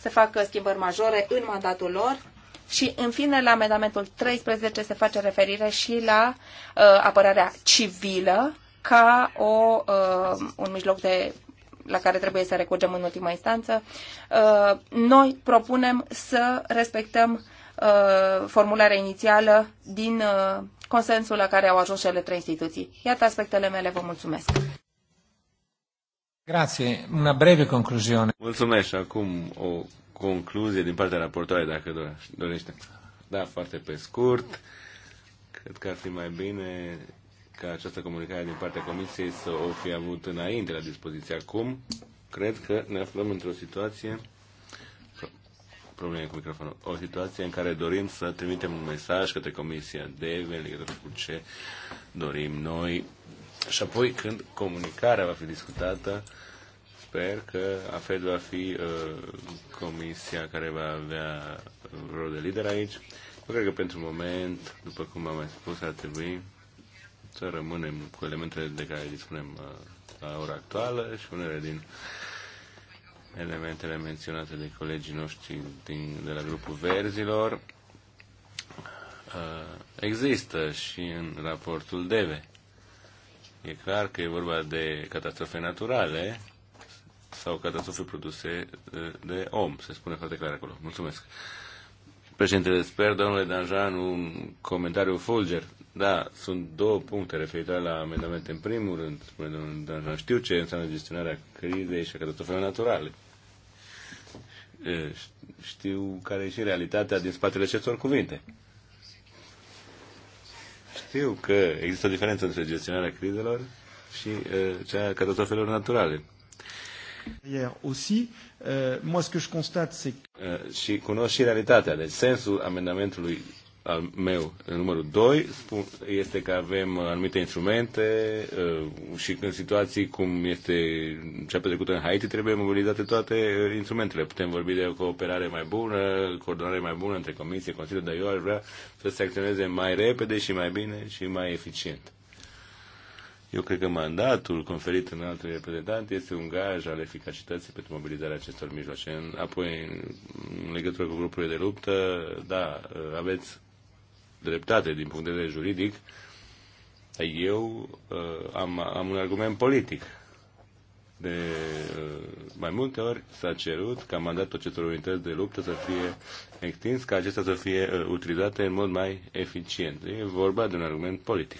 Se fac uh, schimbări majore în mandatul lor și, în fine, la amendamentul 13 se face referire și la uh, apărarea civilă, ca o, uh, un mijloc de la care trebuie să recurgem în ultima instanță. Uh, noi propunem să respectăm uh, formularea inițială din uh, consensul la care au ajuns cele trei instituții. Iată aspectele mele, vă mulțumesc. Grazie. Una breve concluzione. Mulțumesc. Acum o concluzie din partea raportoarei, dacă dorește. Da, foarte pe scurt. Cred că ar fi mai bine ca această comunicare din partea Comisiei să o fi avut înainte la dispoziție. Acum, cred că ne aflăm într-o situație probleme cu microfonul. O situație în care dorim să trimitem un mesaj către Comisia DEVE în legătură cu ce dorim noi. Și apoi, când comunicarea va fi discutată, sper că AFED va fi uh, comisia care va avea rol de lider aici. Eu cred că pentru moment, după cum am mai spus, ar trebui să rămânem cu elementele de care dispunem uh, la ora actuală și unele din elementele menționate de colegii noștri din, de la grupul Verzilor uh, există și în raportul DEVE. E clar că e vorba de catastrofe naturale sau catastrofe produse uh, de om, se spune foarte clar acolo. Mulțumesc. Președintele, sper, domnule Danjan, un comentariu fulger. Da, sunt două puncte referitoare la amendamente. În primul rând, spune domnul Danjan, știu ce înseamnă gestionarea crizei și a catastrofelor naturale. Știu care e și realitatea din spatele acestor cuvinte. Știu că există o diferență între gestionarea crizelor și cea a catastrofelor naturale. aussi, uh, moi ce que je constate, c'est que... Uh, și cunosc și realitatea, deci sensul amendamentului al meu, numărul 2, este că avem anumite instrumente uh, și în situații cum este cea petrecută în Haiti, trebuie mobilizate toate uh, instrumentele. Putem vorbi de o cooperare mai bună, coordonare mai bună între Comisie, Consiliu, dar eu aș vrea să se acționeze mai repede și mai bine și mai eficient. Eu cred că mandatul conferit în altul reprezentant este un gaj al eficacității pentru mobilizarea acestor mijloace. Apoi, în legătură cu grupurile de luptă, da, uh, aveți dreptate din punct de vedere juridic, eu uh, am, am un argument politic. De uh, mai multe ori s-a cerut ca mandatul acestor unități de luptă să fie extins, ca acestea să fie uh, utilizate în mod mai eficient. E vorba de un argument politic.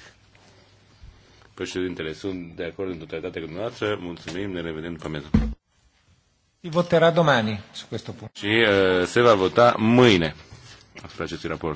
Președintele, sunt de acord în totalitate cu dumneavoastră. Mulțumim, ne revedem după amiază. Si voterà domani su questo punto. Și uh, se va vota mâine asupra acestui raport.